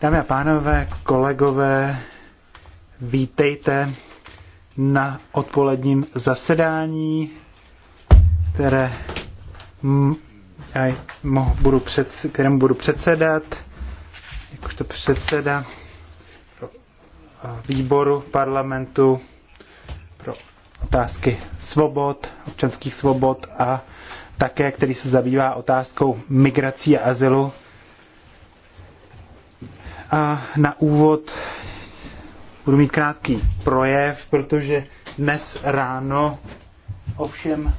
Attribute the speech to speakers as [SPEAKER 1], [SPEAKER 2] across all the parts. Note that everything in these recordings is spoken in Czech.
[SPEAKER 1] Dámy a pánové, kolegové, vítejte na odpoledním zasedání, které já budu před, kterému budu předsedat, jakožto předseda výboru parlamentu pro otázky svobod, občanských svobod a také, který se zabývá otázkou migrací a azylu. A na úvod budu mít krátký projev, protože dnes ráno ovšem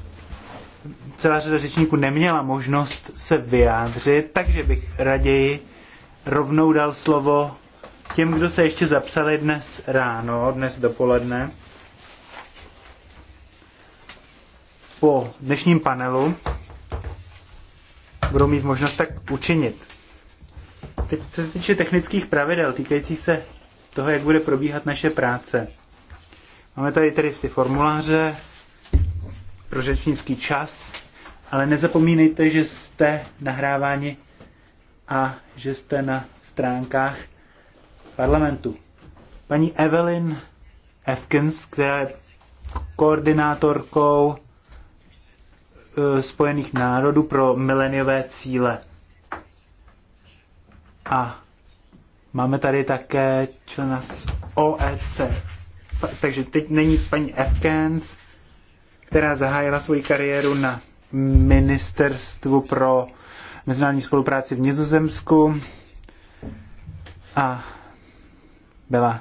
[SPEAKER 1] celá řada řečníků neměla možnost se vyjádřit, takže bych raději rovnou dal slovo těm, kdo se ještě zapsali dnes ráno, dnes dopoledne. po dnešním panelu budou mít možnost tak učinit. Teď, co se týče technických pravidel týkajících se toho, jak bude probíhat naše práce. Máme tady tedy ty formuláře pro řečnický čas, ale nezapomínejte, že jste nahráváni a že jste na stránkách parlamentu. Paní Evelyn Efkins, která je koordinátorkou Eh, Spojených národů pro mileniové cíle. A máme tady také člena z OEC. Takže teď není paní Efkens, která zahájila svoji kariéru na ministerstvu pro mezinárodní spolupráci v Nizozemsku a byla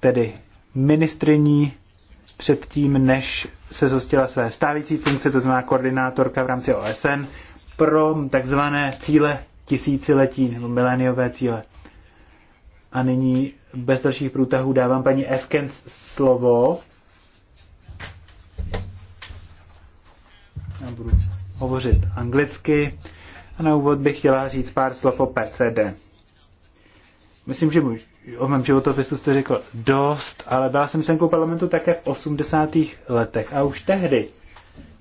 [SPEAKER 1] tedy ministriní předtím, než se zostila své stávající funkce, to znamená koordinátorka v rámci OSN, pro takzvané cíle tisíciletí nebo miléniové cíle. A nyní bez dalších průtahů dávám paní Evkens slovo. Já budu hovořit anglicky. A na úvod bych chtěla říct pár slov o PCD. Myslím, že můj o mém životopisu jste řekl dost, ale byla jsem členkou parlamentu také v 80. letech a už tehdy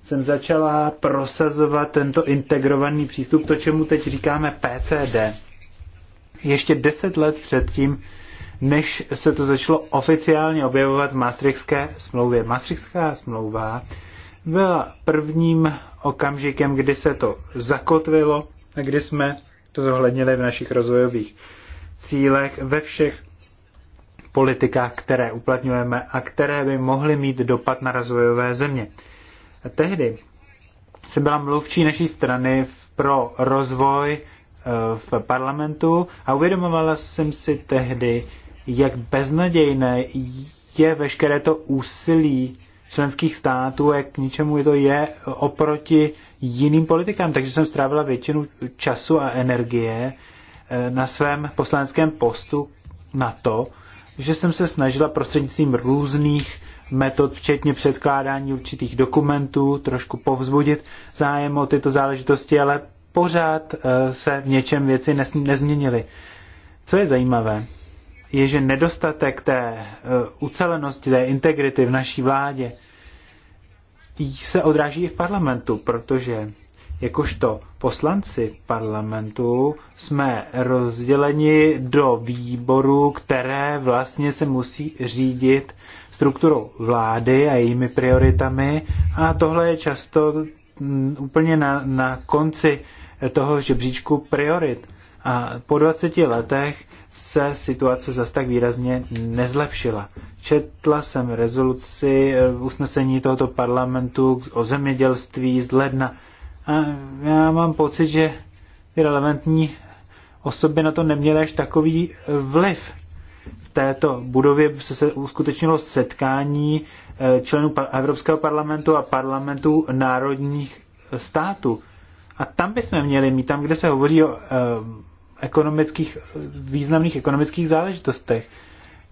[SPEAKER 1] jsem začala prosazovat tento integrovaný přístup, to, čemu teď říkáme PCD. Ještě deset let předtím, než se to začalo oficiálně objevovat v Maastrichtské smlouvě. Maastrichtská smlouva byla prvním okamžikem, kdy se to zakotvilo a kdy jsme to zohlednili v našich rozvojových cílech ve všech politikách, které uplatňujeme a které by mohly mít dopad na rozvojové země. A tehdy jsem byla mluvčí naší strany pro rozvoj eh, v parlamentu a uvědomovala jsem si tehdy, jak beznadějné je veškeré to úsilí členských států, jak k ničemu je to je oproti jiným politikám. Takže jsem strávila většinu času a energie Eh, na svém poslaneckém postu na to, že jsem se snažila prostřednictvím různých metod, včetně předkládání určitých dokumentů, trošku povzbudit zájem o tyto záležitosti, ale pořád eh, se v něčem věci nezměnily. Co je zajímavé, je, že nedostatek té eh, ucelenosti, té integrity v naší vládě se odráží i v parlamentu, protože jakožto poslanci parlamentu jsme rozděleni do výborů, které vlastně se musí řídit strukturou vlády a jejími prioritami. A tohle je často mm, úplně na, na konci toho žebříčku priorit. A po 20 letech se situace zase tak výrazně nezlepšila. Četla jsem rezoluci eh, usnesení tohoto parlamentu o zemědělství z ledna a já mám pocit, že ty relevantní osoby na to neměly až takový vliv. V této budově se, se uskutečnilo setkání eh, členů Evropského parlamentu a parlamentů národních států. A tam bychom měli mít, tam, kde se hovoří o eh, ekonomických, významných ekonomických záležitostech.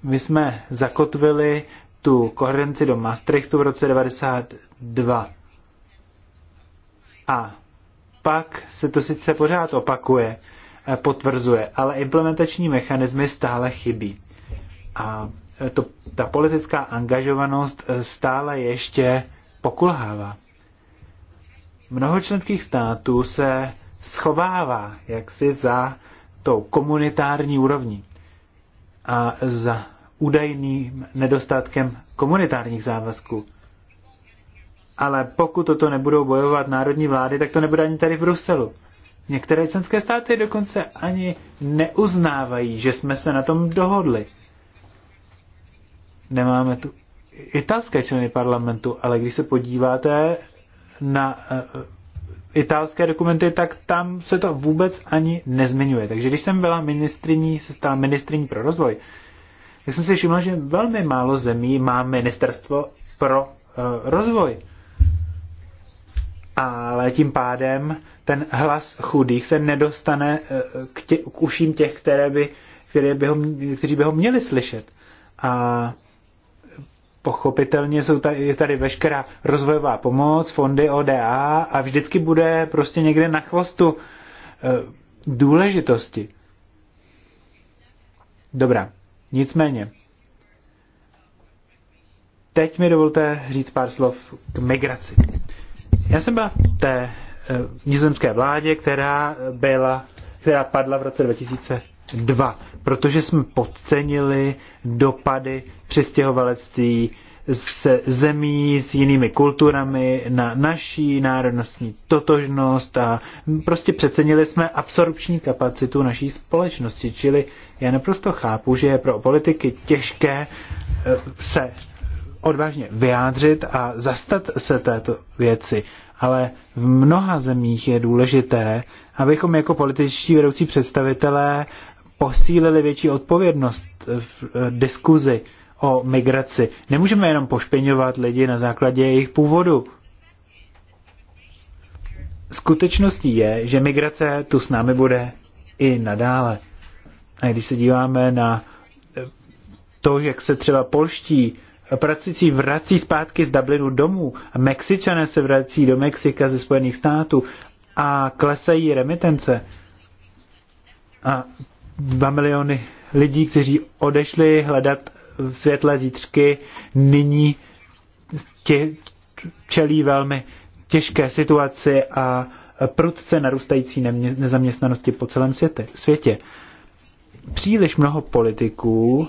[SPEAKER 1] My jsme zakotvili tu koherenci do Maastrichtu v roce 92. A pak se to sice pořád opakuje, eh, potvrzuje, ale implementační mechanismy stále chybí. A eh, to, ta politická angažovanost eh, stále ještě pokulhává. Mnoho členských států se schovává jaksi za tou komunitární úrovní a za údajným nedostatkem komunitárních závazků ale pokud toto nebudou bojovat národní vlády, tak to nebude ani tady v Bruselu. Některé členské státy dokonce ani neuznávají, že jsme se na tom dohodli. Nemáme tu italské členy parlamentu, ale když se podíváte na eh, italské dokumenty, tak tam se to vůbec ani nezmiňuje. Takže když jsem byla ministriní, se stala ministriní pro rozvoj, tak jsem si všimla, že velmi málo zemí má ministerstvo pro uh, rozvoj ale tím pádem ten hlas chudých se nedostane eh, k, tě, k uším těch, které by, které by ho, kteří by ho měli slyšet. A pochopitelně jsou tady, je tady veškerá rozvojová pomoc, fondy ODA a vždycky bude prostě někde na chvostu eh, důležitosti. Dobrá, nicméně. Teď mi dovolte říct pár slov k migraci. Já jsem byla v té uh, nizozemské vládě, která byla, která padla v roce 2002, protože jsme podcenili dopady přistěhovalectví se zemí, s jinými kulturami, na naší národnostní totožnost a prostě přecenili jsme absorpční kapacitu naší společnosti. Čili já naprosto chápu, že je pro politiky těžké eh, se odvážně vyjádřit a zastat se této věci. Ale v mnoha zemích je důležité, abychom jako političtí vedoucí představitelé posílili větší odpovědnost v eh, diskuzi o migraci. Nemůžeme jenom pošpěňovat lidi na základě jejich původu. Skutečností je, že migrace tu s námi bude i nadále. A když se díváme na to, jak se třeba polští pracující vrací zpátky z Dublinu domů. Mexičané se vrací do Mexika ze Spojených států a klesají remitence. A dva miliony lidí, kteří odešli hledat světlé zítřky, nyní tě, čelí velmi těžké situaci a prudce narůstající nezaměstnanosti po celém světě. Příliš mnoho politiků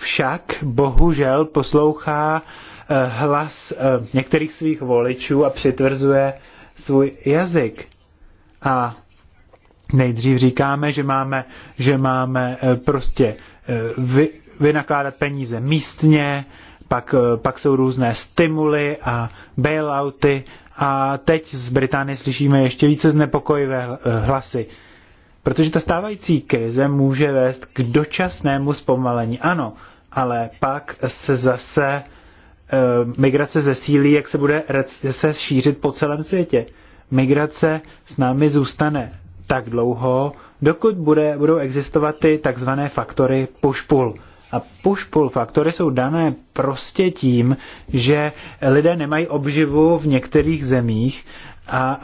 [SPEAKER 1] však bohužel poslouchá eh, hlas eh, některých svých voličů a přitvrzuje svůj jazyk. A nejdřív říkáme, že máme, že máme eh, prostě vy, vynakládat peníze místně, pak, pak jsou různé stimuly a bailouty a teď z Británie slyšíme ještě více znepokojivé hlasy. Protože ta stávající krize může vést k dočasnému zpomalení. Ano, ale pak se zase e, migrace zesílí, jak se bude se šířit po celém světě. Migrace s námi zůstane tak dlouho, dokud bude, budou existovat ty takzvané faktory push-pull. A push-pull faktory jsou dané prostě tím, že lidé nemají obživu v některých zemích a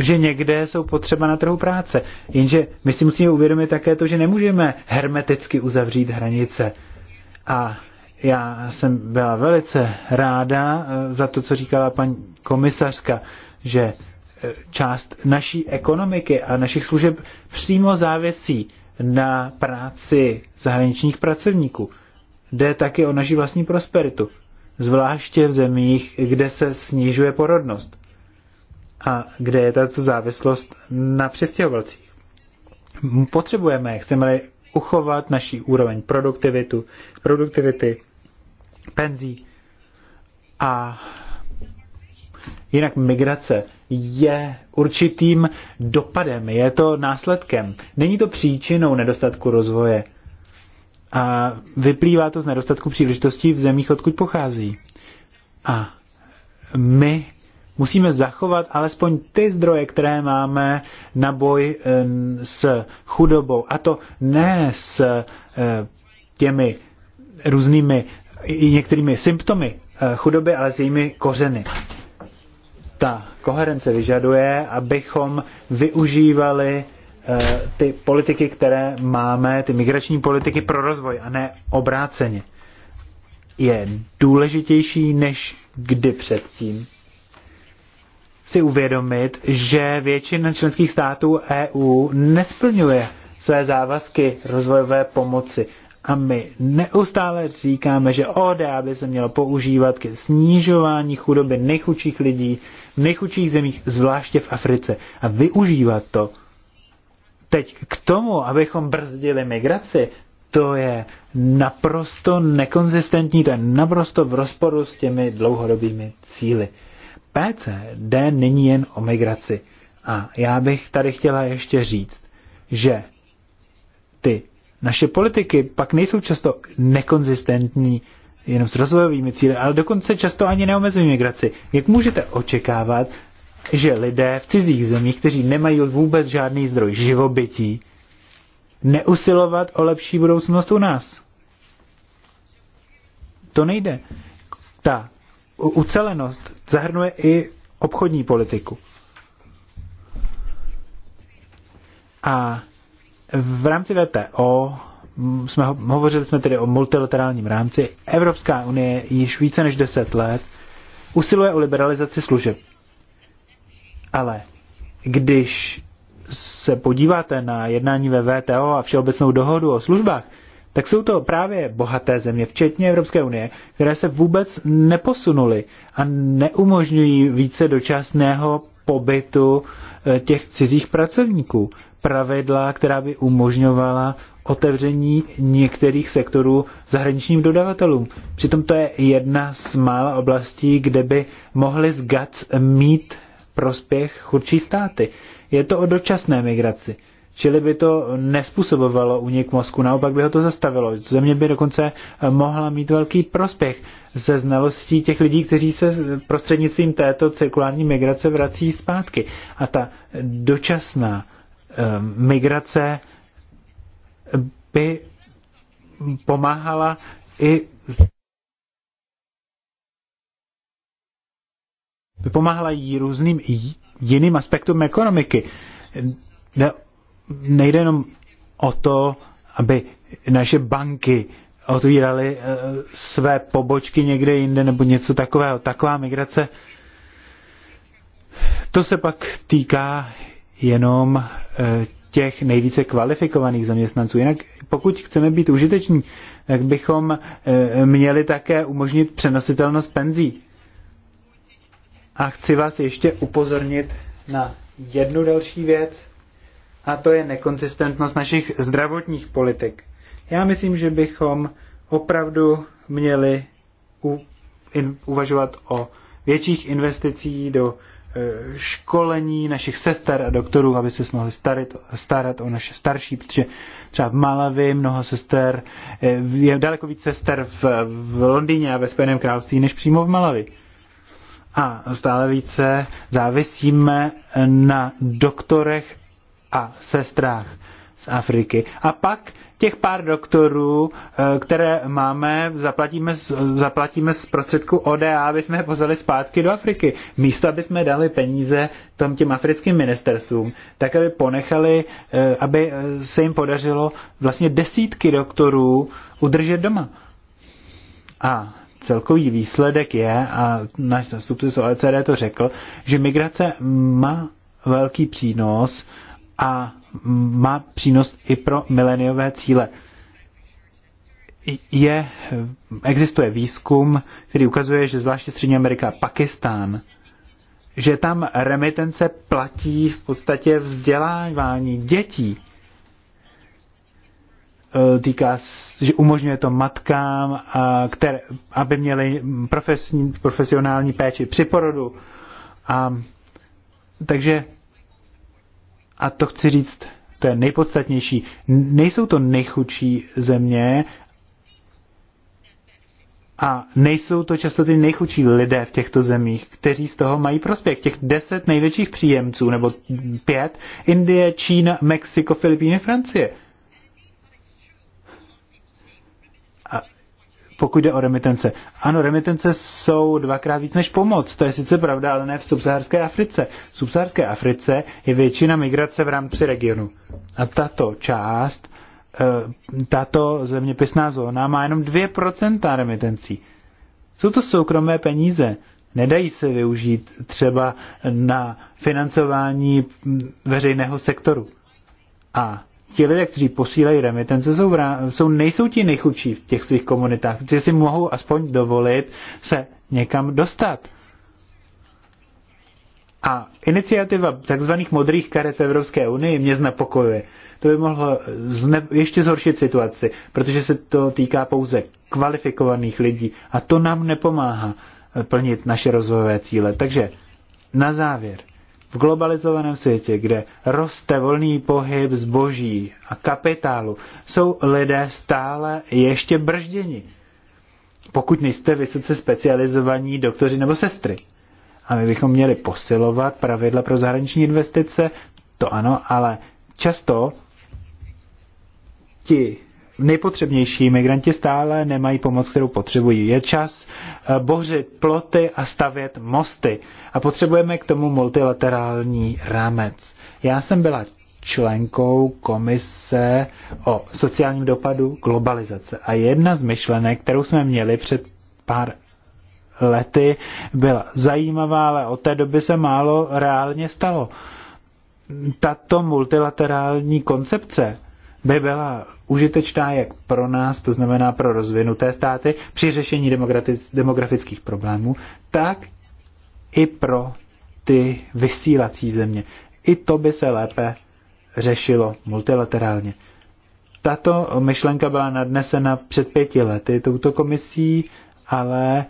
[SPEAKER 1] že někde jsou potřeba na trhu práce. Jenže my si musíme uvědomit také to, že nemůžeme hermeticky uzavřít hranice. A já jsem byla velice ráda e, za to, co říkala paní komisařka, že e, část naší ekonomiky a našich služeb přímo závisí na práci zahraničních pracovníků. Jde taky o naši vlastní prosperitu, zvláště v zemích, kde se snižuje porodnost a kde je tato závislost na přistěhovalcích. Potřebujeme, chceme uchovat naší úroveň produktivitu, produktivity, penzí a jinak migrace je určitým dopadem, je to následkem. Není to příčinou nedostatku rozvoje. A vyplývá to z nedostatku příležitostí v zemích, odkud pochází. A my musíme zachovat alespoň ty zdroje, které máme na boj eh, s chudobou. A to ne s eh, těmi různými i některými symptomy eh, chudoby, ale s jejími kořeny. Ta koherence vyžaduje, abychom využívali ty politiky, které máme, ty migrační politiky pro rozvoj a ne obráceně. Je důležitější než kdy předtím si uvědomit, že většina členských států EU nesplňuje své závazky rozvojové pomoci. A my neustále říkáme, že ODA by se mělo používat ke snižování chudoby nejchudších lidí v nejchudších zemích, zvláště v Africe. A využívat to teď k tomu, abychom brzdili migraci, to je naprosto nekonzistentní, to je naprosto v rozporu s těmi dlouhodobými cíly. PCD není jen o migraci. A já bych tady chtěla ještě říct, že ty naše politiky pak nejsou často nekonzistentní jenom s rozvojovými cíly, ale dokonce často ani neomezují migraci. Jak můžete očekávat, že lidé v cizích zemích, kteří nemají vůbec žádný zdroj živobytí, neusilovat o lepší budoucnost u nás? To nejde. Ta ucelenost zahrnuje i obchodní politiku. A v rámci VTO jsme hovořili jsme tedy o multilaterálním rámci. Evropská unie již více než 10 let usiluje o liberalizaci služeb. Ale když se podíváte na jednání ve VTO a Všeobecnou dohodu o službách, tak jsou to právě bohaté země, včetně Evropské unie, které se vůbec neposunuly a neumožňují více dočasného pobytu eh, těch cizích pracovníků. Pravidla, která by umožňovala otevření některých sektorů zahraničním dodavatelům. Přitom to je jedna z mála oblastí, kde by mohly z GATS mít prospěch chudší státy. Je to o dočasné migraci. Čili by to nespůsobovalo unik mozku, naopak by ho to zastavilo. Země by dokonce eh, mohla mít velký prospěch ze znalostí těch lidí, kteří se prostřednictvím této cirkulární migrace vrací zpátky. A ta dočasná eh, migrace eh, by pomáhala i by pomáhala jí různým jiným aspektům ekonomiky. Jde nejde jenom o to, aby naše banky otvíraly eh, své pobočky někde jinde nebo něco takového. Taková migrace, to se pak týká jenom eh, těch nejvíce kvalifikovaných zaměstnanců. Jinak pokud chceme být užiteční, tak bychom eh, měli také umožnit přenositelnost penzí. A chci vás ještě upozornit na jednu další věc, a to je nekonzistentnost našich zdravotních politik. Já myslím, že bychom opravdu měli u, in, uvažovat o větších investicích do e, školení našich sester a doktorů, aby se mohli starit, starat o naše starší, protože třeba v Malavi mnoho sester, e, je daleko víc sester v, v Londýně a ve Spojeném království, než přímo v Malavi. A stále více závisíme na doktorech a sestrách z Afriky. A pak těch pár doktorů, eh, které máme, zaplatíme, zaplatíme z prostředku ODA, aby jsme je pozvali zpátky do Afriky. Místo, aby jsme dali peníze tom těm africkým ministerstvům, tak aby ponechali, eh, aby eh, se jim podařilo vlastně desítky doktorů udržet doma. A celkový výsledek je, a náš zastupce z OECD to řekl, že migrace má velký přínos a má přínos i pro mileniové cíle. Je, existuje výzkum, který ukazuje, že zvláště Střední Amerika a Pakistán, že tam remitence platí v podstatě vzdělávání dětí. E, týká, že umožňuje to matkám, které, aby měly profesní, profesionální péči při porodu. A, takže a to chci říct, to je nejpodstatnější, nejsou to nejchudší země a nejsou to často ty nejchudší lidé v těchto zemích, kteří z toho mají prospěch. Těch deset největších příjemců, nebo pět, Indie, Čína, Mexiko, Filipíny, Francie – pokud jde o remitence. Ano, remitence jsou dvakrát víc než pomoc, to je sice pravda, ale ne v subsaharské Africe. V subsaharské Africe je většina migrace v rámci regionu. A tato část, eh, tato zeměpisná zóna má jenom 2% remitencí. Jsou to soukromé peníze. Nedají se využít třeba na financování veřejného sektoru. A ti lidé, kteří posílají remitence, jsou, vrá, jsou, nejsou ti nejchudší v těch svých komunitách, protože si mohou aspoň dovolit se někam dostat. A iniciativa tzv. modrých karet v Evropské unii mě znepokojuje. To by mohlo zne- ještě zhoršit situaci, protože se to týká pouze kvalifikovaných lidí a to nám nepomáhá plnit naše rozvojové cíle. Takže na závěr v globalizovaném světě, kde roste volný pohyb zboží a kapitálu, jsou lidé stále ještě bržděni, pokud nejste vysoce specializovaní doktoři nebo sestry. A my bychom měli posilovat pravidla pro zahraniční investice, to ano, ale často ti nejpotřebnější migranti stále nemají pomoc, kterou potřebují. Je čas eh, bořit ploty a stavět mosty. A potřebujeme k tomu multilaterální rámec. Já jsem byla členkou komise o sociálním dopadu globalizace. A jedna z myšlenek, kterou jsme měli před pár lety, byla zajímavá, ale od té doby se málo reálně stalo. Tato multilaterální koncepce by byla užitečná jak pro nás, to znamená pro rozvinuté státy, při řešení demografických problémů, tak i pro ty vysílací země. I to by se lépe řešilo multilaterálně. Tato myšlenka byla nadnesena před pěti lety touto komisí, ale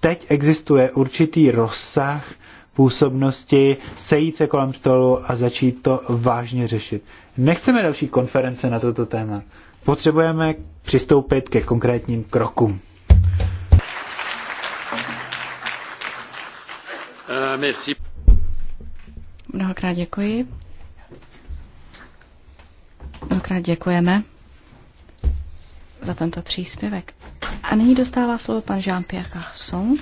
[SPEAKER 1] teď existuje určitý rozsah působnosti, sejít se kolem stolu a začít to vážně řešit. Nechceme další konference na toto téma. Potřebujeme přistoupit ke konkrétním krokům.
[SPEAKER 2] Uh, merci.
[SPEAKER 3] Mnohokrát děkuji. Mnohokrát děkujeme za tento příspěvek. A nyní dostává slovo pan Jean-Pierre Carson.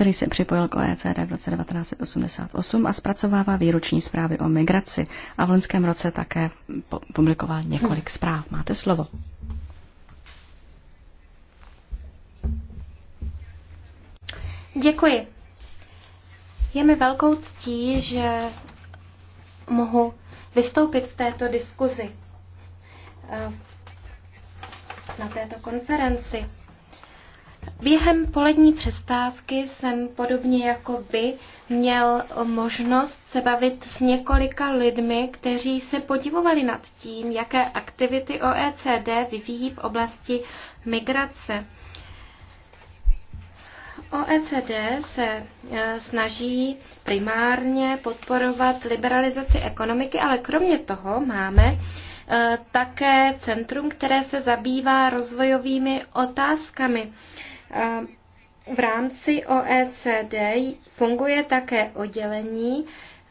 [SPEAKER 3] který se připojil k OECD v roce 1988 a zpracovává výroční zprávy o migraci a v loňském roce také publikoval několik zpráv. Máte slovo.
[SPEAKER 4] Děkuji. Je mi velkou ctí, že mohu vystoupit v této diskuzi eh, na této konferenci. Během polední přestávky jsem podobně jako by měl možnost se bavit s několika lidmi, kteří se podivovali nad tím, jaké aktivity OECD vyvíjí v oblasti migrace. OECD se e, snaží primárně podporovat liberalizaci ekonomiky, ale kromě toho máme e, také centrum, které se zabývá rozvojovými otázkami. Eh, v rámci OECD funguje také oddělení,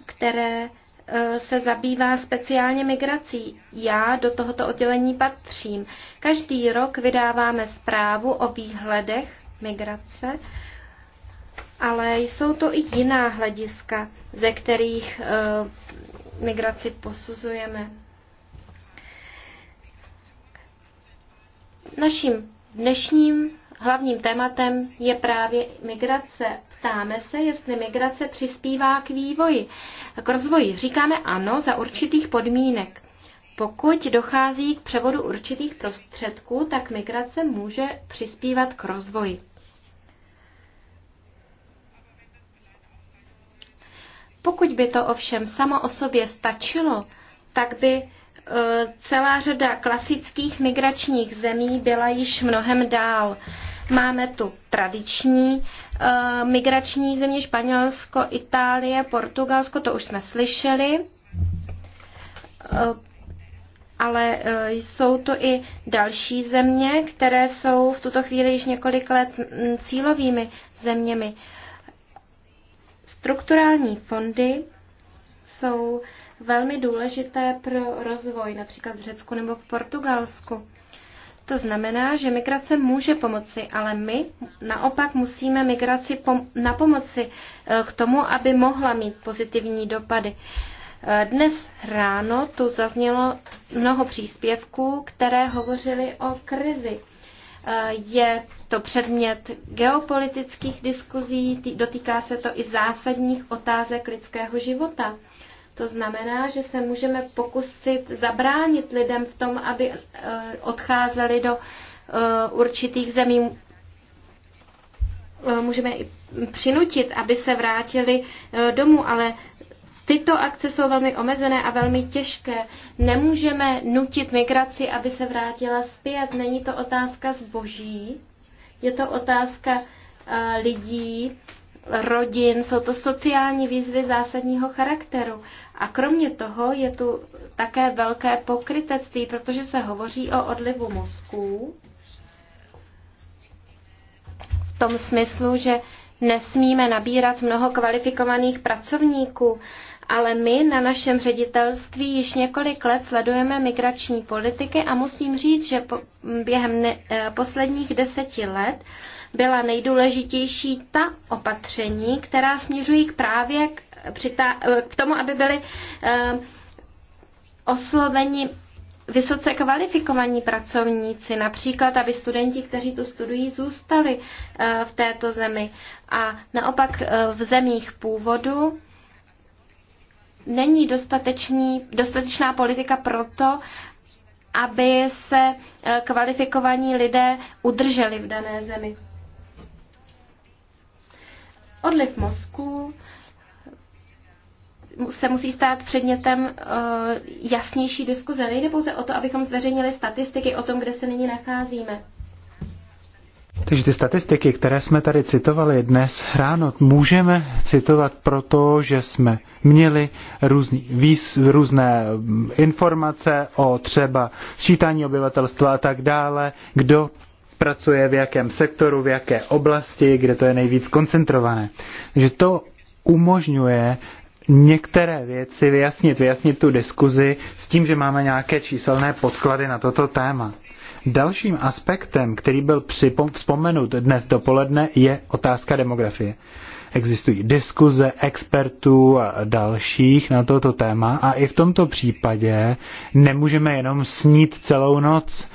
[SPEAKER 4] které eh, se zabývá speciálně migrací. Já do tohoto oddělení patřím. Každý rok vydáváme zprávu o výhledech migrace, ale jsou to i jiná hlediska, ze kterých eh, migraci posuzujeme. Naším dnešním hlavním tématem je právě migrace. Ptáme se, jestli migrace přispívá k vývoji, k rozvoji. Říkáme ano za určitých podmínek. Pokud dochází k převodu určitých prostředků, tak migrace může přispívat k rozvoji. Pokud by to ovšem samo o sobě stačilo, tak by e, celá řada klasických migračních zemí byla již mnohem dál. Máme tu tradiční e, migrační země Španělsko, Itálie, Portugalsko, to už jsme slyšeli. E, ale eh, jsou to i další země, které jsou v tuto chvíli již několik let mm, cílovými zeměmi. Strukturální fondy jsou velmi důležité pro rozvoj, například v Řecku nebo v Portugalsku. To znamená, že migrace může pomoci, ale my naopak musíme migraci pom- na pomoci eh, k tomu, aby mohla mít pozitivní dopady. Eh, dnes ráno tu zaznělo mnoho příspěvků, které hovořily o krizi. Eh, je to předmět geopolitických diskuzí, dotýká se to i zásadních otázek lidského života. To znamená, že se můžeme pokusit zabránit lidem v tom, aby eh, odcházeli do eh, určitých zemí. Eh, můžeme i přinutit, aby se vrátili domů, ale tyto akce jsou velmi omezené a velmi těžké. Nemůžeme nutit migraci, aby se vrátila zpět. Není to otázka zboží, je to otázka lidí, rodin, jsou to sociální výzvy zásadního charakteru. A kromě toho je tu také velké pokrytectví, protože se hovoří o odlivu mozků v tom smyslu, že nesmíme nabírat mnoho kvalifikovaných pracovníků, ale my na našem ředitelství již několik let sledujeme migrační politiky a musím říct, že po, během ne, eh, posledních deseti let byla nejdůležitější ta opatření, která směřují k právě k k tomu, aby byli eh, osloveni vysoce kvalifikovaní pracovníci, například aby studenti, kteří tu studují, zůstali eh, v této zemi. A naopak eh, v zemích původu není dostatečný, dostatečná politika proto, aby se kvalifikovaní lidé udrželi v dané zemi. Odliv mozku se musí stát předmětem eh, jasnější diskuze. Nejde pouze o to, abychom zveřejnili statistiky o tom, kde se nyní nacházíme.
[SPEAKER 1] Takže ty statistiky, které jsme tady citovali dnes ráno, můžeme citovat proto, že jsme měli různý, výz, různé mm, informace o třeba sčítání obyvatelstva a tak dále, kdo pracuje v jakém sektoru, v jaké oblasti, kde to je nejvíc koncentrované. Takže to umožňuje některé věci vyjasnit, vyjasnit tu diskuzi s tím, že máme nějaké číselné podklady na toto téma. Dalším aspektem, který byl vzpomenut dnes dopoledne, je otázka demografie. Existují diskuze expertů a dalších na toto téma a i v tomto případě nemůžeme jenom snít celou noc.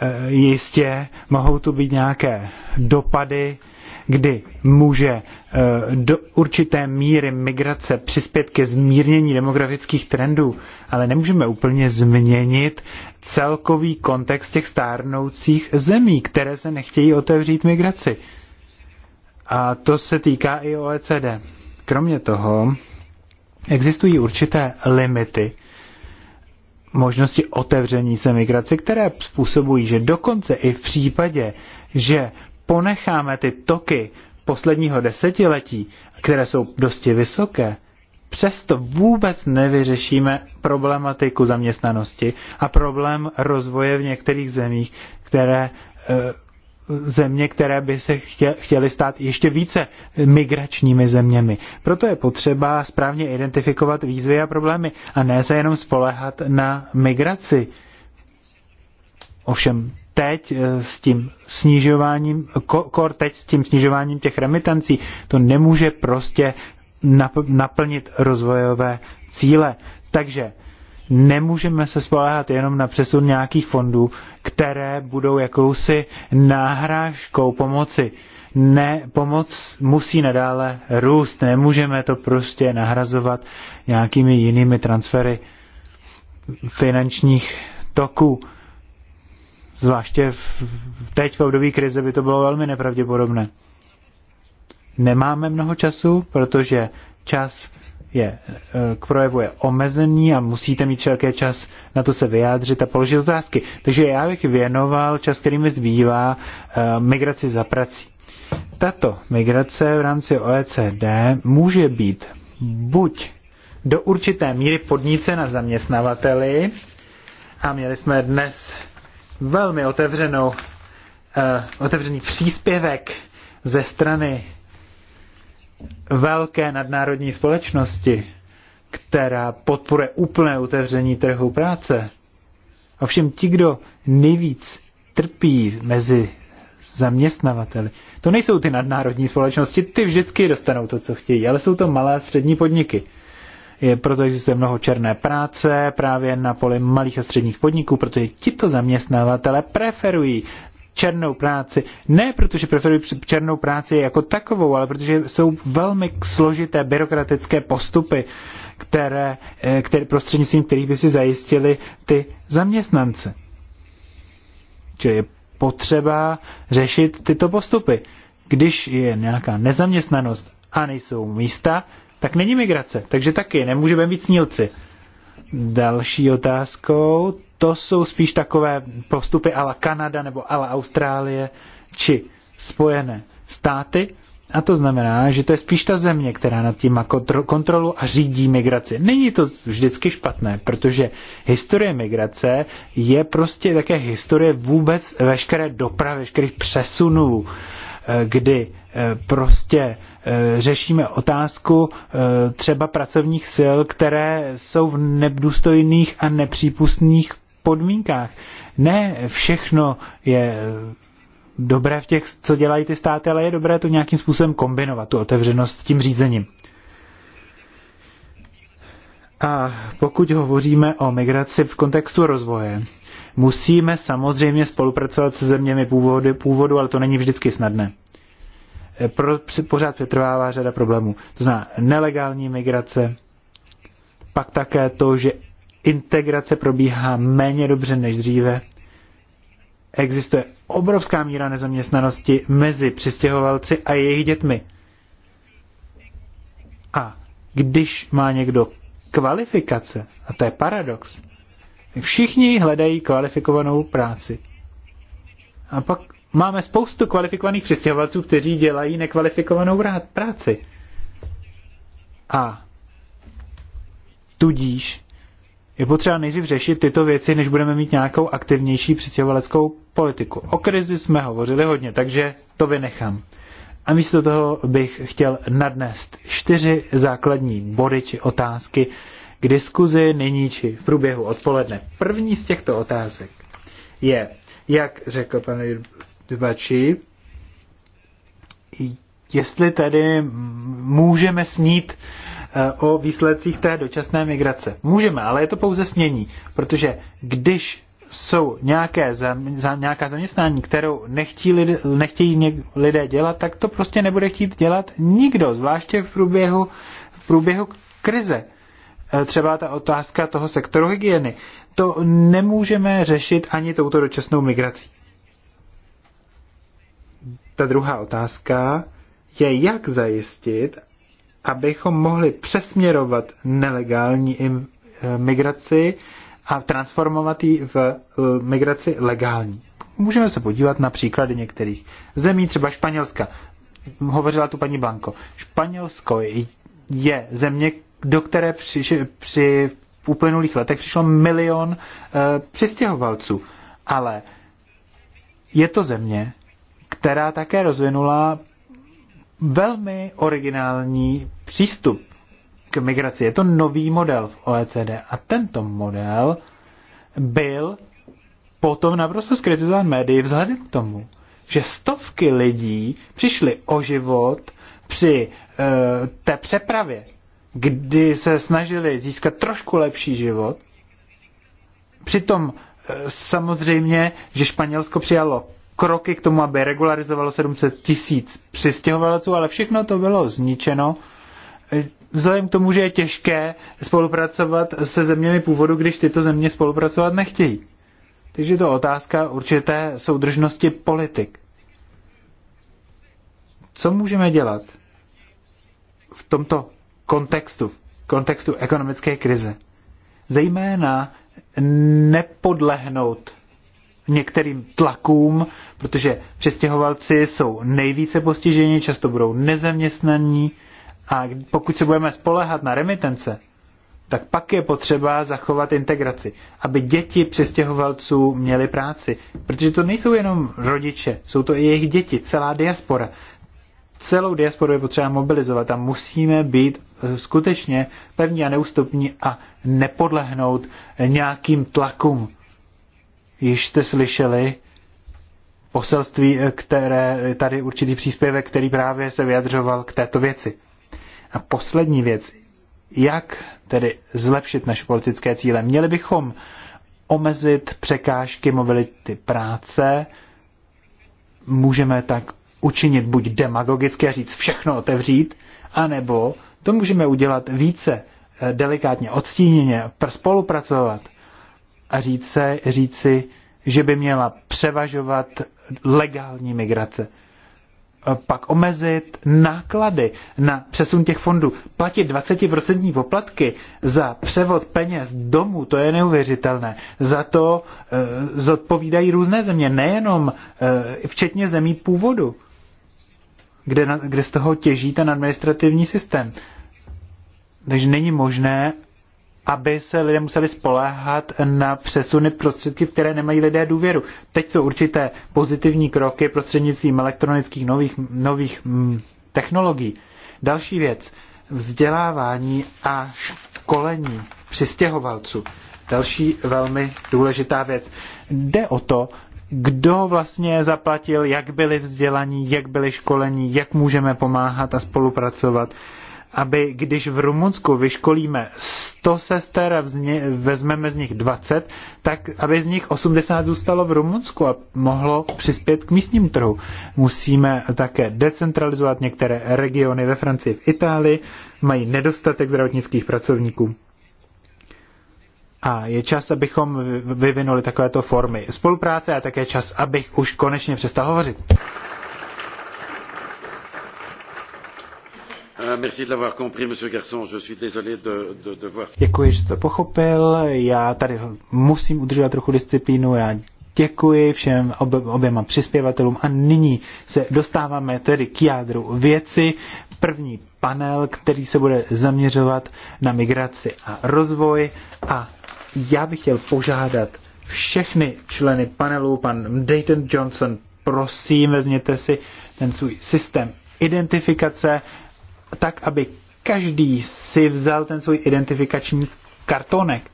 [SPEAKER 1] E, jistě mohou tu být nějaké dopady kdy může eh, do určité míry migrace přispět ke zmírnění demografických trendů, ale nemůžeme úplně změnit celkový kontext těch stárnoucích zemí, které se nechtějí otevřít migraci. A to se týká i OECD. Kromě toho existují určité limity možnosti otevření se migraci, které způsobují, že dokonce i v případě, že ponecháme ty toky posledního desetiletí, které jsou dosti vysoké, přesto vůbec nevyřešíme problematiku zaměstnanosti a problém rozvoje v některých zemích, které eh, země, které by se chtěly stát ještě více migračními zeměmi. Proto je potřeba správně identifikovat výzvy a problémy a ne se jenom spolehat na migraci. Ovšem teď eh, s tím snižováním, kor teď s tím snižováním těch remitancí, to nemůže prostě naplnit rozvojové cíle. Takže nemůžeme se spoléhat jenom na přesun nějakých fondů, které budou jakousi náhrážkou pomoci. Ne, pomoc musí nadále růst, nemůžeme to prostě nahrazovat nějakými jinými transfery finančních toků. Zvláště v, teď v období krize by to bylo velmi nepravděpodobné. Nemáme mnoho času, protože čas je, eh, k projevu je omezený a musíte mít všelké čas na to se vyjádřit a položit otázky. Takže já bych věnoval čas, který mi zbývá, eh, migraci za prací. Tato migrace v rámci OECD může být buď do určité míry podnícena zaměstnavateli, a měli jsme dnes velmi otevřenou, uh, otevřený příspěvek ze strany velké nadnárodní společnosti, která podporuje úplné otevření trhu práce. Ovšem ti, kdo nejvíc trpí mezi zaměstnavateli, to nejsou ty nadnárodní společnosti, ty vždycky dostanou to, co chtějí, ale jsou to malé a střední podniky je, proto existuje mnoho černé práce právě na poli malých a středních podniků, protože tito zaměstnavatele preferují černou práci. Ne protože preferují černou práci jako takovou, ale protože jsou velmi složité byrokratické postupy, které, eh, které prostřednictvím kterých by si zajistili ty zaměstnance. Čili je potřeba řešit tyto postupy. Když je nějaká nezaměstnanost a nejsou místa, tak není migrace. Takže taky nemůžeme být snílci. Další otázkou, to jsou spíš takové postupy ala Kanada nebo ala Austrálie či Spojené státy. A to znamená, že to je spíš ta země, která nad tím má kontrolu a řídí migraci. Není to vždycky špatné, protože historie migrace je prostě také historie vůbec veškeré dopravy, veškerých přesunů kdy eh, prostě eh, řešíme otázku eh, třeba pracovních sil, které jsou v nedůstojných a nepřípustných podmínkách. Ne všechno je dobré v těch, co dělají ty státy, ale je dobré to nějakým způsobem kombinovat, tu otevřenost s tím řízením. A pokud hovoříme o migraci v kontextu rozvoje, Musíme samozřejmě spolupracovat se zeměmi původu, původu ale to není vždycky snadné. E, pro, pořád přetrvává řada problémů. To znamená nelegální migrace, pak také to, že integrace probíhá méně dobře než dříve, existuje obrovská míra nezaměstnanosti mezi přistěhovalci a jejich dětmi. A když má někdo kvalifikace, a to je paradox, Všichni hledají kvalifikovanou práci. A pak máme spoustu kvalifikovaných přistěhovalců, kteří dělají nekvalifikovanou práci. A tudíž je potřeba nejdřív řešit tyto věci, než budeme mít nějakou aktivnější přistěhovaleckou politiku. O krizi jsme hovořili hodně, takže to vynechám. A místo toho bych chtěl nadnést čtyři základní body či otázky, k diskuzi nyní či v průběhu odpoledne. První z těchto otázek je, jak řekl pan Dubači, jestli tedy můžeme snít eh, o výsledcích té dočasné migrace. Můžeme, ale je to pouze snění, protože když jsou nějaké zam, za, nějaká zaměstnání, kterou nechtí lidé, nechtějí něk, lidé dělat, tak to prostě nebude chtít dělat nikdo, zvláště v průběhu, v průběhu krize. Eh, třeba ta otázka toho sektoru hygieny. To nemůžeme řešit ani touto dočasnou migrací. Ta druhá otázka je, jak zajistit, abychom mohli přesměrovat nelegální eh, migraci a transformovat ji v eh, migraci legální. Můžeme se podívat na příklady některých zemí, třeba Španělska. Hovořila tu paní Blanko. Španělsko je země, do které při, při v uplynulých letech přišlo milion uh, přistěhovalců. Ale je to země, která také rozvinula velmi originální přístup k migraci. Je to nový model v OECD a tento model byl potom naprosto skritizován médií vzhledem k tomu, že stovky lidí přišly o život při uh, té přepravě kdy se snažili získat trošku lepší život. Přitom eh, samozřejmě, že Španělsko přijalo kroky k tomu, aby regularizovalo 700 tisíc přistěhovalců, ale všechno to bylo zničeno. Eh, vzhledem k tomu, že je těžké spolupracovat se zeměmi původu, když tyto země spolupracovat nechtějí. Takže je to otázka určité soudržnosti politik. Co můžeme dělat v tomto kontextu, v kontextu ekonomické krize. Zejména nepodlehnout některým tlakům, protože přestěhovalci jsou nejvíce postiženi, často budou nezaměstnaní a pokud se budeme spolehat na remitence, tak pak je potřeba zachovat integraci, aby děti přestěhovalců měly práci. Protože to nejsou jenom rodiče, jsou to i jejich děti, celá diaspora. Celou diasporu je potřeba mobilizovat a musíme být Eh, skutečně pevní a neústupní a nepodlehnout nějakým tlakům. Již jste slyšeli poselství, eh, které tady určitý příspěvek, který právě se vyjadřoval k této věci. A poslední věc, jak tedy zlepšit naše politické cíle? Měli bychom omezit překážky mobility práce, můžeme tak učinit buď demagogicky a říct všechno otevřít, anebo to můžeme udělat více eh, delikátně, odstíněně, spolupracovat a říct, se, říct si, že by měla převažovat legální migrace. Pak omezit náklady na přesun těch fondů. Platit 20% poplatky za převod peněz domů, to je neuvěřitelné. Za to e, zodpovídají různé země, nejenom e, včetně zemí původu kde, kde z toho těží ten administrativní systém. Takže není možné, aby se lidé museli spoléhat na přesuny prostředky, které nemají lidé důvěru. Teď jsou určité pozitivní kroky prostřednictvím elektronických nových, nových mm, technologií. Další věc, vzdělávání a školení přistěhovalců. Další velmi důležitá věc. Jde o to, kdo vlastně zaplatil, jak byli vzdělaní, jak byli školení, jak můžeme pomáhat a spolupracovat, aby když v Rumunsku vyškolíme 100 sester a vzně, vezmeme z nich 20, tak aby z nich 80 zůstalo v Rumunsku a mohlo přispět k místním trhu. Musíme také decentralizovat některé regiony ve Francii, v Itálii, mají nedostatek zdravotnických pracovníků. A je čas, abychom vyvinuli takovéto formy spolupráce a také čas, abych už konečně přestal hovořit.
[SPEAKER 2] Euh,
[SPEAKER 1] děkuji, že jste pochopil. Já tady musím udržovat trochu disciplínu. Já děkuji všem obě, oběma přispěvatelům a nyní se dostáváme tedy k jádru věci. První panel, který se bude zaměřovat na migraci a rozvoj a já bych chtěl požádat všechny členy panelu, pan Dayton Johnson, prosím, vezměte si ten svůj systém identifikace, tak, aby každý si vzal ten svůj identifikační kartonek.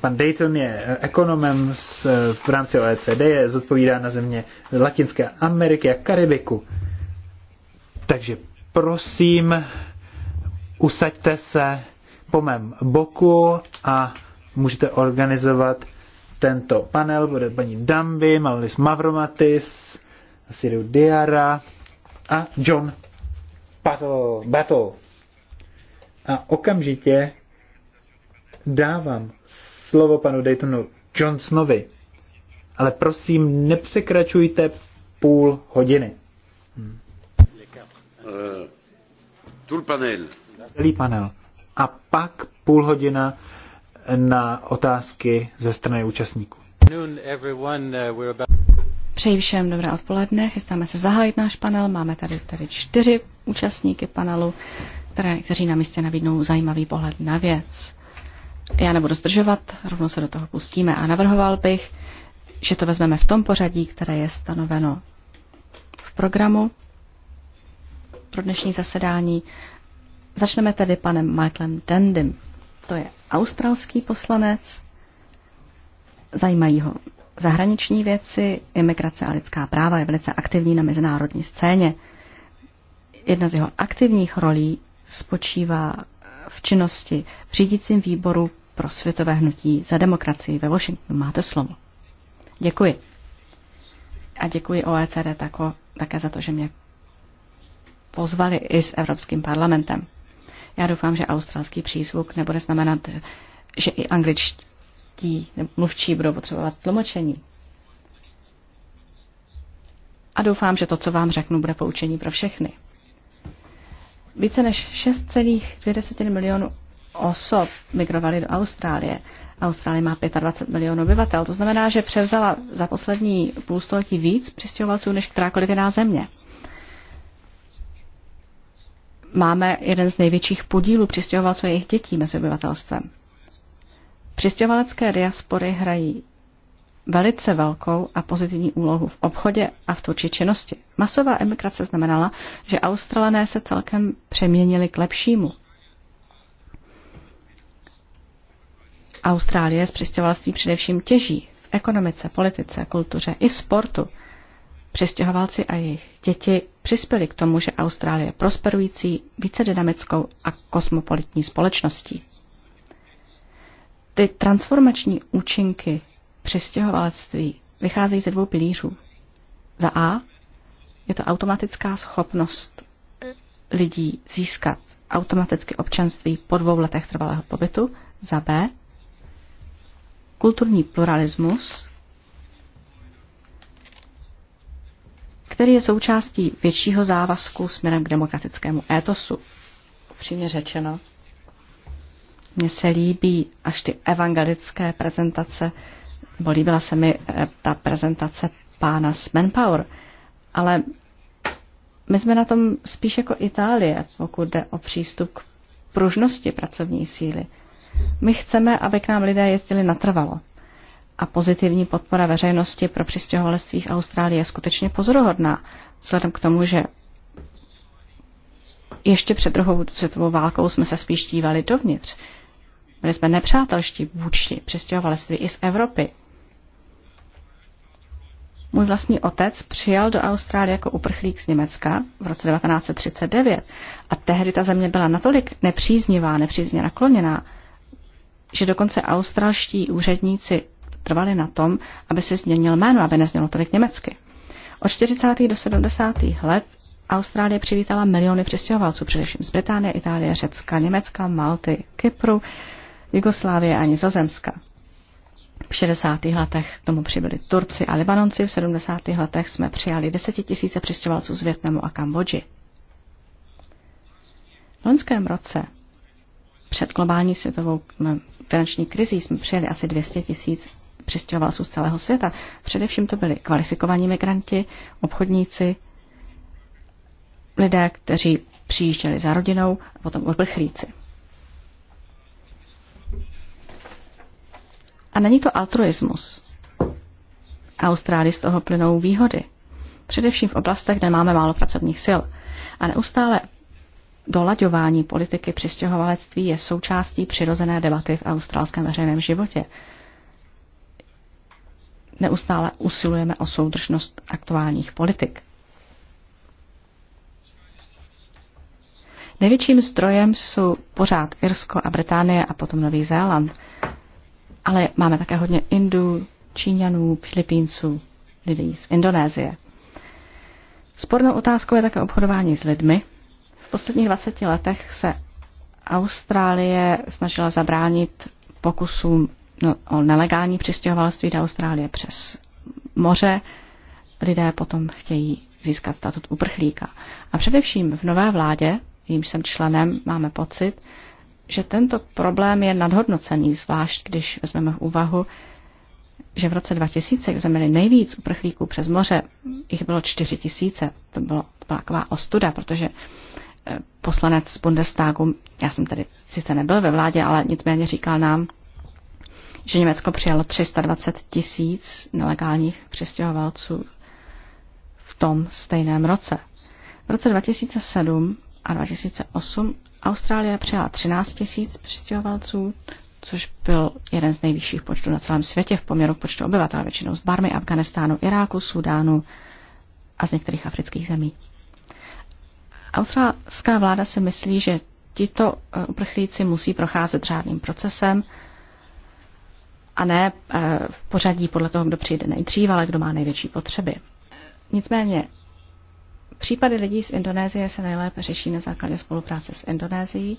[SPEAKER 1] Pan Dayton je ekonomem z, v rámci OECD, je zodpovídá na země Latinské Ameriky a Karibiku. Takže prosím, usaďte se po mém boku a můžete organizovat tento panel. Bude paní Damby, Malis Mavromatis, Siru Diara a John Battle. Battle. A okamžitě dávám slovo panu Daytonu Johnsonovi. Ale prosím, nepřekračujte půl hodiny.
[SPEAKER 2] Hmm. Celý panel.
[SPEAKER 1] A pak půl hodina na otázky ze strany účastníků.
[SPEAKER 3] Přeji všem dobré odpoledne, chystáme se zahájit náš panel. Máme tady, tady čtyři účastníky panelu, které, kteří nám jistě nabídnou zajímavý pohled na věc. Já nebudu zdržovat, rovnou se do toho pustíme a navrhoval bych, že to vezmeme v tom pořadí, které je stanoveno v programu pro dnešní zasedání. Začneme tedy panem Michaelem Dendym. To je australský poslanec, zajímají ho zahraniční věci, imigrace a lidská práva, je velice aktivní na mezinárodní scéně. Jedna z jeho aktivních rolí spočívá v činnosti v řídícím výboru pro světové hnutí za demokracii ve Washingtonu. Máte slovo. Děkuji. A děkuji OECD tako, také za to, že mě pozvali i s Evropským parlamentem. Já doufám, že australský přízvuk nebude znamenat, že i angličtí mluvčí budou potřebovat tlumočení. A doufám, že to, co vám řeknu, bude poučení pro všechny. Více než 6,2 milionů osob migrovali do Austrálie. Austrálie má 25 milionů obyvatel, to znamená, že převzala za poslední půlstoletí víc přistěhovalců než kterákoliv jiná země máme jeden z největších podílů přistěhovalců jejich dětí mezi obyvatelstvem. Přistěhovalecké diaspory hrají velice velkou a pozitivní úlohu v obchodě a v tvůrčí činnosti. Masová emigrace znamenala, že Australané se celkem přeměnili k lepšímu. Austrálie z přistěhovalství především těží v ekonomice, politice, kultuře i v sportu – Přestěhovalci a jejich děti přispěli k tomu, že Austrálie je prosperující, více dynamickou a kosmopolitní společností. Ty transformační účinky přistěhovalectví vycházejí ze dvou pilířů. Za A je to automatická schopnost lidí získat automaticky občanství po dvou letech trvalého pobytu. Za B kulturní pluralismus, který je součástí většího závazku směrem k demokratickému étosu. Přímě řečeno, mně se líbí až ty evangelické prezentace, nebo líbila se mi eh, ta prezentace pána z Manpower, ale my jsme na tom spíš jako Itálie, pokud jde o přístup k pružnosti pracovní síly. My chceme, aby k nám lidé jezdili natrvalo a pozitivní podpora veřejnosti pro přistěhovalectví v Austrálii je skutečně pozoruhodná, vzhledem k tomu, že ještě před druhou světovou válkou jsme se spíš dívali dovnitř. Byli jsme nepřátelští vůči přistěhovalectví i z Evropy. Můj vlastní otec přijal do Austrálie jako uprchlík z Německa v roce 1939 a tehdy ta země byla natolik nepříznivá, nepřízně nakloněná, že dokonce australští úředníci trvali na tom, aby si změnil jméno, aby neznělo tolik německy. Od 40. do 70. let Austrálie přivítala miliony přistěhovalců, především z Británie, Itálie, Řecka, Německa, Malty, Kypru, Jugoslávie a Nizozemska. V 60. letech k tomu přibyli Turci a Libanonci, v 70. letech jsme přijali desetitisíce přistěhovalců z Větnamu a Kambodži. V loňském roce před globální světovou finanční krizí jsme přijali asi 200 tisíc přistěhovalců z celého světa. Především to byli kvalifikovaní migranti, obchodníci, lidé, kteří přijížděli za rodinou a potom uprchlíci. A není to altruismus. Austrálii z toho plynou výhody. Především v oblastech, kde máme málo pracovních sil. A neustále dolaďování politiky přistěhovalectví je součástí přirozené debaty v australském veřejném životě neustále usilujeme o soudržnost aktuálních politik. Největším zdrojem jsou pořád Irsko a Británie a potom Nový Zéland. Ale máme také hodně Indů, Číňanů, Filipínců, lidí z Indonésie. Spornou otázkou je také obchodování s lidmi. V posledních 20 letech se Austrálie snažila zabránit pokusům No, o nelegální přistěhovalství do Austrálie přes moře. Lidé potom chtějí získat statut uprchlíka. A především v nové vládě, jím jsem členem, máme pocit, že tento problém je nadhodnocený, zvlášť když vezmeme v úvahu, že v roce 2000, kdy jsme měli nejvíc uprchlíků přes moře, jich bylo 4 tisíce. To, bylo, to byla taková ostuda, protože eh, poslanec z Bundestagu, já jsem tady sice nebyl ve vládě, ale nicméně říkal nám, že Německo přijalo 320 tisíc nelegálních přistěhovalců v tom stejném roce. V roce 2007 a 2008 Austrálie přijala 13 tisíc přistěhovalců, což byl jeden z nejvyšších počtů na celém světě v poměru k počtu obyvatel, většinou z Barmy, Afganistánu, Iráku, Súdánu a z některých afrických zemí. Australská vláda si myslí, že tito eh, uprchlíci musí procházet řádným procesem a ne eh, v pořadí podle toho, kdo přijde nejdřív, ale kdo má největší potřeby. Nicméně případy lidí z Indonésie se nejlépe řeší na základě spolupráce s Indonésií,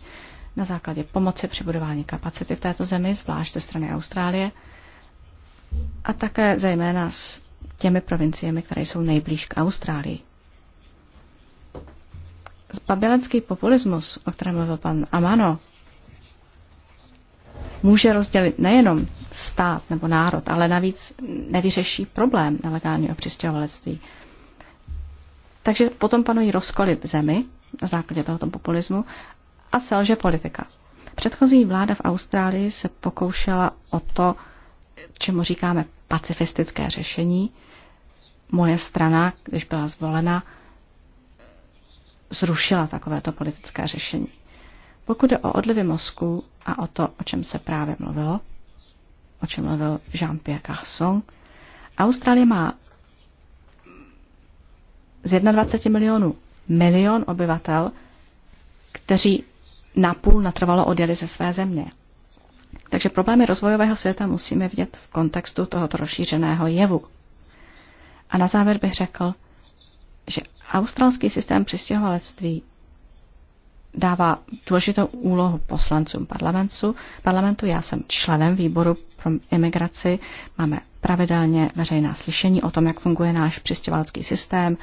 [SPEAKER 3] na základě pomoci při budování kapacity v této zemi, zvlášť ze strany Austrálie, a také zejména s těmi provinciemi, které jsou nejblíž k Austrálii. Zbabilecký populismus, o kterém mluvil pan Amano, může rozdělit nejenom stát nebo národ, ale navíc nevyřeší problém nelegálního přistěhovalectví. Takže potom panují rozkoly v zemi na základě tohoto populismu a selže politika. Předchozí vláda v Austrálii se pokoušela o to, čemu říkáme pacifistické řešení. Moje strana, když byla zvolena, zrušila takovéto politické řešení. Pokud jde o odlivy mozku a o to, o čem se právě mluvilo, o čem mluvil Jean-Pierre Carson, Austrálie má z 21 milionů milion obyvatel, kteří napůl natrvalo odjeli ze své země. Takže problémy rozvojového světa musíme vidět v kontextu tohoto rozšířeného jevu. A na závěr bych řekl, že australský systém přistěhovalectví dává důležitou úlohu poslancům parlamentu. parlamentu. Já jsem členem výboru pro imigraci. Máme pravidelně veřejná slyšení o tom, jak funguje náš přistěvalecký systém.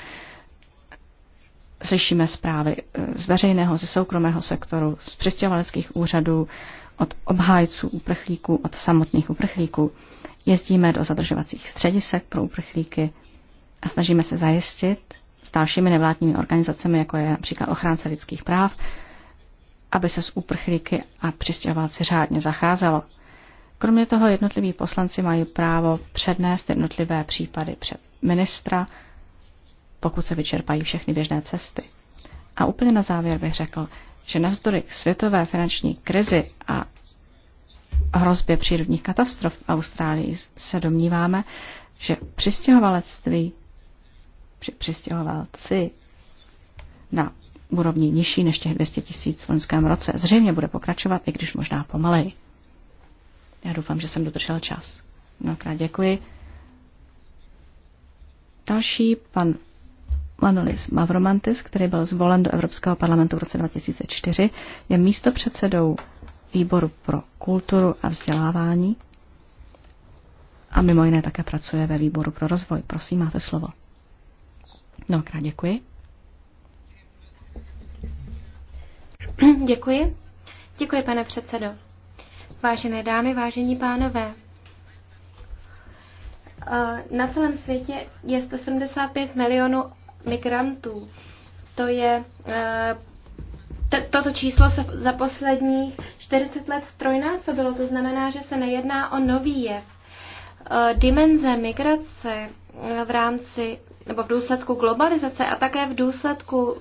[SPEAKER 3] Slyšíme zprávy eh, z veřejného, ze soukromého sektoru, z přistěvaleckých úřadů, od obhájců uprchlíků, od samotných uprchlíků. Jezdíme do zadržovacích středisek pro uprchlíky a snažíme se zajistit, s dalšími nevládními organizacemi, jako je například ochránce lidských práv, aby se s úprchlíky a přistěhovalci řádně zacházelo. Kromě toho jednotliví poslanci mají právo přednést jednotlivé případy před ministra, pokud se vyčerpají všechny běžné cesty. A úplně na závěr bych řekl, že navzdory světové finanční krizi a hrozbě přírodních katastrof v Austrálii se domníváme, že přistěhovalectví při přistěhovalci na úrovni nižší než těch 200 tisíc v loňském roce. Zřejmě bude pokračovat, i když možná pomaleji. Já doufám, že jsem dodržel čas. Mnohokrát děkuji. Další pan Manolis Mavromantis, který byl zvolen do Evropského parlamentu v roce 2004, je místopředsedou výboru pro kulturu a vzdělávání a mimo jiné také pracuje ve výboru pro rozvoj. Prosím, máte slovo. Mnohokrát děkuji.
[SPEAKER 4] Děkuji. Děkuji, pane předsedo. Vážené dámy, vážení pánové, eh, na celém světě je 175 milionů migrantů. To je eh, toto číslo se za posledních 40 let strojnásobilo, to znamená, že se nejedná o nový jev. Eh, dimenze migrace v rámci nebo v důsledku globalizace a také v důsledku uh,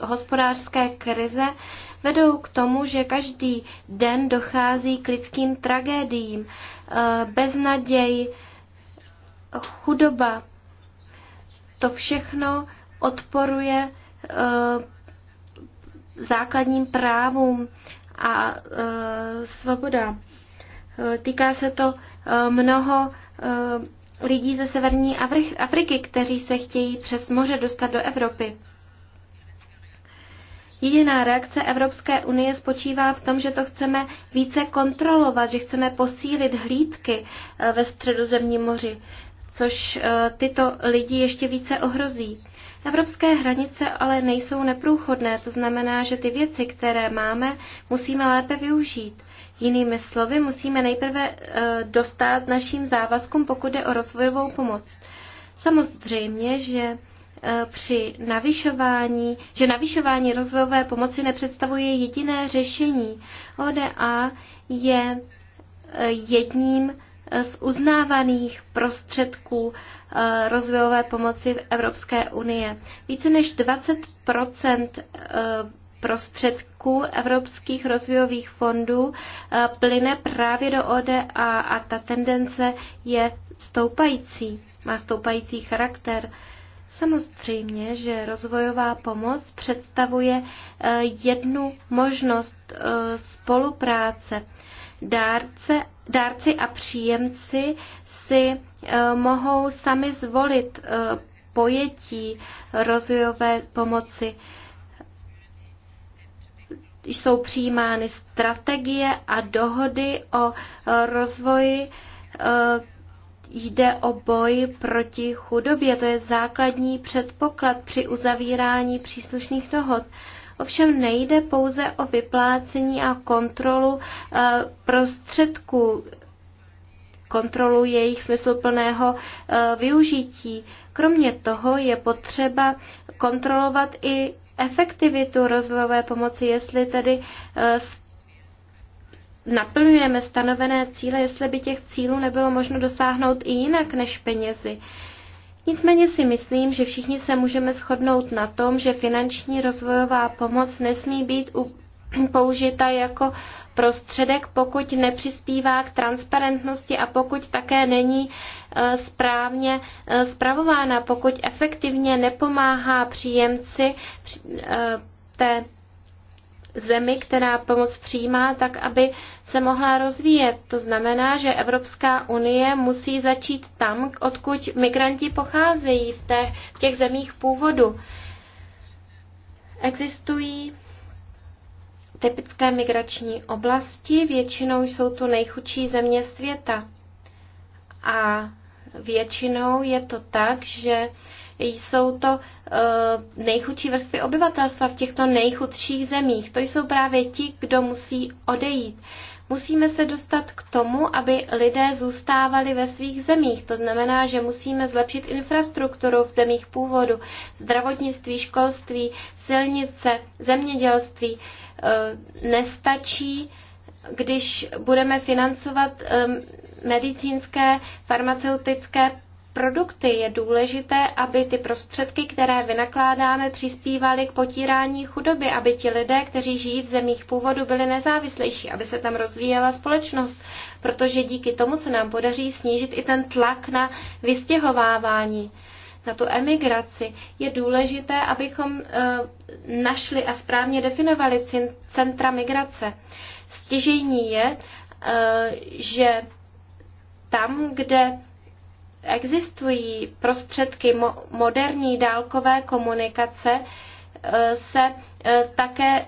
[SPEAKER 4] hospodářské krize vedou k tomu, že každý den dochází k lidským tragédiím, uh, beznaděj, chudoba. To všechno odporuje uh, základním právům a uh, svobodám. Týká se to uh, mnoho uh, lidí ze severní Afriky, kteří se chtějí přes moře dostat do Evropy. Jediná reakce Evropské unie spočívá v tom, že to chceme více kontrolovat, že chceme posílit hlídky eh, ve středozemním moři, což eh, tyto lidi ještě více ohrozí. Evropské hranice ale nejsou neprůchodné, to znamená, že ty věci, které máme, musíme lépe využít. Jinými slovy, musíme nejprve eh, dostat našim závazkům, pokud jde o rozvojovou pomoc. Samozřejmě, že eh, při navyšování, že navyšování rozvojové pomoci nepředstavuje jediné řešení. ODA je eh, jedním z uznávaných prostředků rozvojové pomoci v Evropské unie. Více než 20 prostředků evropských rozvojových fondů eh, plyne právě do ODA a ta tendence je stoupající, má stoupající charakter. Samozřejmě, že rozvojová pomoc představuje eh, jednu možnost eh, spolupráce. Dárce, dárci a příjemci si mohou sami zvolit pojetí rozvojové pomoci jsou přijímány strategie a dohody o e, rozvoji. E, jde o boj proti chudobě. To je základní předpoklad při uzavírání příslušných dohod. Ovšem nejde pouze o vyplácení a kontrolu e, prostředků, kontrolu jejich smysluplného využití. Kromě toho je potřeba kontrolovat i efektivitu rozvojové pomoci, jestli tedy eh, naplňujeme stanovené cíle, jestli by těch cílů nebylo možno dosáhnout i jinak než penězi. Nicméně si myslím, že všichni se můžeme shodnout na tom, že finanční rozvojová pomoc nesmí být použita jako prostředek, pokud nepřispívá k transparentnosti a pokud také není e, správně e, spravována, pokud efektivně nepomáhá příjemci e, té zemi, která pomoc přijímá, tak aby se mohla rozvíjet. To znamená, že Evropská unie musí začít tam, odkud migranti pocházejí v těch, v těch zemích původu. Existují typické migrační oblasti. Většinou jsou tu nejchudší země světa. A většinou je to tak, že jsou to eh, nejchudší vrstvy obyvatelstva v těchto nejchudších zemích. To jsou právě ti, kdo musí odejít. Musíme se dostat k tomu, aby lidé zůstávali ve svých zemích. To znamená, že musíme zlepšit infrastrukturu v zemích původu, zdravotnictví, školství, silnice, zemědělství. Eh, nestačí, když budeme financovat eh, medicínské, farmaceutické produkty. Je důležité, aby ty prostředky, které vynakládáme, přispívaly k potírání chudoby, aby ti lidé, kteří žijí v zemích původu, byli nezávislejší, aby se tam rozvíjela společnost, protože díky tomu se nám podaří snížit i ten tlak na vystěhovávání na tu emigraci, je důležité, abychom eh, našli a správně definovali centra migrace. Stěžejní je, eh, že tam, kde existují prostředky moderní dálkové komunikace, eh, se také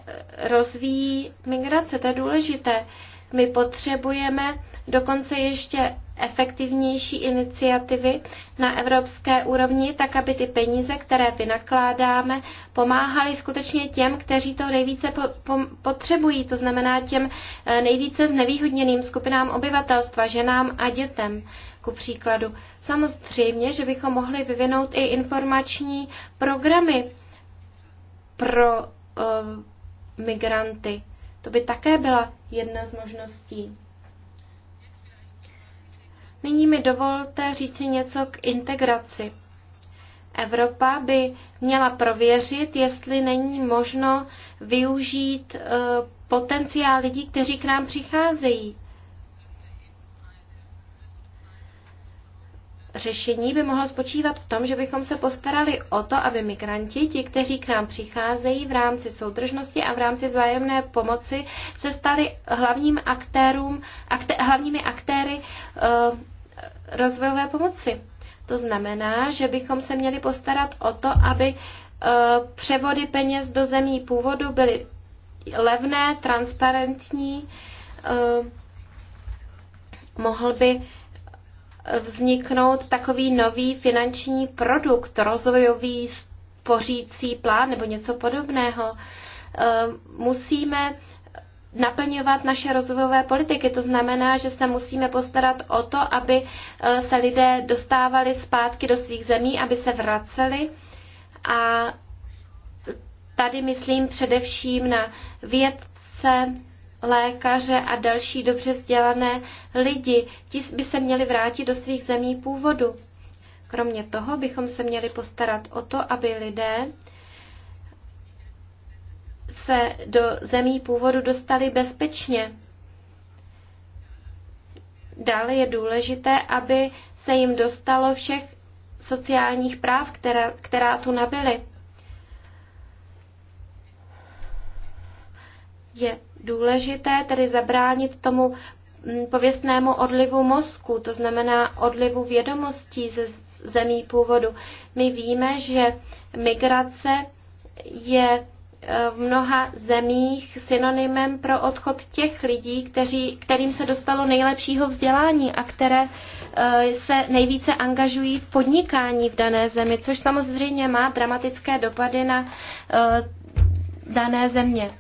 [SPEAKER 4] rozvíjí migrace. To je důležité. My potřebujeme dokonce ještě efektivnější iniciativy na evropské úrovni, tak aby ty peníze, které vynakládáme, pomáhaly skutečně těm, kteří to nejvíce po, po, potřebují, to znamená těm eh, nejvíce znevýhodněným skupinám obyvatelstva, ženám a dětem. Ku příkladu, samozřejmě, že bychom mohli vyvinout i informační programy pro uh, migranty. To by také byla jedna z možností. Nyní mi dovolte říci něco k integraci. Evropa by měla prověřit, jestli není možno využít eh, potenciál lidí, kteří k nám přicházejí. řešení by mohlo spočívat v tom, že bychom se postarali o to, aby migranti, ti, kteří k nám přicházejí v rámci soudržnosti a v rámci vzájemné pomoci, se stali hlavním aktérům, akté, hlavními aktéry uh, rozvojové pomoci. To znamená, že bychom se měli postarat o to, aby uh, převody peněz do zemí původu byly levné, transparentní. Uh, mohl by vzniknout takový nový finanční produkt, rozvojový spořící plán nebo něco podobného. Eh, musíme naplňovat naše rozvojové politiky. To znamená, že se musíme postarat o to, aby eh, se lidé dostávali zpátky do svých zemí, aby se vraceli. A tady myslím především na vědce, lékaře a další dobře vzdělané lidi. Ti by se měli vrátit do svých zemí původu. Kromě toho bychom se měli postarat o to, aby lidé se do zemí původu dostali bezpečně. Dále je důležité, aby se jim dostalo všech sociálních práv, která, která tu nabyly. Je důležité, tedy zabránit tomu mm, pověstnému odlivu mozku, to znamená odlivu vědomostí ze zemí původu. My víme, že migrace je e, v mnoha zemích synonymem pro odchod těch lidí, kteří, kterým se dostalo nejlepšího vzdělání a které e, se nejvíce angažují v podnikání v dané zemi, což samozřejmě má dramatické dopady na e, dané země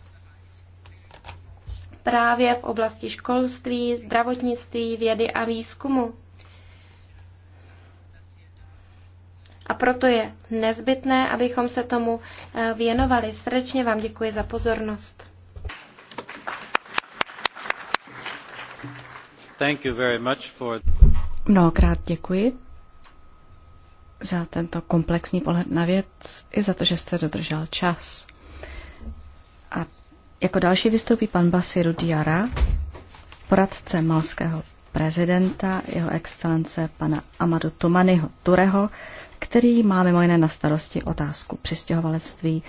[SPEAKER 4] právě v oblasti školství, zdravotnictví, vědy a výzkumu. A proto je nezbytné, abychom se tomu eh, věnovali. Srdečně vám děkuji za pozornost.
[SPEAKER 2] Thank you very much for...
[SPEAKER 3] Mnohokrát děkuji za tento komplexní pohled na věc i za to, že jste dodržel čas. A jako další vystoupí pan Basiru Diara, poradce malského prezidenta, jeho excelence pana Amadu Tomanyho Tureho, který má mimo jiné na starosti otázku přistěhovalectví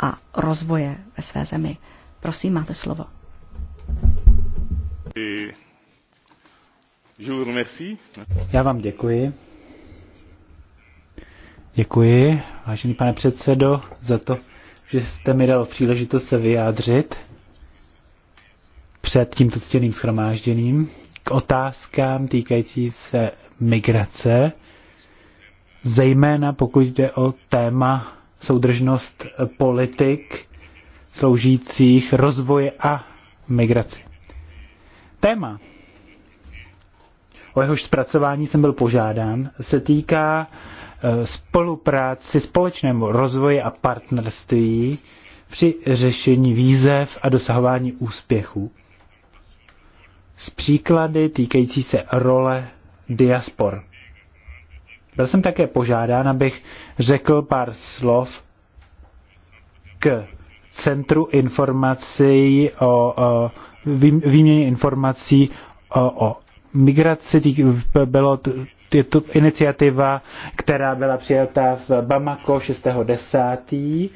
[SPEAKER 3] a rozvoje ve své zemi. Prosím, máte slovo.
[SPEAKER 1] Já vám děkuji. Děkuji, vážený pane předsedo, za to, že jste mi dal příležitost se vyjádřit před tímto ctěným schromážděním k otázkám týkající se migrace, zejména pokud jde o téma soudržnost politik sloužících rozvoje a migraci. Téma, o jehož zpracování jsem byl požádán, se týká Eh, spolupráci, společnému rozvoji a partnerství při řešení výzev a dosahování úspěchů. Z příklady týkající se role diaspor. Byl jsem také požádán, abych řekl pár slov k Centru informací o, o výměně informací o, o migraci. Bylo je to iniciativa, která byla přijata v Bamako 6.10.2008.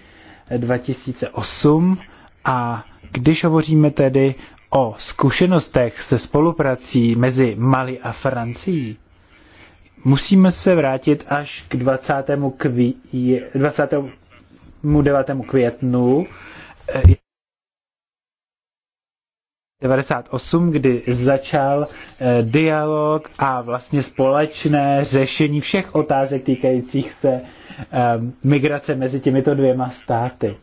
[SPEAKER 1] 2008 a když hovoříme tedy o zkušenostech se spoluprací mezi Mali a Francií, musíme se vrátit až k 20. Kví, 9. květnu 98, kdy začal eh, dialog a vlastně společné řešení všech otázek týkajících se eh, migrace mezi těmito dvěma státy.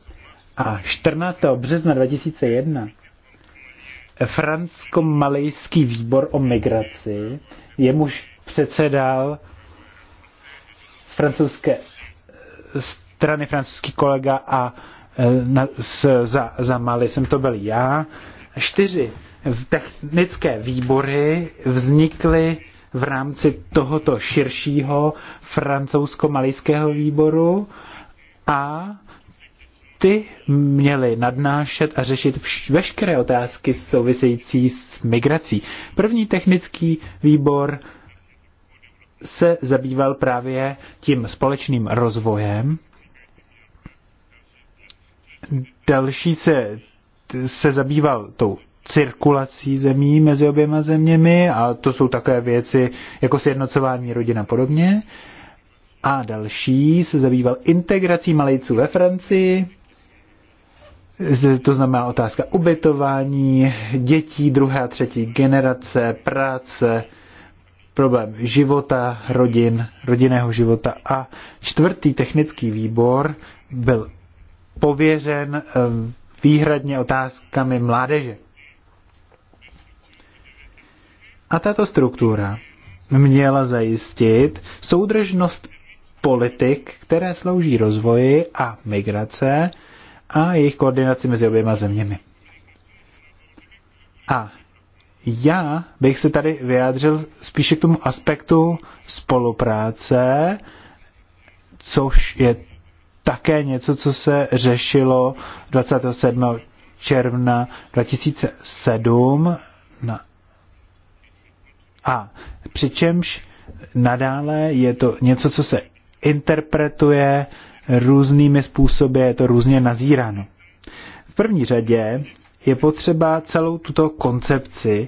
[SPEAKER 1] A 14. března 2001 fransko malejský výbor o migraci, jemuž předsedal z francouzské eh, strany francouzský kolega a na, s, za, za Mali jsem to byl já, čtyři technické výbory vznikly v rámci tohoto širšího francouzsko-malijského výboru a ty měly nadnášet a řešit veškeré otázky související s migrací. První technický výbor se zabýval právě tím společným rozvojem. Další se se zabýval tou cirkulací zemí mezi oběma zeměmi a to jsou takové věci jako sjednocování rodin a podobně. A další se zabýval integrací Malejců ve Francii, to znamená otázka ubytování, dětí druhé a třetí generace, práce, problém života, rodin, rodinného života. A čtvrtý technický výbor byl pověřen eh, výhradně otázkami mládeže. A tato struktura měla zajistit soudržnost politik, které slouží rozvoji a migrace a jejich koordinaci mezi oběma zeměmi. A já bych se tady vyjádřil spíše k tomu aspektu spolupráce, což je také něco, co se řešilo 27. června 2007 na a přičemž nadále je to něco, co se interpretuje různými způsoby, je to různě nazíráno. V první řadě je potřeba celou tuto koncepci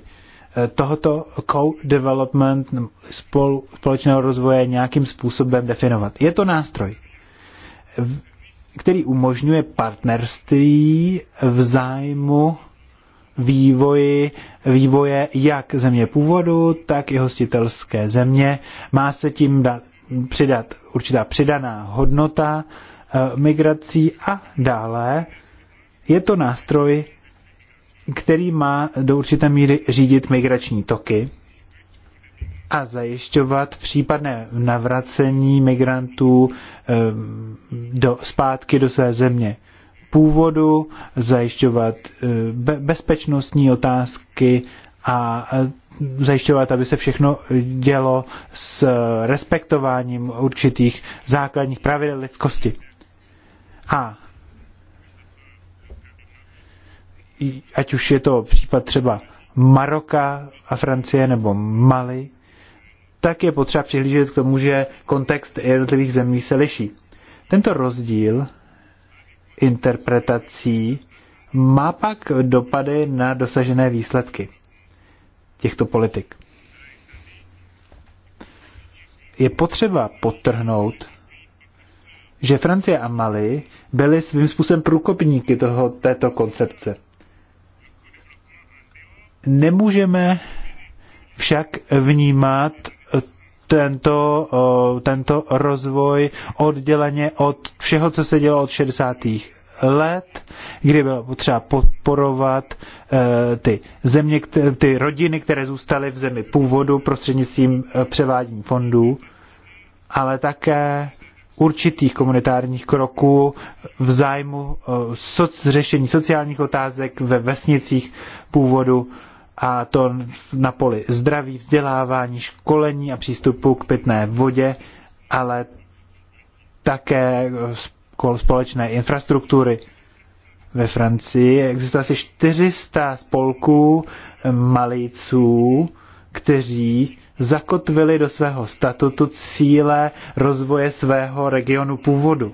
[SPEAKER 1] eh, tohoto co-development společného rozvoje nějakým způsobem definovat. Je to nástroj který umožňuje partnerství v zájmu vývoji, vývoje jak země původu, tak i hostitelské země. Má se tím dát, přidat určitá přidaná hodnota eh, migrací a dále je to nástroj, který má do určité míry řídit migrační toky a zajišťovat případné navracení migrantů eh, do, zpátky do své země původu, zajišťovat eh, bezpečnostní otázky a eh, zajišťovat, aby se všechno dělo s respektováním určitých základních pravidel lidskosti. A ať už je to případ třeba Maroka a Francie nebo Mali, tak je potřeba přihlížet k tomu, že kontext jednotlivých zemí se liší. Tento rozdíl interpretací má pak dopady na dosažené výsledky těchto politik. Je potřeba potrhnout, že Francie a Mali byly svým způsobem průkopníky toho, této koncepce. Nemůžeme však vnímat tento, tento rozvoj odděleně od všeho, co se dělo od 60. let, kdy bylo potřeba podporovat e, ty, země, ty rodiny, které zůstaly v zemi původu prostřednictvím e, převádění fondů, ale také určitých komunitárních kroků v zájmu e, soc, řešení sociálních otázek ve vesnicích původu a to na poli zdraví, vzdělávání, školení a přístupu k pitné vodě, ale také společné infrastruktury. Ve Francii existuje asi 400 spolků malíců, kteří zakotvili do svého statutu cíle rozvoje svého regionu původu.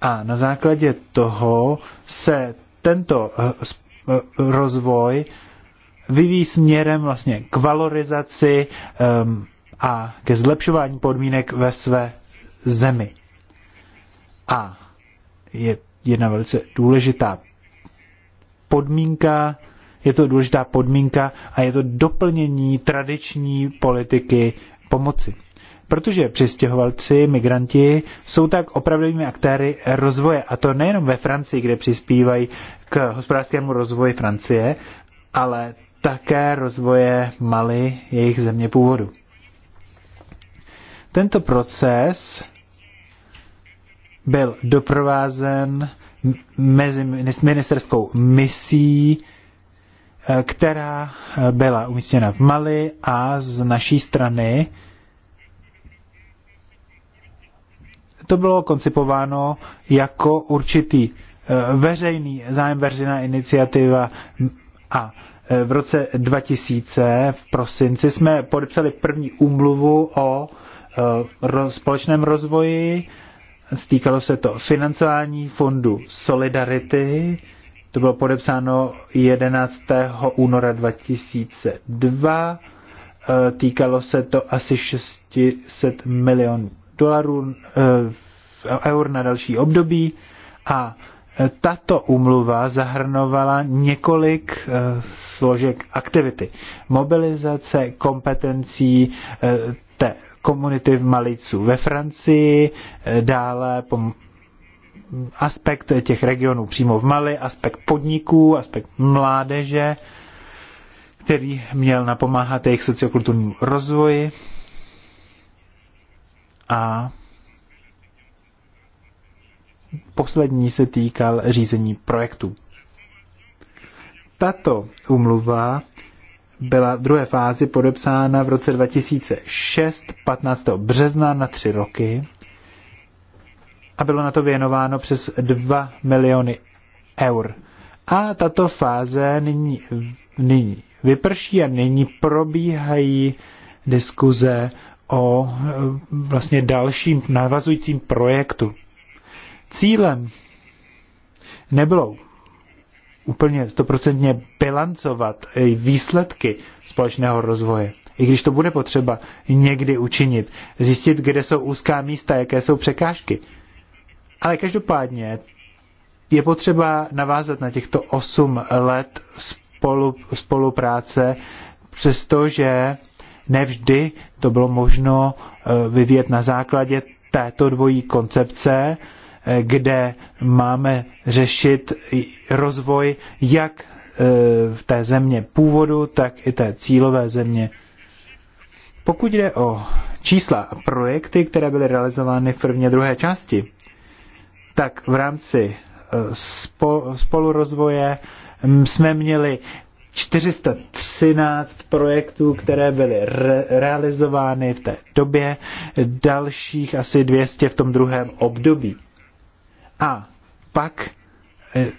[SPEAKER 1] A na základě toho se tento eh, eh, rozvoj vyvíjí směrem vlastně k valorizaci um, a ke zlepšování podmínek ve své zemi. A je jedna velice důležitá podmínka, je to důležitá podmínka a je to doplnění tradiční politiky pomoci. Protože přistěhovalci, migranti jsou tak opravdovými aktéry rozvoje. A to nejenom ve Francii, kde přispívají k hospodářskému rozvoji Francie, ale také rozvoje Mali, jejich země původu. Tento proces byl doprovázen mezi ministerskou misí, eh, která eh, byla umístěna v Mali a z naší strany to bylo koncipováno jako určitý eh, veřejný zájem, veřejná iniciativa a v roce 2000 v prosinci jsme podepsali první úmluvu o e, společném rozvoji. Stýkalo se to financování fondu Solidarity. To bylo podepsáno 11. února 2002. E, týkalo se to asi 600 milionů dolarů e, eur na další období a tato umluva zahrnovala několik eh, složek aktivity. Mobilizace kompetencí eh, té komunity v Malicu ve Francii, eh, dále aspekt těch regionů přímo v Mali, aspekt podniků, aspekt mládeže, který měl napomáhat jejich sociokulturnímu rozvoji a poslední se týkal řízení projektu. Tato umluva byla v druhé fázi podepsána v roce 2006, 15. března na tři roky a bylo na to věnováno přes 2 miliony eur. A tato fáze nyní, nyní vyprší a nyní probíhají diskuze o e, vlastně dalším navazujícím projektu. Cílem nebylo úplně stoprocentně bilancovat výsledky společného rozvoje. I když to bude potřeba někdy učinit, zjistit, kde jsou úzká místa, jaké jsou překážky. Ale každopádně je potřeba navázat na těchto osm let spolu, spolupráce, přestože nevždy to bylo možno eh, vyvíjet na základě této dvojí koncepce, kde máme řešit rozvoj jak e, v té země původu, tak i té cílové země. Pokud jde o čísla a projekty, které byly realizovány v první a druhé části, tak v rámci e, spolurozvoje jsme měli 413 projektů, které byly re- realizovány v té době, dalších asi 200 v tom druhém období. A pak eh,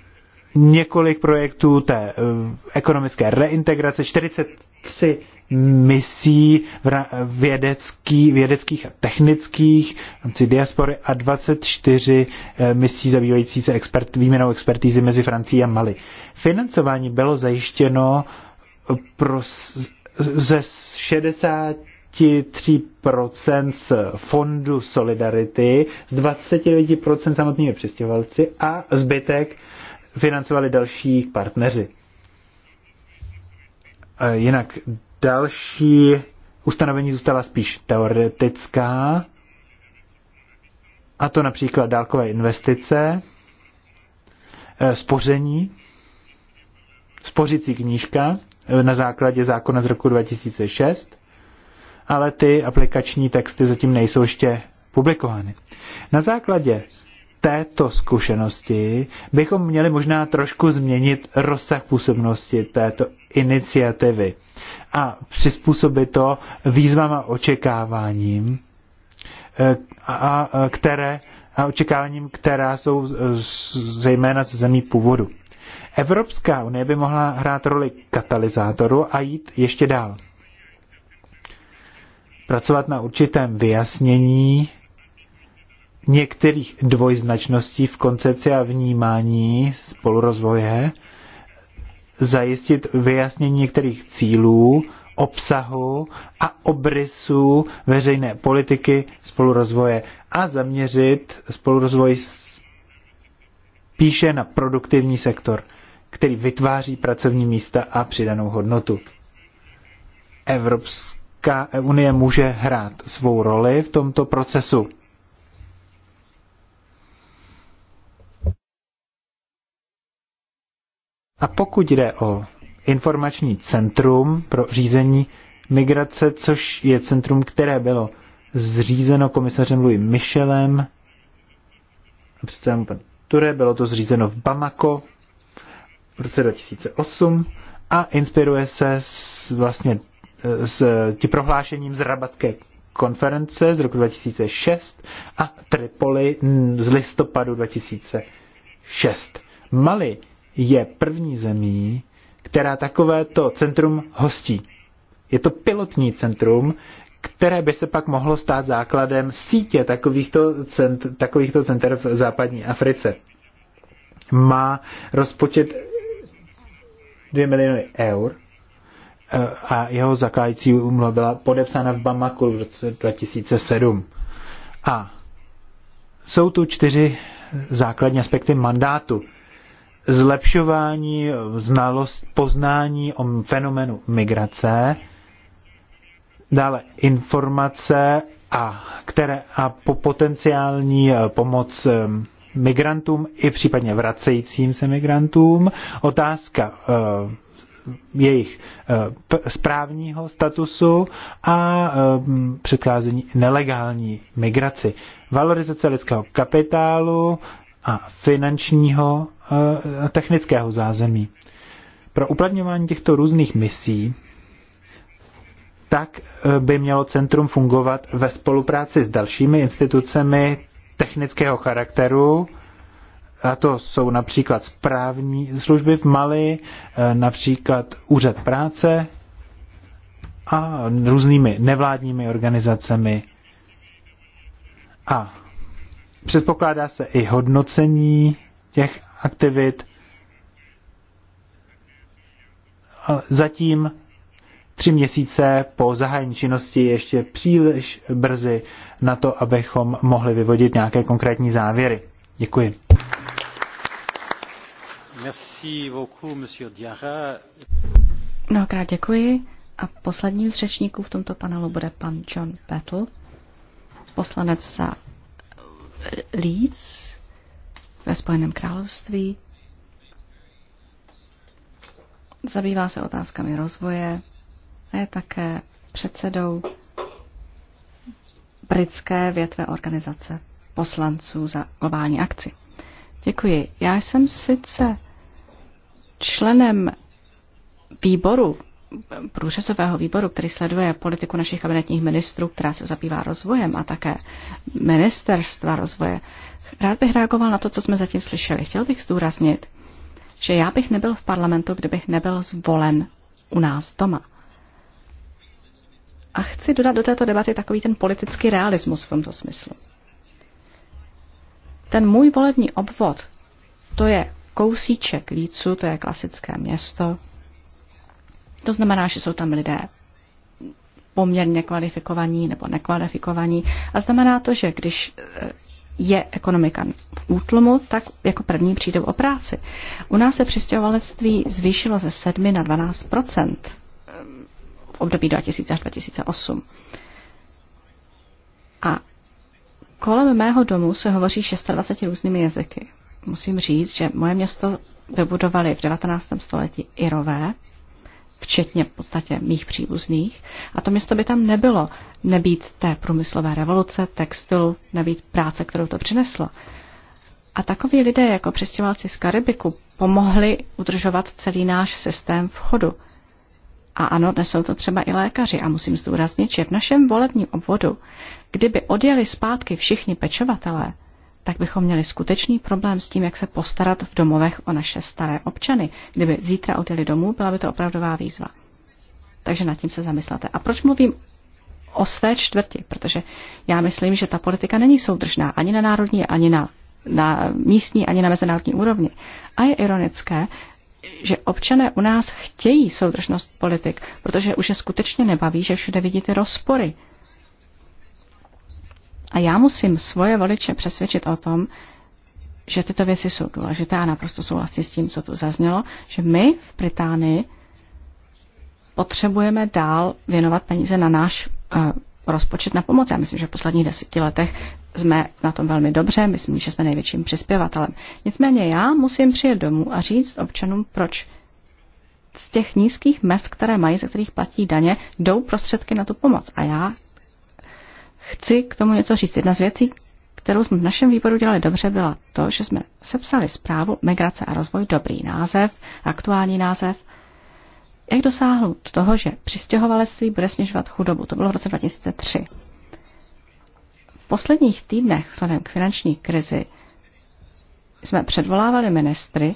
[SPEAKER 1] několik projektů té eh, ekonomické reintegrace, 43 misí vědecký, vědeckých a technických v rámci diaspory a 24 eh, misí zabývající se expert, výměnou expertízy mezi Francií a Mali. Financování bylo zajištěno pro, ze 60 23% z fondu Solidarity, z 29% samotnými přistěhovalci a zbytek financovali další partneři. Jinak další ustanovení zůstala spíš teoretická, a to například dálkové investice, eh, spoření, spořící knížka eh, na základě zákona z roku 2006, ale ty aplikační texty zatím nejsou ještě publikovány. Na základě této zkušenosti bychom měli možná trošku změnit rozsah působnosti této iniciativy a přizpůsobit to výzvám a očekáváním, eh, a, a, které, a očekáváním, která jsou zejména ze zemí původu. Evropská unie by mohla hrát roli katalyzátoru a jít ještě dál pracovat na určitém vyjasnění některých dvojznačností v koncepci a vnímání spolurozvoje, zajistit vyjasnění některých cílů, obsahu a obrysu veřejné politiky spolurozvoje a zaměřit spolurozvoj píše na produktivní sektor, který vytváří pracovní místa a přidanou hodnotu. Evropský Evropská unie může hrát svou roli v tomto procesu. A pokud jde o informační centrum pro řízení migrace, což je centrum, které bylo zřízeno komisařem Louis Michelem, předsedem pan Ture, bylo to zřízeno v Bamako v roce 2008 a inspiruje se s vlastně s tím prohlášením z rabatské konference z roku 2006 a Tripoli z listopadu 2006. Mali je první zemí, která takovéto centrum hostí. Je to pilotní centrum, které by se pak mohlo stát základem sítě takovýchto, cent, takovýchto center v západní Africe. Má rozpočet 2 miliony eur a jeho zakládající úmluva byla podepsána v Bamaku v roce 2007. A jsou tu čtyři základní aspekty mandátu. Zlepšování znalost, poznání o fenomenu migrace, dále informace a, které, a po potenciální eh, pomoc eh, migrantům i případně vracejícím se migrantům, otázka eh, jejich eh, správního statusu a eh, předcházení nelegální migraci. Valorizace lidského kapitálu a finančního eh, a technického zázemí. Pro uplatňování těchto různých misí tak by mělo centrum fungovat ve spolupráci s dalšími institucemi technického charakteru, a to jsou například správní služby v Mali, e, například úřad práce a různými nevládními organizacemi. A předpokládá se i hodnocení těch aktivit. Zatím tři měsíce po zahájení činnosti je ještě příliš brzy na to, abychom mohli vyvodit nějaké konkrétní závěry. Děkuji.
[SPEAKER 3] Mnohokrát děkuji. A posledním z řečníků v tomto panelu bude pan John Battle, poslanec za Leeds ve Spojeném království. Zabývá se otázkami rozvoje a je také předsedou britské větve organizace poslanců za globální akci. Děkuji. Já jsem sice členem výboru, průřezového výboru, který sleduje politiku našich kabinetních ministrů, která se zabývá rozvojem a také ministerstva rozvoje, rád bych reagoval na to, co jsme zatím slyšeli. Chtěl bych zdůraznit, že já bych nebyl v parlamentu, kdybych nebyl zvolen u nás doma. A chci dodat do této debaty takový ten politický realismus v tomto smyslu. Ten můj volební obvod, to je kousíček Lícu, to je klasické město. To znamená, že jsou tam lidé poměrně kvalifikovaní nebo nekvalifikovaní. A znamená to, že když eh, je ekonomika v útlumu, tak jako první přijdou o práci. U nás se přistěhovalectví zvýšilo ze 7 na 12 eh, v období 2000 až 2008. A kolem mého domu se hovoří 26 různými jazyky musím říct, že moje město vybudovali v 19. století Irové, včetně v podstatě mých příbuzných. A to město by tam nebylo, nebýt té průmyslové revoluce, textilu, nebýt práce, kterou to přineslo. A takoví lidé jako přestěhovalci z Karibiku pomohli udržovat celý náš systém v chodu. A ano, dnes jsou to třeba i lékaři a musím zdůraznit, že v našem volebním obvodu, kdyby odjeli zpátky všichni pečovatelé, tak bychom měli skutečný problém s tím, jak se postarat v domovech o naše staré občany. Kdyby zítra odjeli domů, byla by to opravdová výzva. Takže nad tím se zamyslete. A proč mluvím o své čtvrti? Protože já myslím, že ta politika není soudržná ani na národní, ani na, na místní, ani na mezinárodní úrovni. A je ironické, že občané u nás chtějí soudržnost politik, protože už je skutečně nebaví, že všude vidíte rozpory a já musím svoje voliče přesvědčit o tom, že tyto věci jsou důležité a naprosto souhlasím s tím, co tu zaznělo, že my v Británii potřebujeme dál věnovat peníze na náš uh, rozpočet na pomoc. Já myslím, že v posledních deseti letech jsme na tom velmi dobře, myslím, že jsme největším přispěvatelem. Nicméně já musím přijet domů a říct občanům, proč z těch nízkých mest, které mají, ze kterých platí daně, jdou prostředky na tu pomoc. A já Chci k tomu něco říct. Jedna z věcí, kterou jsme v našem výboru dělali dobře, byla to, že jsme sepsali zprávu Migrace a rozvoj, dobrý název, aktuální název, jak dosáhnout toho, že přistěhovalectví bude snižovat chudobu. To bylo v roce 2003. V posledních týdnech vzhledem k finanční krizi jsme předvolávali ministry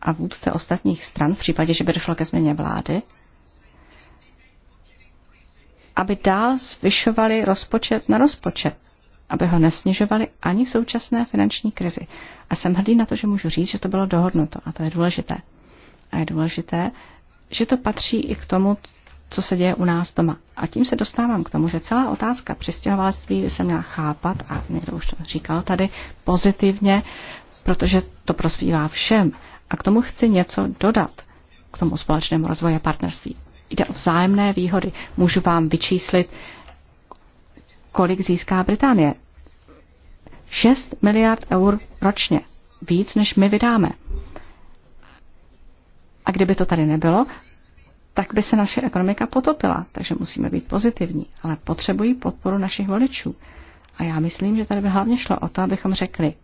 [SPEAKER 3] a vůdce ostatních stran v případě, že by došlo ke změně vlády aby dál zvyšovali rozpočet na rozpočet, aby ho nesnižovali ani v současné finanční krizi. A jsem hrdý na to, že můžu říct, že to bylo dohodnuto a to je důležité. A je důležité, že to patří i k tomu, co se děje u nás doma. A tím se dostávám k tomu, že celá otázka by se měla chápat, a někdo už to říkal tady, pozitivně, protože to prospívá všem. A k tomu chci něco dodat, k tomu společnému rozvoje partnerství. Jde o vzájemné výhody. Můžu vám vyčíslit, kolik získá Británie. 6 miliard eur ročně. Víc, než my vydáme. A kdyby to tady nebylo, tak by se naše ekonomika potopila. Takže musíme být pozitivní. Ale potřebují podporu našich voličů. A já myslím, že tady by hlavně šlo o to, abychom řekli,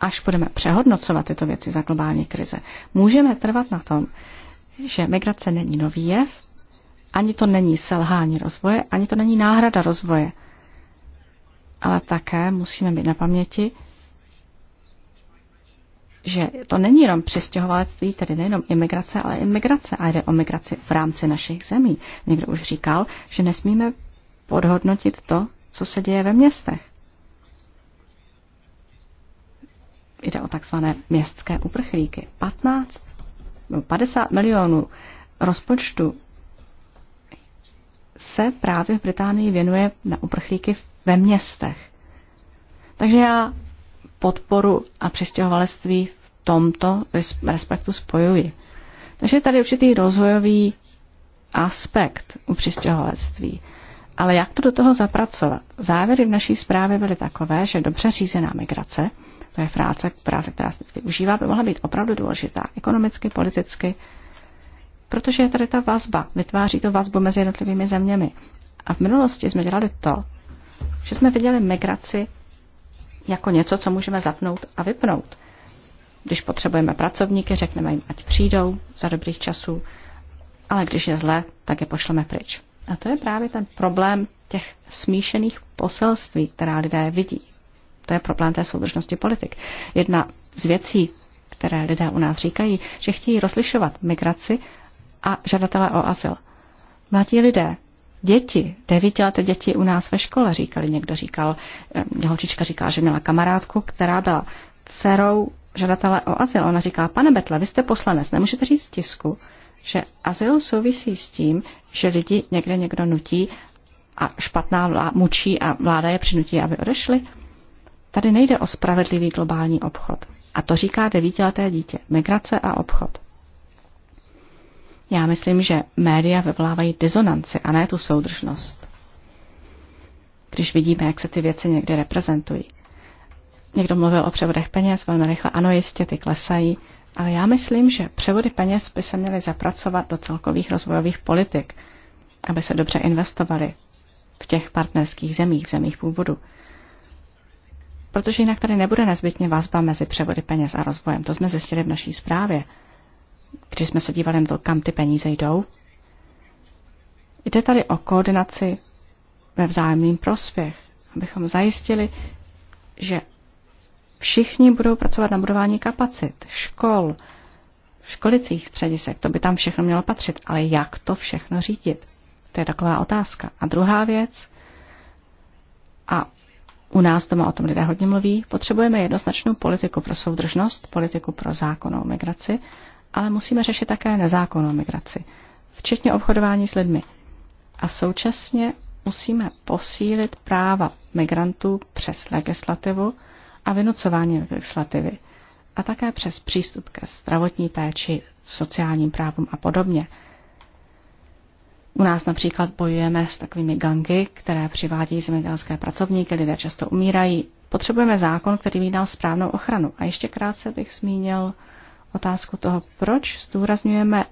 [SPEAKER 3] až budeme přehodnocovat tyto věci za globální krize, můžeme trvat na tom, že migrace není nový jev, ani to není selhání rozvoje, ani to není náhrada rozvoje. Ale také musíme mít na paměti, že to není jenom přistěhovalectví, tedy nejenom imigrace, ale imigrace. A jde o migraci v rámci našich zemí. Někdo už říkal, že nesmíme podhodnotit to, co se děje ve městech. Jde o takzvané městské uprchlíky. 15 50 milionů rozpočtu se právě v Británii věnuje na uprchlíky ve městech. Takže já podporu a přistěhovalectví v tomto respektu spojuji. Takže tady určitý rozvojový aspekt u přistěhovalectví. Ale jak to do toho zapracovat? Závěry v naší zprávě byly takové, že dobře řízená migrace, to je práce, práce která se využívá, by mohla být opravdu důležitá ekonomicky, politicky, protože je tady ta vazba, vytváří to vazbu mezi jednotlivými zeměmi. A v minulosti jsme dělali to, že jsme viděli migraci jako něco, co můžeme zapnout a vypnout. Když potřebujeme pracovníky, řekneme jim, ať přijdou za dobrých časů, ale když je zle, tak je pošleme pryč. A to je právě ten problém těch smíšených poselství, která lidé vidí. To je problém té soudržnosti politik. Jedna z věcí, které lidé u nás říkají, že chtějí rozlišovat migraci a žadatele o azyl. Mladí lidé, děti, devítileté děti u nás ve škole říkali, někdo říkal, eh, holčička říká, že měla kamarádku, která byla dcerou žadatele o azyl. Ona říká, pane Betle, vy jste poslanec, nemůžete říct tisku, že azyl souvisí s tím, že lidi někde někdo nutí a špatná vláda mučí a vláda je přinutí, aby odešli. Tady nejde o spravedlivý globální obchod. A to říká devítileté dítě. Migrace a obchod. Já myslím, že média vyvolávají dizonanci a ne tu soudržnost. Když vidíme, jak se ty věci někdy reprezentují. Někdo mluvil o převodech peněz velmi rychle. Ano, jistě, ty klesají, ale já myslím, že převody peněz by se měly zapracovat do celkových rozvojových politik, aby se dobře investovaly v těch partnerských zemích, v zemích původu. Protože jinak tady nebude nezbytně vazba mezi převody peněz a rozvojem. To jsme zjistili v naší zprávě, když jsme se dívali na to, kam ty peníze jdou. Jde tady o koordinaci ve vzájemným prospěch, abychom zajistili, že Všichni budou pracovat na budování kapacit, škol, školicích středisek, to by tam všechno mělo patřit, ale jak to všechno řídit? To je taková otázka. A druhá věc, a u nás doma o tom lidé hodně mluví, potřebujeme jednoznačnou politiku pro soudržnost, politiku pro zákonnou migraci, ale musíme řešit také nezákonnou migraci, včetně obchodování s lidmi. A současně musíme posílit práva migrantů přes legislativu a vynucování legislativy a také přes přístup ke zdravotní péči, sociálním právům a podobně. U nás například bojujeme s takovými gangy, které přivádí zemědělské pracovníky, lidé často umírají. Potřebujeme zákon, který by dal správnou ochranu. A ještě krátce bych zmínil otázku toho, proč zdůrazňujeme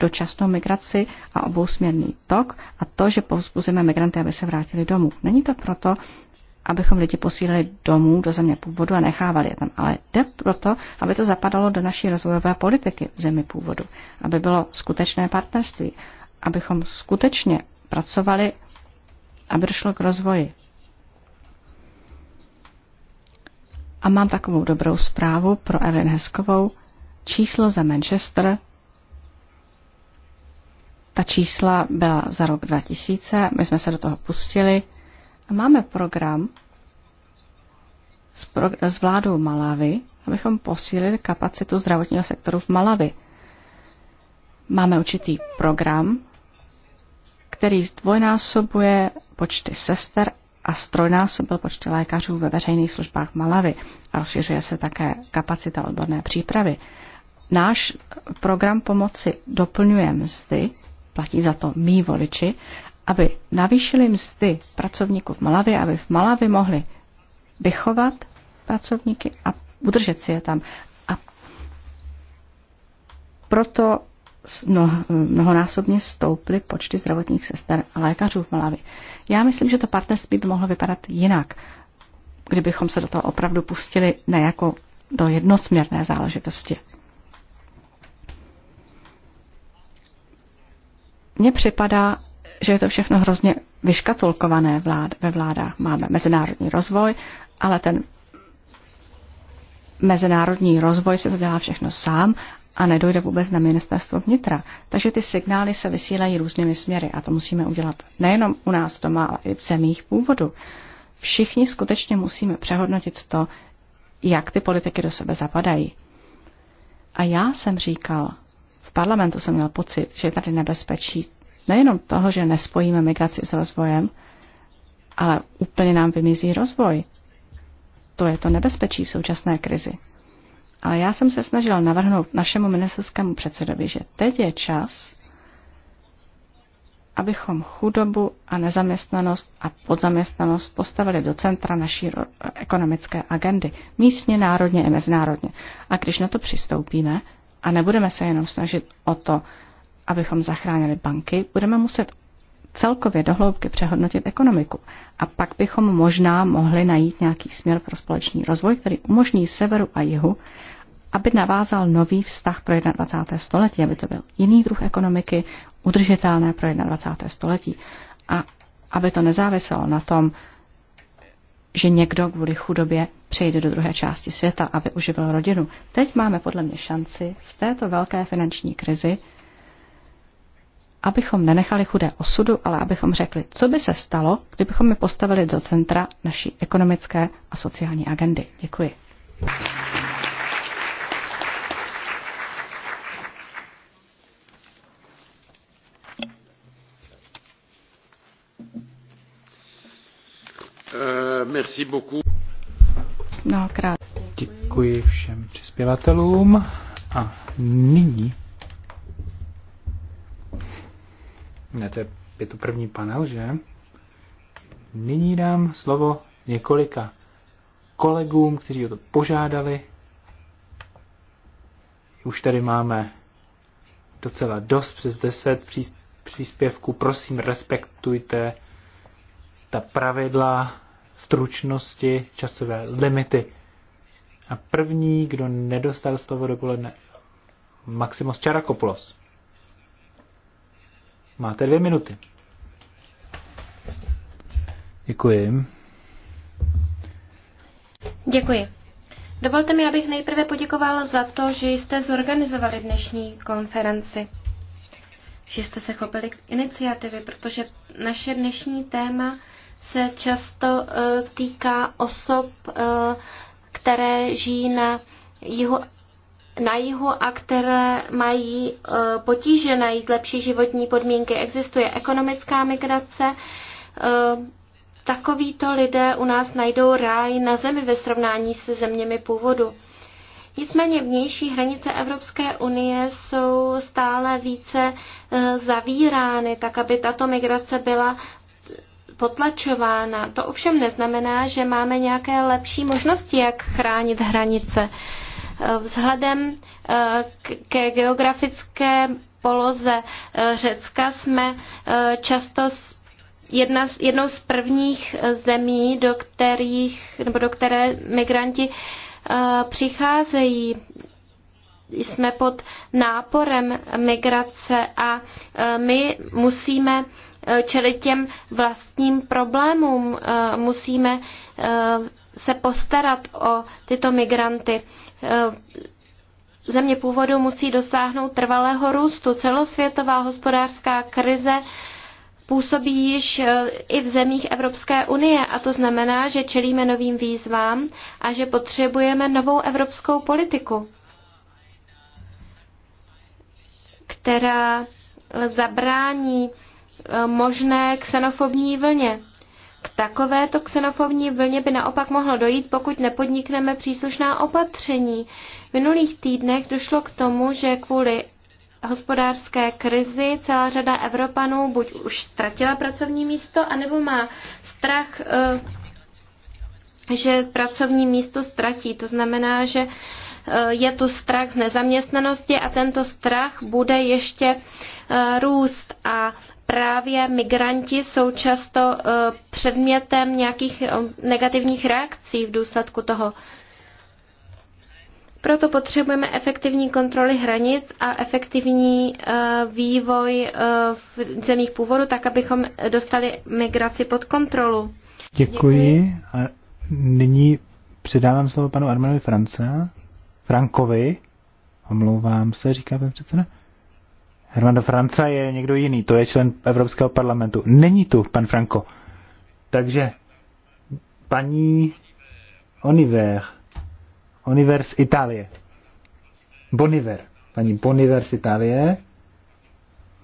[SPEAKER 3] dočasnou migraci a obousměrný tok a to, že povzbuzujeme migranty, aby se vrátili domů. Není to proto, abychom lidi posílali domů do země původu a nechávali je tam. Ale jde proto, aby to zapadalo do naší rozvojové politiky v zemi původu, aby bylo skutečné partnerství, abychom skutečně pracovali, aby došlo k rozvoji. A mám takovou dobrou zprávu pro Evelyn Heskovou. Číslo za Manchester ta čísla byla za rok 2000, my jsme se do toho pustili Máme program s, pro, s vládou Malavy, abychom posílili kapacitu zdravotního sektoru v Malavy. Máme určitý program, který zdvojnásobuje počty sester a strojnásobil počty lékařů ve veřejných službách Malavy a rozšiřuje se také kapacita odborné přípravy. Náš program pomoci doplňuje mzdy, platí za to mý voliči aby navýšili mzdy pracovníků v Malavě, aby v Malavě mohli vychovat pracovníky a udržet si je tam. A proto mnohonásobně stouply počty zdravotních sester a lékařů v Malavě. Já myslím, že to partnerství by mohlo vypadat jinak, kdybychom se do toho opravdu pustili ne jako do jednosměrné záležitosti. Mně připadá, že je to všechno hrozně vyškatulkované vlád, ve vládách. Máme mezinárodní rozvoj, ale ten mezinárodní rozvoj se to dělá všechno sám a nedojde vůbec na ministerstvo vnitra. Takže ty signály se vysílají různými směry a to musíme udělat nejenom u nás doma, ale i v zemích původu. Všichni skutečně musíme přehodnotit to, jak ty politiky do sebe zapadají. A já jsem říkal, v parlamentu jsem měl pocit, že je tady nebezpečí nejenom toho, že nespojíme migraci s rozvojem, ale úplně nám vymizí rozvoj. To je to nebezpečí v současné krizi. Ale já jsem se snažil navrhnout našemu ministerskému předsedovi, že teď je čas, abychom chudobu a nezaměstnanost a podzaměstnanost postavili do centra naší ekonomické agendy, místně, národně i mezinárodně. A když na to přistoupíme a nebudeme se jenom snažit o to, abychom zachránili banky, budeme muset celkově dohloubky přehodnotit ekonomiku. A pak bychom možná mohli najít nějaký směr pro společný rozvoj, který umožní severu a jihu, aby navázal nový vztah pro 21. století, aby to byl jiný druh ekonomiky, udržitelné pro 21. století. A aby to nezáviselo na tom, že někdo kvůli chudobě přejde do druhé části světa, aby uživil rodinu. Teď máme podle mě šanci v této velké finanční krizi abychom nenechali chudé osudu, ale abychom řekli, co by se stalo, kdybychom je postavili do centra naší ekonomické a sociální agendy. Děkuji.
[SPEAKER 2] Eh, merci beaucoup.
[SPEAKER 3] Mnohokrát. Děkuji všem
[SPEAKER 1] přispěvatelům a nyní Ne, to je, je to první panel, že? Nyní dám slovo několika kolegům, kteří o to požádali. Už tady máme docela dost, přes 10 příspěvků. Prosím, respektujte ta pravidla stručnosti, časové limity. A první, kdo nedostal slovo dopoledne, Maximus Čarakopoulos. Máte dvě minuty. Děkuji.
[SPEAKER 4] Děkuji. Dovolte mi, abych nejprve poděkoval za to, že jste zorganizovali dnešní konferenci, že jste se chopili iniciativy, protože naše dnešní téma se často uh, týká osob, uh, které žijí na jihu na jihu a které mají e, potíže najít lepší životní podmínky. Existuje ekonomická migrace. E, takovýto lidé u nás najdou ráj na zemi ve srovnání se zeměmi původu. Nicméně vnější hranice Evropské unie jsou stále více e, zavírány, tak aby tato migrace byla potlačována. To ovšem neznamená, že máme nějaké lepší možnosti, jak chránit hranice. Vzhledem eh, ke geografické poloze eh, Řecka jsme eh, často jedna, jednou z prvních zemí, do, kterých, nebo do které migranti přicházejí jsme pod náporem migrace a my musíme čelit těm vlastním problémům, musíme se postarat o tyto migranty. Země původu musí dosáhnout trvalého růstu. Celosvětová hospodářská krize působí již eh, i v zemích Evropské unie a to znamená, že čelíme novým výzvám a že potřebujeme novou evropskou politiku, která zabrání eh, možné ksenofobní vlně. K takovéto xenofobní vlně by naopak mohlo dojít, pokud nepodnikneme příslušná opatření. V minulých týdnech došlo k tomu, že kvůli hospodářské krizi celá řada Evropanů buď už ztratila pracovní místo, anebo má strach, eh, že pracovní místo ztratí. To znamená, že eh, je tu strach z nezaměstnanosti a tento strach bude ještě eh, růst a právě migranti jsou často eh, předmětem nějakých eh, negativních reakcí v důsledku toho. Proto potřebujeme efektivní kontroly hranic a efektivní eh, vývoj v zemích původu, tak abychom dostali migraci pod kontrolu. Děkuji.
[SPEAKER 1] A nyní předávám slovo panu Armanovi France. Frankovi. Omlouvám se, říká pan předseda. Hermano Franca je někdo jiný, to je člen Evropského parlamentu. Není tu pan Franco. Takže paní Oniver, Oniver z Itálie. Boniver, paní Boniver z Itálie.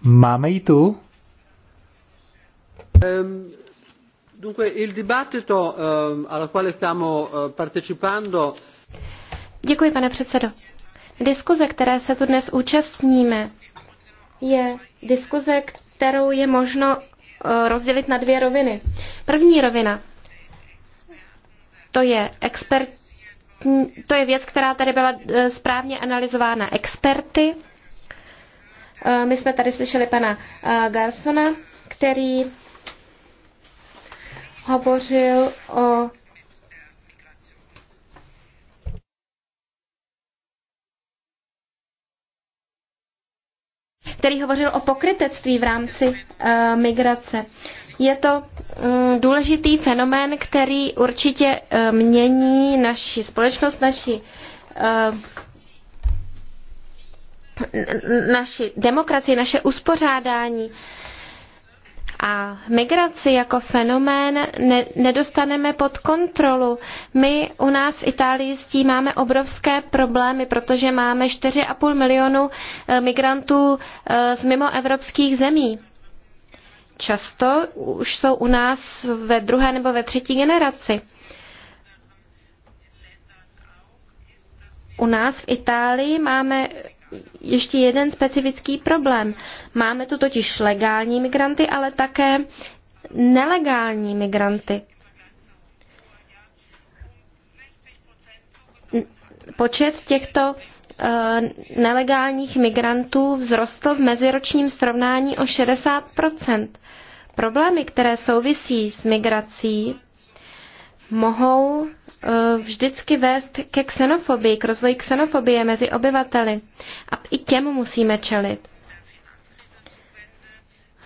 [SPEAKER 1] Máme ji tu? Um,
[SPEAKER 4] Děkuji, pane předsedo. Diskuze, které se tu dnes účastníme, je diskuze, kterou je možno eh, rozdělit na dvě roviny. První rovina, to je expert, to je věc, která tady byla eh, správně analyzována experty. Eh, my jsme tady slyšeli pana Garsona, který hovořil o který hovořil o pokrytectví v rámci eh, migrace. Je to mm, důležitý fenomén, který určitě eh, mění naši společnost, naši eh, naši demokracii, naše uspořádání a migraci jako fenomén ne, nedostaneme pod kontrolu. My u nás v Itálii s tím máme obrovské problémy, protože máme 4,5 milionu eh, migrantů eh, z mimoevropských zemí. Často už jsou u nás ve druhé nebo ve třetí generaci. U nás v Itálii máme ještě jeden specifický problém. Máme tu totiž legální migranty, ale také nelegální migranty. Počet těchto eh, nelegálních migrantů vzrostl v meziročním srovnání o 60 Problémy, které souvisí s migrací, mohou eh, vždycky vést ke xenofobii, k rozvoji xenofobie mezi obyvateli. A i těm musíme čelit.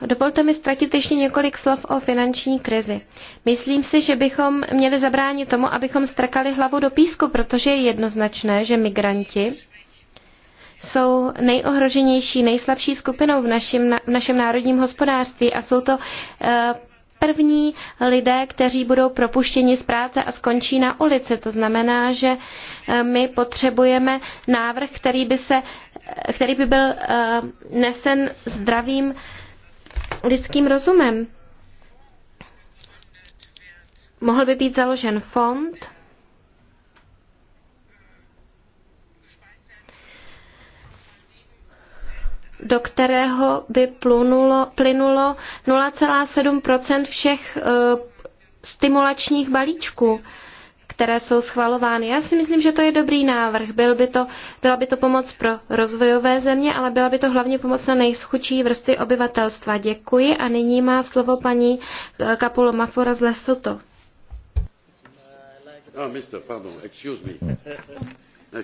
[SPEAKER 4] Dovolte mi ztratit ještě několik slov o finanční krizi. Myslím si, že bychom měli zabránit tomu, abychom strkali hlavu do písku, protože je jednoznačné, že migranti jsou nejohroženější, nejslabší skupinou v našem, v našem národním hospodářství a jsou to eh, první lidé, kteří budou propuštěni z práce a skončí na ulici. To znamená, že eh, my potřebujeme návrh, který by, se, eh, který by byl eh, nesen zdravým lidským rozumem. Mohl by být založen fond, do kterého by plunulo, plynulo 0,7 všech eh, stimulačních balíčků které jsou schvalovány. Já si myslím, že to je dobrý návrh. Byl by to, byla by to pomoc pro rozvojové země, ale byla by to hlavně pomoc na nejschučí vrstvy obyvatelstva. Děkuji a nyní má slovo paní eh, Kapulo Mafora z Lesoto.
[SPEAKER 2] Ah,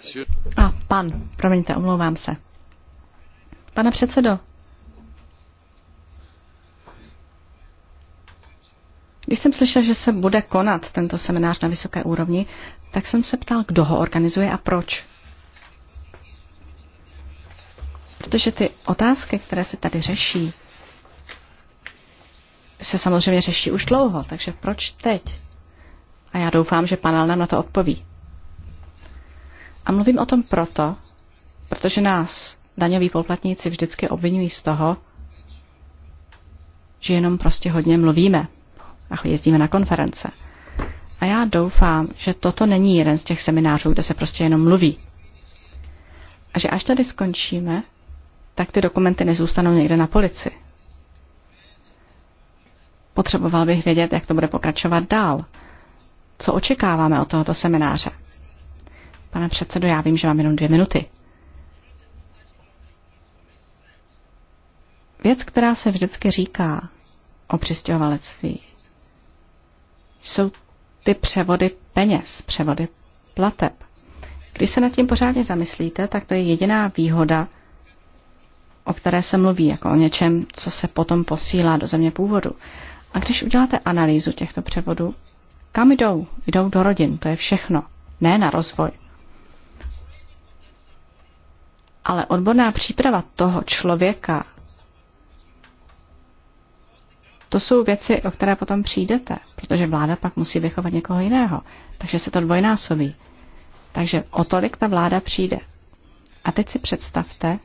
[SPEAKER 3] a pan, promiňte, omlouvám se. Pane předsedo, Když jsem slyšel, že se bude konat tento seminář na vysoké úrovni, tak jsem se ptal, kdo ho organizuje a proč. Protože ty otázky, které se tady řeší, se samozřejmě řeší už dlouho, takže proč teď? A já doufám, že panel nám na to odpoví. A mluvím o tom proto, protože nás daňoví poplatníci vždycky obvinují z toho, že jenom prostě hodně mluvíme a jezdíme na konference. A já doufám, že toto není jeden z těch seminářů, kde se prostě jenom mluví. A že až tady skončíme, tak ty dokumenty nezůstanou někde na polici. Potřeboval bych vědět, jak to bude pokračovat dál. Co očekáváme od tohoto semináře? Pane předsedo, já vím, že mám jenom dvě minuty. Věc, která se vždycky říká o přistěhovalectví, jsou ty převody peněz, převody plateb. Když se nad tím pořádně zamyslíte, tak to je jediná výhoda, o které se mluví, jako o něčem, co se potom posílá do země původu. A když uděláte analýzu těchto převodů, kam jdou? Jdou do rodin, to je všechno, ne na rozvoj. Ale odborná příprava toho člověka, to jsou věci, o které potom přijdete, protože vláda pak musí vychovat někoho jiného. Takže se to dvojnásobí. Takže o tolik ta vláda přijde. A teď si představte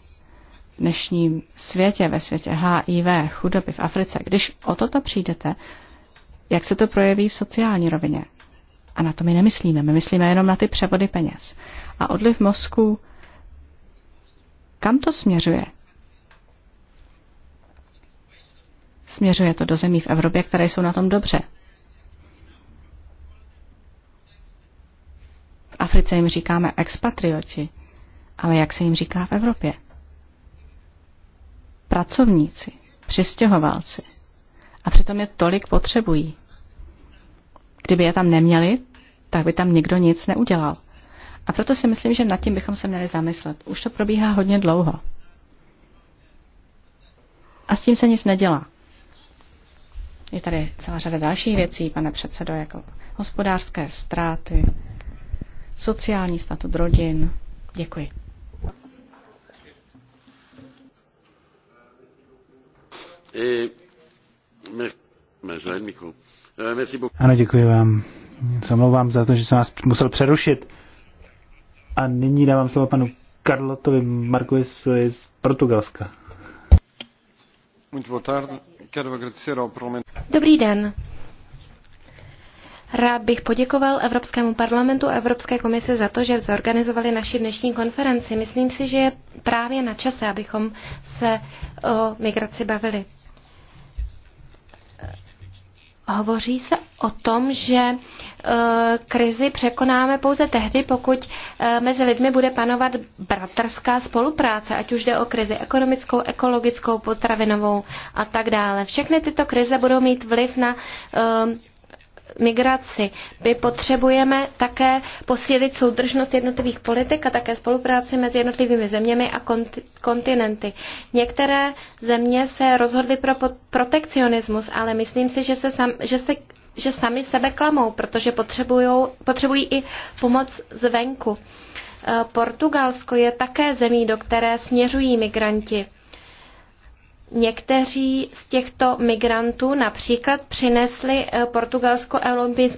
[SPEAKER 3] v dnešním světě, ve světě HIV, chudoby v Africe, když o toto přijdete, jak se to projeví v sociální rovině. A na to my nemyslíme, my myslíme jenom na ty převody peněz. A odliv mozku, kam to směřuje? Směřuje to do zemí v Evropě, které jsou na tom dobře. V Africe jim říkáme expatrioti, ale jak se jim říká v Evropě? Pracovníci, přistěhovalci. A přitom je tolik potřebují. Kdyby je tam neměli, tak by tam nikdo nic neudělal. A proto si myslím, že nad tím bychom se měli zamyslet. Už to probíhá hodně dlouho. A s tím se nic nedělá. Je tady celá řada dalších věcí, pane předsedo, jako hospodářské ztráty, sociální statut rodin. Děkuji.
[SPEAKER 1] Ano, děkuji vám. Samlouvám za to, že jsem vás musel přerušit. A nyní dávám slovo panu Karlotovi Markovi z Portugalska.
[SPEAKER 4] Dobrý den. Rád bych poděkoval Evropskému parlamentu a Evropské komisi za to, že zorganizovali naši dnešní konferenci. Myslím si, že je právě na čase, abychom se o migraci bavili. Hovoří se o tom, že e, krizi překonáme pouze tehdy, pokud e, mezi lidmi bude panovat bratrská spolupráce, ať už jde o krizi ekonomickou, ekologickou, potravinovou a tak dále. Všechny tyto krize budou mít vliv na e, migraci. My potřebujeme také posílit soudržnost jednotlivých politik a také spolupráci mezi jednotlivými zeměmi a kont- kontinenty. Některé země se rozhodly pro protekcionismus, ale myslím si, že se, sam- že se že sami sebe klamou, protože potřebují i pomoc zvenku. Eh, Portugalsko je také zemí, do které směřují migranti. Někteří z těchto migrantů například přinesli eh, Portugalsko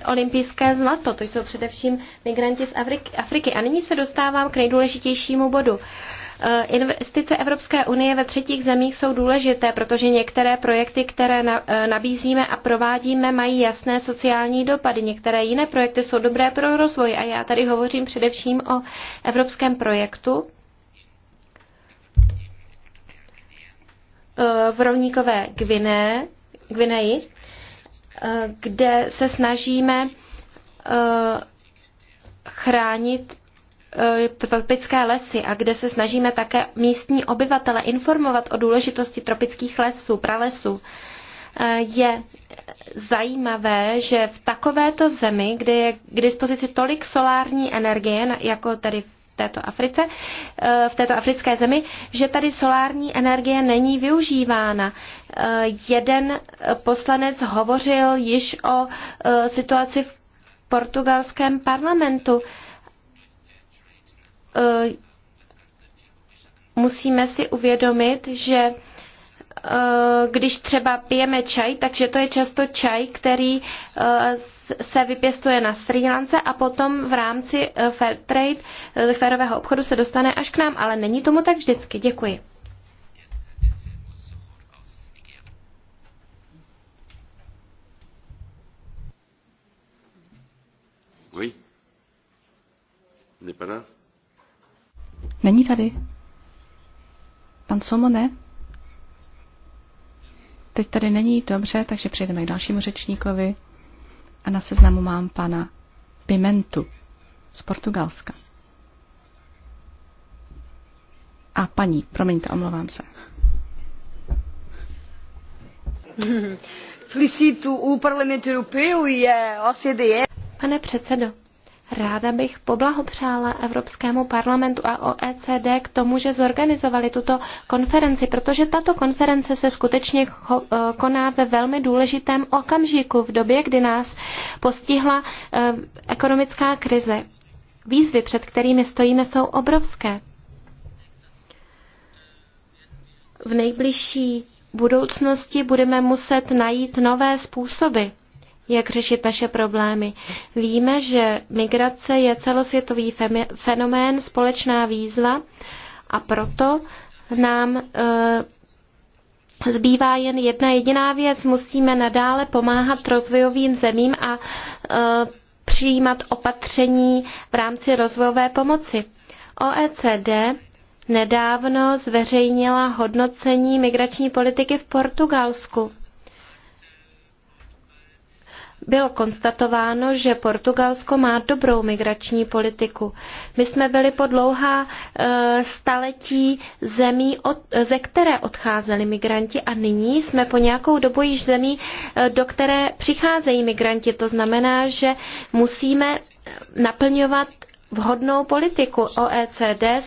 [SPEAKER 4] olympijské zlato. To jsou především migranti z Afriky. A nyní se dostávám k nejdůležitějšímu bodu. Eh, investice Evropské unie ve třetích zemích jsou důležité, protože některé projekty, které eh, nabízíme a provádíme, mají jasné sociální dopady. Některé jiné projekty jsou dobré pro rozvoj a já tady hovořím především o evropském projektu, v rovníkové Gvineji, eh, kde se snažíme eh, chránit eh, tropické lesy a kde se snažíme také místní obyvatele informovat o důležitosti tropických lesů, pralesů. Je zajímavé, že v takovéto zemi, kde je k dispozici tolik solární energie, jako tady. v této Africe, eh, v této africké zemi, že tady solární energie není využívána. Eh, jeden eh, poslanec hovořil již o situaci v portugalském parlamentu. Musíme si uvědomit, že když třeba pijeme čaj, takže to je často čaj, který se vypěstuje na Sri Lance a potom v rámci eh, fair trade, eh, fairového obchodu se dostane až k nám, ale není tomu tak vždycky. Děkuji.
[SPEAKER 3] Není tady. Pan Somo ne? Teď tady není, dobře, takže přejdeme k dalšímu řečníkovi. A na seznamu mám pana Pimentu z Portugalska. A paní, promiňte, omlouvám se. Felicito o Parlamento Europeu e a OCDE.
[SPEAKER 4] Pane předsedo, Ráda bych poblahopřála Evropskému parlamentu a OECD k tomu, že zorganizovali tuto konferenci, protože tato konference se skutečně eh, koná ve velmi důležitém okamžiku, v době, kdy nás postihla eh, ekonomická krize. Výzvy, před kterými stojíme, jsou obrovské. V nejbližší budoucnosti budeme muset najít nové způsoby jak řešit naše problémy. Víme, že migrace je celosvětový fenomén, společná výzva a proto nám eh, zbývá jen jedna jediná věc. Musíme nadále pomáhat rozvojovým zemím a eh, přijímat opatření v rámci rozvojové pomoci. OECD nedávno zveřejnila hodnocení migrační politiky v Portugalsku bylo konstatováno, že Portugalsko má dobrou migrační politiku. My jsme byli po dlouhá e, staletí zemí, ze které odcházeli migranti a nyní jsme po nějakou dobu již zemí, e, do které přicházejí migranti. To znamená, že musíme naplňovat vhodnou politiku. OECD e,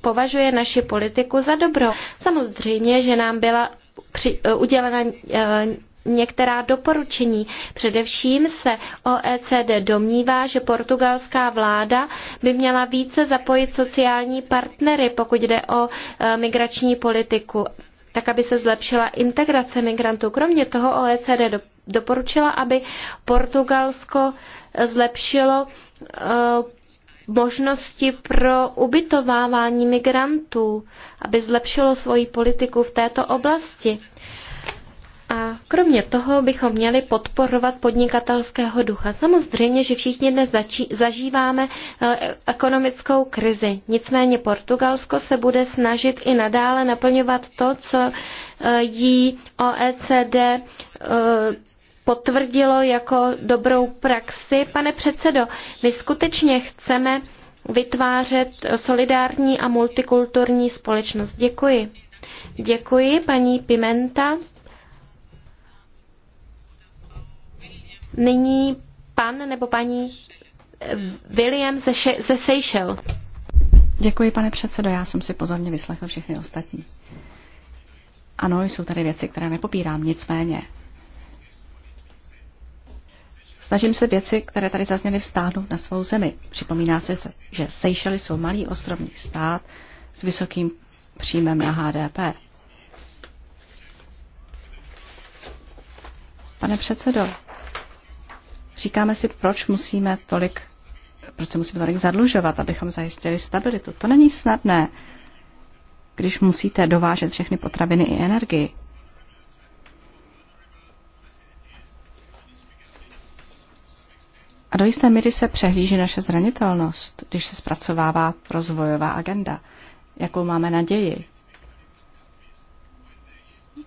[SPEAKER 4] považuje naši politiku za dobrou. Samozřejmě, že nám byla při, udělena některá doporučení. Především se OECD domnívá, že portugalská vláda by měla více zapojit sociální partnery, pokud jde o e, migrační politiku tak aby se zlepšila integrace migrantů. Kromě toho OECD doporučila, aby Portugalsko e, zlepšilo e, možnosti pro ubytovávání migrantů, aby zlepšilo svoji politiku v této oblasti. A kromě toho bychom měli podporovat podnikatelského ducha. Samozřejmě, že všichni dnes zači- zažíváme eh, ekonomickou krizi. Nicméně Portugalsko se bude snažit i nadále naplňovat to, co eh, jí OECD eh, potvrdilo jako dobrou praxi. Pane předsedo, my skutečně chceme vytvářet solidární a multikulturní společnost. Děkuji. Děkuji, paní Pimenta. Nyní pan nebo paní eh, William ze, ze Seychelles.
[SPEAKER 3] Děkuji, pane předsedo. Já jsem si pozorně vyslechl všechny ostatní. Ano, jsou tady věci, které nepopírám, nicméně. Snažím se věci, které tady zazněly, vstáhnout na svou zemi. Připomíná se, že Seychelles jsou malý ostrovní stát s vysokým příjmem na HDP. Pane předsedo, Říkáme si, proč musíme tolik, proč se musíme tolik zadlužovat, abychom zajistili stabilitu. To není snadné, když musíte dovážet všechny potraviny i energii. A do jisté míry se přehlíží naše zranitelnost, když se zpracovává rozvojová agenda. Jakou máme naději?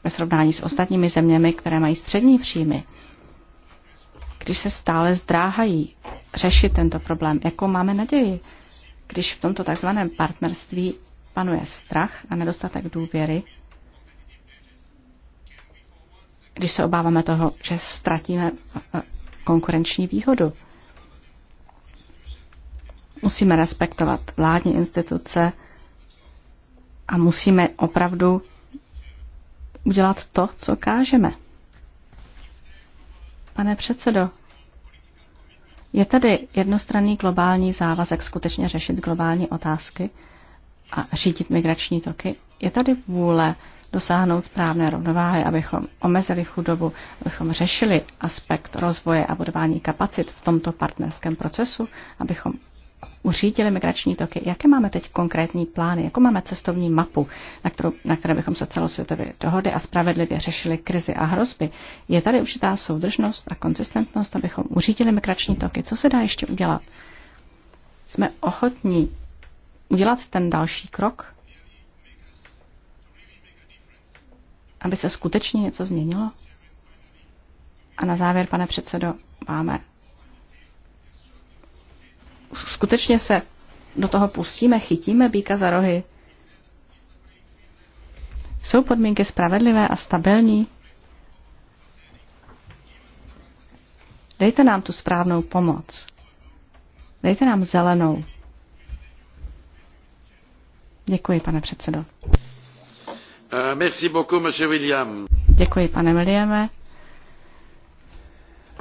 [SPEAKER 3] Ve srovnání s ostatními zeměmi, které mají střední příjmy, když se stále zdráhají řešit tento problém? Jakou máme naději, když v tomto takzvaném partnerství panuje strach a nedostatek důvěry? Když se obáváme toho, že ztratíme eh, konkurenční výhodu? Musíme respektovat vládní instituce a musíme opravdu udělat to, co kážeme. Pane předsedo, je tady jednostranný globální závazek skutečně řešit globální otázky a řídit migrační toky? Je tady vůle dosáhnout správné rovnováhy, abychom omezili chudobu, abychom řešili aspekt rozvoje a budování kapacit v tomto partnerském procesu, abychom uřídili migrační toky. Jaké máme teď konkrétní plány? Jakou máme cestovní mapu, na, kterou, na které bychom se celosvětově dohody a spravedlivě řešili krizi a hrozby? Je tady určitá soudržnost a konzistentnost, abychom uřídili migrační toky? Co se dá ještě udělat? Jsme ochotní udělat ten další krok, aby se skutečně něco změnilo? A na závěr, pane předsedo, máme skutečně se do toho pustíme, chytíme býka za rohy? Jsou podmínky spravedlivé a stabilní? Dejte nám tu správnou pomoc. Dejte nám zelenou. Děkuji, pane předsedo.
[SPEAKER 2] Eh, merci beaucoup, monsieur William.
[SPEAKER 3] Děkuji, pane Williame.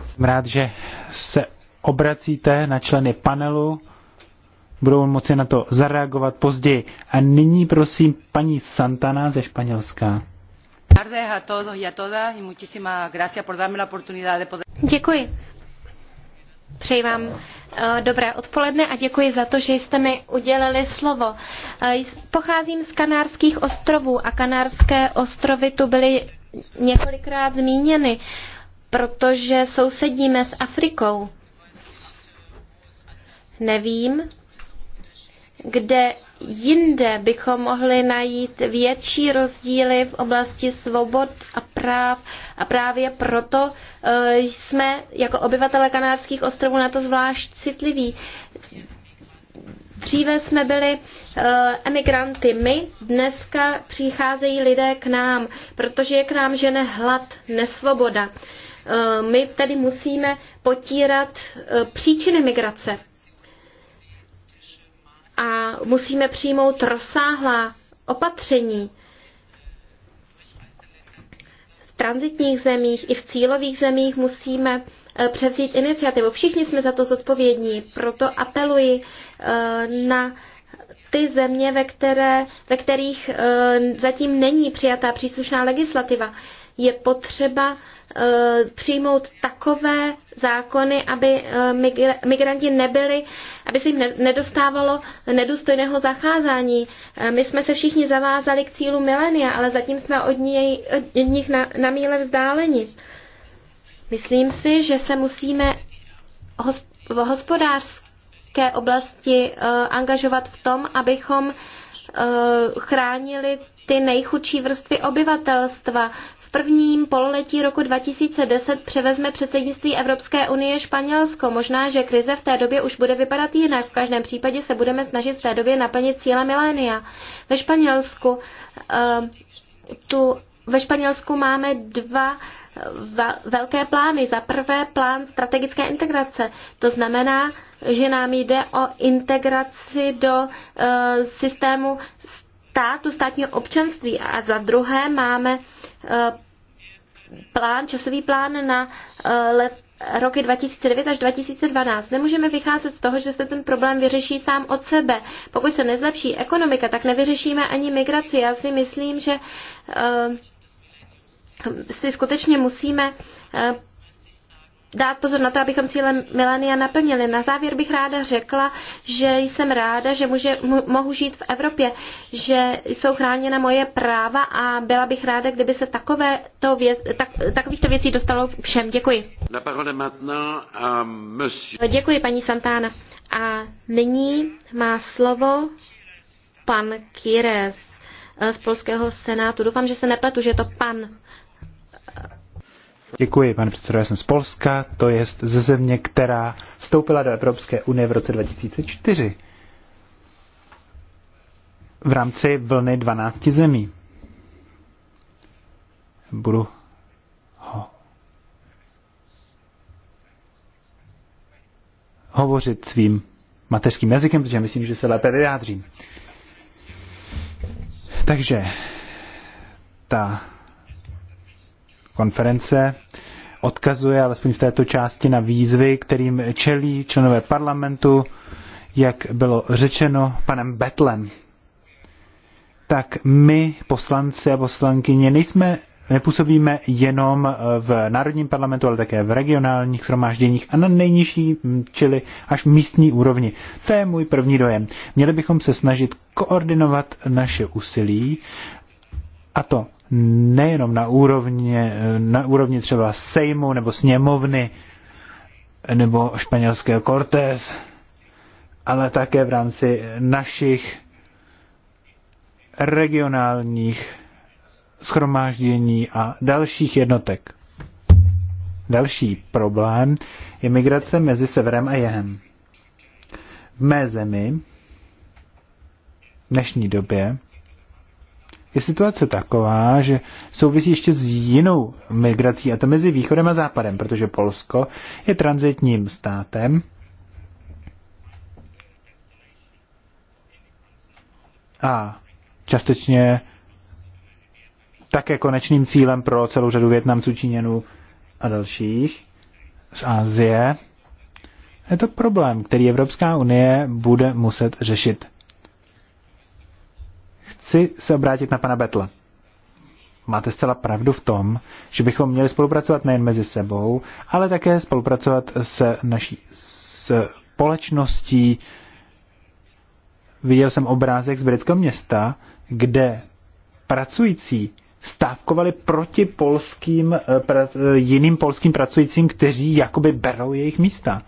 [SPEAKER 3] Jsem rád, že se
[SPEAKER 1] obracíte na členy panelu, budou moci na to zareagovat později. A nyní prosím paní Santana ze Španělska.
[SPEAKER 4] Děkuji. Přeji vám eh, dobré odpoledne a děkuji za to, že jste mi udělali slovo. Eh, pocházím z Kanárských ostrovů a Kanárské ostrovy tu byly několikrát zmíněny, protože sousedíme s Afrikou. Nevím, kde jinde bychom mohli najít větší rozdíly v oblasti svobod a práv a právě proto eh, jsme jako obyvatele Kanárských ostrovů na to zvlášť citliví. Dříve jsme byli eh, emigranty my, dneska přicházejí lidé k nám, protože je k nám žene hlad, nesvoboda. Eh, my tady musíme potírat příčiny migrace a musíme přijmout rozsáhlá opatření v transitních zemích i v cílových zemích musíme eh, převzít iniciativu. Všichni jsme za to zodpovědní, proto apeluji eh, na ty země, ve, které, ve kterých eh, zatím není přijatá příslušná legislativa. Je potřeba Eh, přijmout takové zákony, aby eh, migranti nebyli, aby se jim nedostávalo nedůstojného zacházání. Eh, my jsme se všichni zavázali k cílu milenia, ale zatím jsme od, něj, od nich na, na míle vzdáleni. Myslím si, že se musíme v hospodářské oblasti angažovat v tom, abychom chránili ty nejchudší vrstvy obyvatelstva prvním pololetí roku 2010 převezme předsednictví Evropské unie Španělsko. Možná, že krize v té době už bude vypadat jinak. V každém případě se budeme snažit v té době naplnit cíle milénia. Ve Španělsku, eh, tu, ve Španělsku máme dva velké plány. Za prvé plán strategické integrace. To znamená, že nám jde o integraci do eh, systému státu, státního občanství a za druhé máme eh, plán, časový plán na eh, let roky 2009 až 2012. Nemůžeme vycházet z toho, že se ten problém vyřeší sám od sebe. Pokud se nezlepší ekonomika, tak nevyřešíme ani migraci. Já si myslím, že eh, si skutečně musíme dát pozor na to, abychom cíle milénia naplnili. Na závěr bych ráda řekla, že jsem ráda, že může, mohu žít v Evropě, že jsou chráněna moje práva a byla bych ráda, kdyby se takové to vě, tak, takovýchto věcí dostalo všem. Děkuji.
[SPEAKER 2] La parole maintenant à monsieur.
[SPEAKER 4] Děkuji, paní Santána. A nyní má slovo pan Kires eh, z Polského senátu. Doufám, že se nepletu, že je to pan
[SPEAKER 1] Děkuji, pane předsedo. Já jsem z Polska, to je ze země, která vstoupila do Evropské unie v roce 2004 v rámci vlny 12 zemí. Budu ho. hovořit svým mateřským jazykem, protože myslím, že se lépe vyjádřím. Takže ta konference odkazuje alespoň v této části na výzvy, kterým čelí členové parlamentu, jak bylo řečeno panem Betlem. Tak my, poslanci a poslankyně, nejsme, nepůsobíme jenom v Národním parlamentu, ale také v regionálních shromážděních a na nejnižší, čili až místní úrovni. To je můj první dojem. Měli bychom se snažit koordinovat naše úsilí a to nejenom na úrovni, na úrovni třeba Sejmu nebo sněmovny nebo španělského Cortés, ale také v rámci našich regionálních schromáždění a dalších jednotek. Další problém je migrace mezi severem a jihem. V mé zemi v dnešní době je situace taková, že souvisí ještě s jinou migrací, a to mezi východem a západem, protože Polsko je transitním státem. A částečně také konečným cílem pro celou řadu Větnamců, Číněnů a dalších z Asie. Je to problém, který Evropská unie bude muset řešit. Chci se obrátit na pana Betla. Máte zcela pravdu v tom, že bychom měli spolupracovat nejen mezi sebou, ale také spolupracovat se naší společností. Viděl jsem obrázek z britského města, kde pracující stávkovali proti polským, eh, pra, eh, jiným polským pracujícím, kteří jakoby berou jejich místa.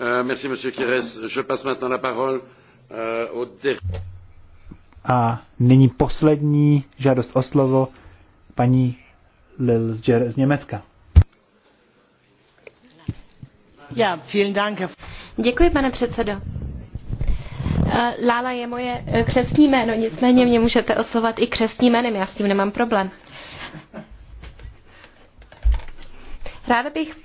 [SPEAKER 2] Euh, merci, Kires. Je passe maintenant la parole euh, au
[SPEAKER 1] A nyní poslední žádost o slovo paní Lilsger z Německa. Ja,
[SPEAKER 4] vielen Dank. Děkuji, pane předsedo. Eh, Lála je moje eh, křestní jméno, nicméně mě můžete oslovat i křestní jménem, já s tím nemám problém. Ráda bych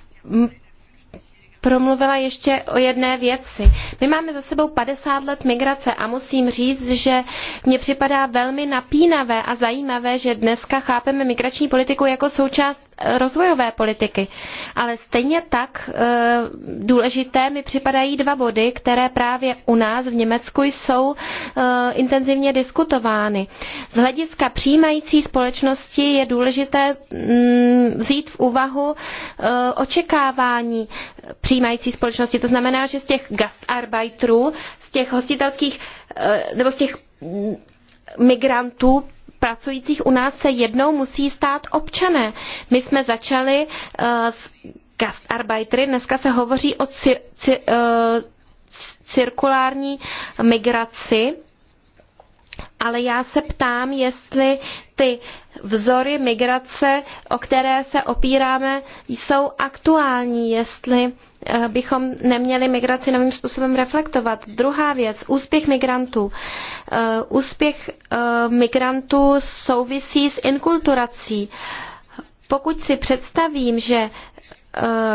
[SPEAKER 4] promluvila ještě o jedné věci. My máme za sebou 50 let migrace a musím říct, že mně připadá velmi napínavé a zajímavé, že dneska chápeme migrační politiku jako součást rozvojové politiky. Ale stejně tak eh, důležité mi připadají dva body, které právě u nás v Německu jsou eh, intenzivně diskutovány. Z hlediska přijímající společnosti je důležité mm, vzít v úvahu eh, očekávání přijímající společnosti. To znamená, že z těch gastarbeiterů, z těch hostitelských nebo z těch mm, migrantů pracujících u nás se jednou musí stát občané. My jsme začali eh, s gastarbeitery, dneska se hovoří o ci, ci, eh, cirkulární migraci, ale já se ptám, jestli ty vzory migrace, o které se opíráme, jsou aktuální, jestli Eh, bychom neměli migraci novým způsobem reflektovat. Druhá věc, úspěch migrantů. Eh, úspěch eh, migrantů souvisí s inkulturací. Pokud si představím, že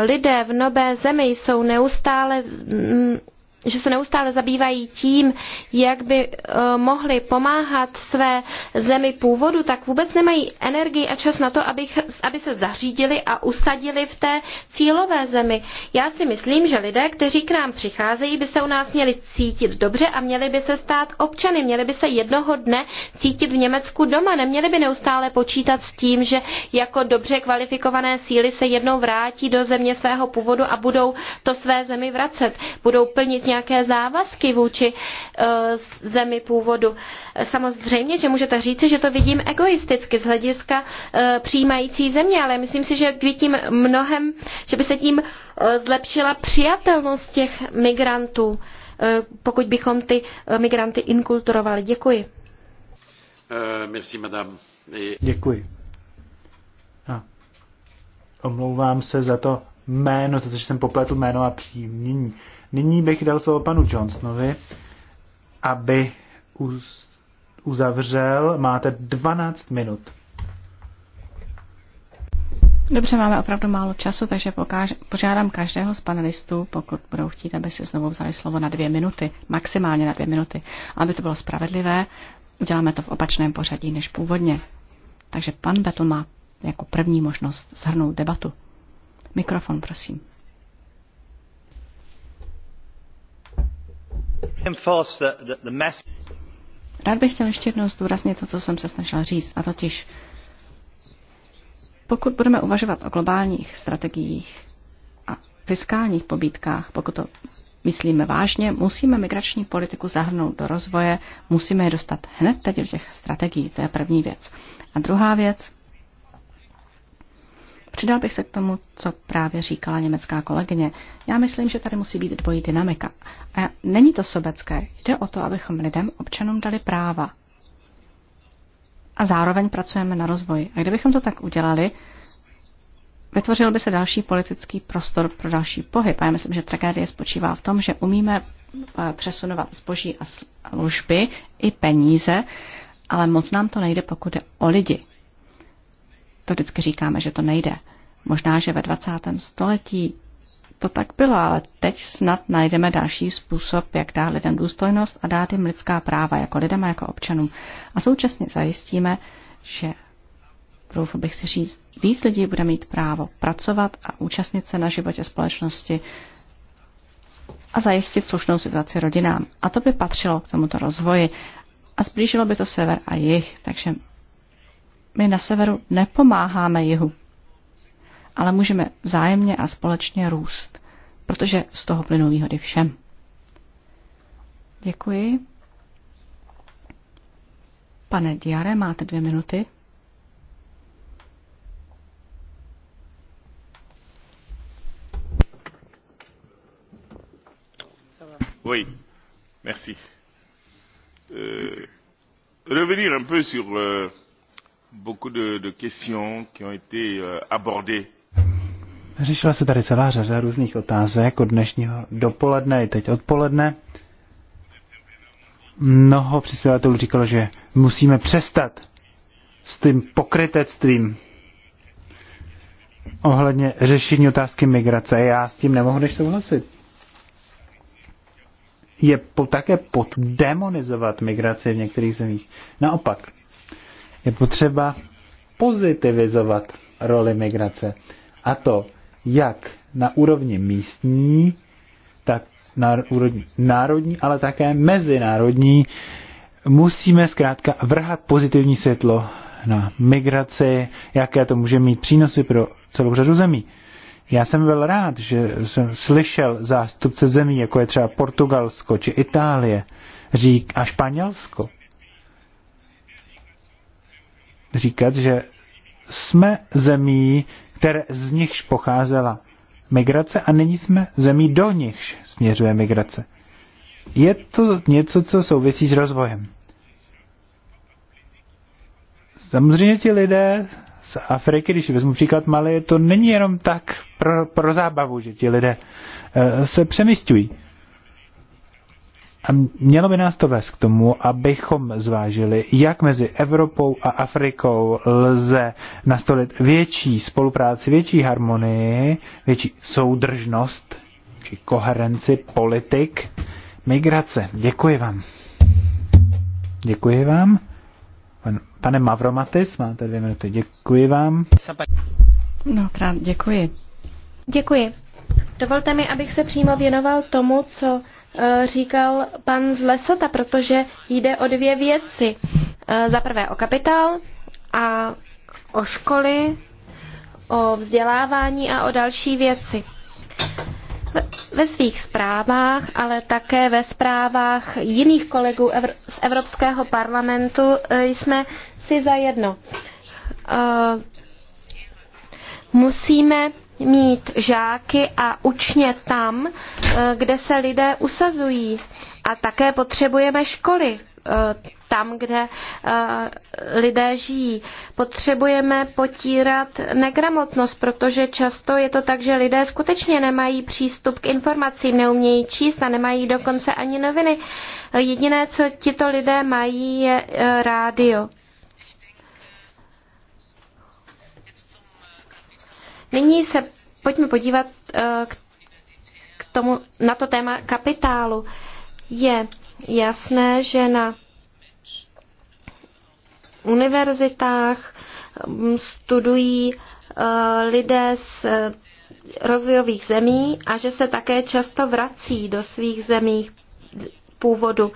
[SPEAKER 4] lidé v nové zemi jsou neustále mm, že se neustále zabývají tím, jak by eh, mohli pomáhat své zemi původu, tak vůbec nemají energii a čas na to, aby, aby se zařídili a usadili v té cílové zemi. Já si myslím, že lidé, kteří k nám přicházejí, by se u nás měli cítit dobře a měli by se stát občany, měli by se jednoho dne cítit v Německu doma, neměli by neustále počítat s tím, že jako dobře kvalifikované síly se jednou vrátí do země svého původu a budou to své zemi vracet, budou plnit nějaké závazky vůči eh, zemi původu. Samozřejmě, že můžete říci, že to vidím egoisticky z hlediska eh, přijímající země, ale myslím si, že by tím mnohem, že by se tím eh, zlepšila přijatelnost těch migrantů, pokud bychom ty migranty inkulturovali. Děkuji.
[SPEAKER 1] Merci, madame. Děkuji. A omlouvám se za to, jméno, za to, že jsem popletl jméno a příjmení. Nyní bych dal slovo panu Johnsonovi, aby uzavřel. Máte 12 minut.
[SPEAKER 3] Dobře, máme opravdu málo času, takže pokáž, požádám každého z panelistů, pokud budou chtít, aby si znovu vzali slovo na dvě minuty, maximálně na dvě minuty. Aby to bylo spravedlivé, uděláme to v opačném pořadí než původně. Takže pan Betl má jako první možnost zhrnout debatu. Mikrofon, prosím. Rád bych chtěl ještě jednou zdůraznit to, co jsem se snažil říct, a totiž pokud budeme uvažovat o globálních strategiích a fiskálních pobídkách, pokud to myslíme vážně, musíme migrační politiku zahrnout do rozvoje, musíme je dostat hned teď do těch strategií, to je první věc. A druhá věc, Přidal bych se k tomu, co právě říkala německá kolegyně. Já myslím, že tady musí být dvojí dynamika. A není to sobecké. Jde o to, abychom lidem, občanům dali práva. A zároveň pracujeme na rozvoji. A kdybychom to tak udělali, vytvořil by se další politický prostor pro další pohyb. A já myslím, že tragédie spočívá v tom, že umíme eh, přesunovat zboží a služby i peníze, ale moc nám to nejde, pokud jde o lidi. To vždycky říkáme, že to nejde. Možná, že ve 20. století to tak bylo, ale teď snad najdeme další způsob, jak dát lidem důstojnost a dát jim lidská práva jako lidem a jako občanům. A současně zajistíme, že troufl bych si říct, víc lidí bude mít právo pracovat a účastnit se na životě společnosti a zajistit slušnou situaci rodinám. A to by patřilo k tomuto rozvoji a zblížilo by to sever a jih, takže my na severu nepomáháme jihu, ale můžeme vzájemně a společně růst, protože z toho plynou výhody všem. Děkuji. Pane Diare, máte dvě minuty.
[SPEAKER 2] Oui, merci. Euh, revenir un peu sur euh, beaucoup de, de questions qui ont été euh, abordées.
[SPEAKER 1] Řešila se tady celá řada různých otázek od dnešního dopoledne i teď odpoledne. Mnoho přispěvatelů říkalo, že musíme přestat s tím pokrytectvím ohledně řešení otázky migrace. Já s tím nemohu než souhlasit. Je po, také poddemonizovat migraci v některých zemích. Naopak, je potřeba pozitivizovat roli migrace. A to jak na úrovni místní, tak na úrovni národní, ale také mezinárodní, musíme zkrátka vrhat pozitivní světlo na migraci, jaké to může mít přínosy pro celou řadu zemí. Já jsem byl rád, že jsem slyšel zástupce zemí, jako je třeba Portugalsko či Itálie řík, a Španělsko, říkat, že jsme zemí, které z nichž pocházela migrace a nyní jsme zemí, do nichž směřuje migrace. Je to něco, co souvisí s rozvojem. Samozřejmě ti lidé z Afriky, když vezmu příklad Mali, to není jenom tak pro, pro zábavu, že ti lidé eh, se přemysťují. A mělo by nás to vést k tomu, abychom zvážili, jak mezi Evropou a Afrikou lze nastolit větší spolupráci, větší harmonii, větší soudržnost či koherenci politik migrace. Děkuji vám. Děkuji vám. pane Mavromatis, máte dvě minuty. Děkuji vám.
[SPEAKER 3] No, krát, děkuji.
[SPEAKER 4] Děkuji. Dovolte mi, abych se přímo věnoval tomu, co Eh, říkal pan z Lesota, protože jde o dvě věci. Eh, za prvé o kapitál a o školy, o vzdělávání a o další věci. Ve svých zprávách, ale také ve zprávách jiných kolegů z Evropského parlamentu eh, jsme si zajedno. Musíme mít žáky a učně tam, eh, kde se lidé usazují. A také potřebujeme školy eh, tam, kde eh, lidé žijí. Potřebujeme potírat negramotnost, protože často je to tak, že lidé skutečně nemají přístup k informacím, neumějí číst a nemají dokonce ani noviny. Jediné, co tito lidé mají, je rádio. Nyní se pojďme podívat eh, k tomu, na to téma kapitálu. Je jasné, že na univerzitách mm, studují eh, lidé z rozvojových zemí a že se také často vrací do svých zemí původu.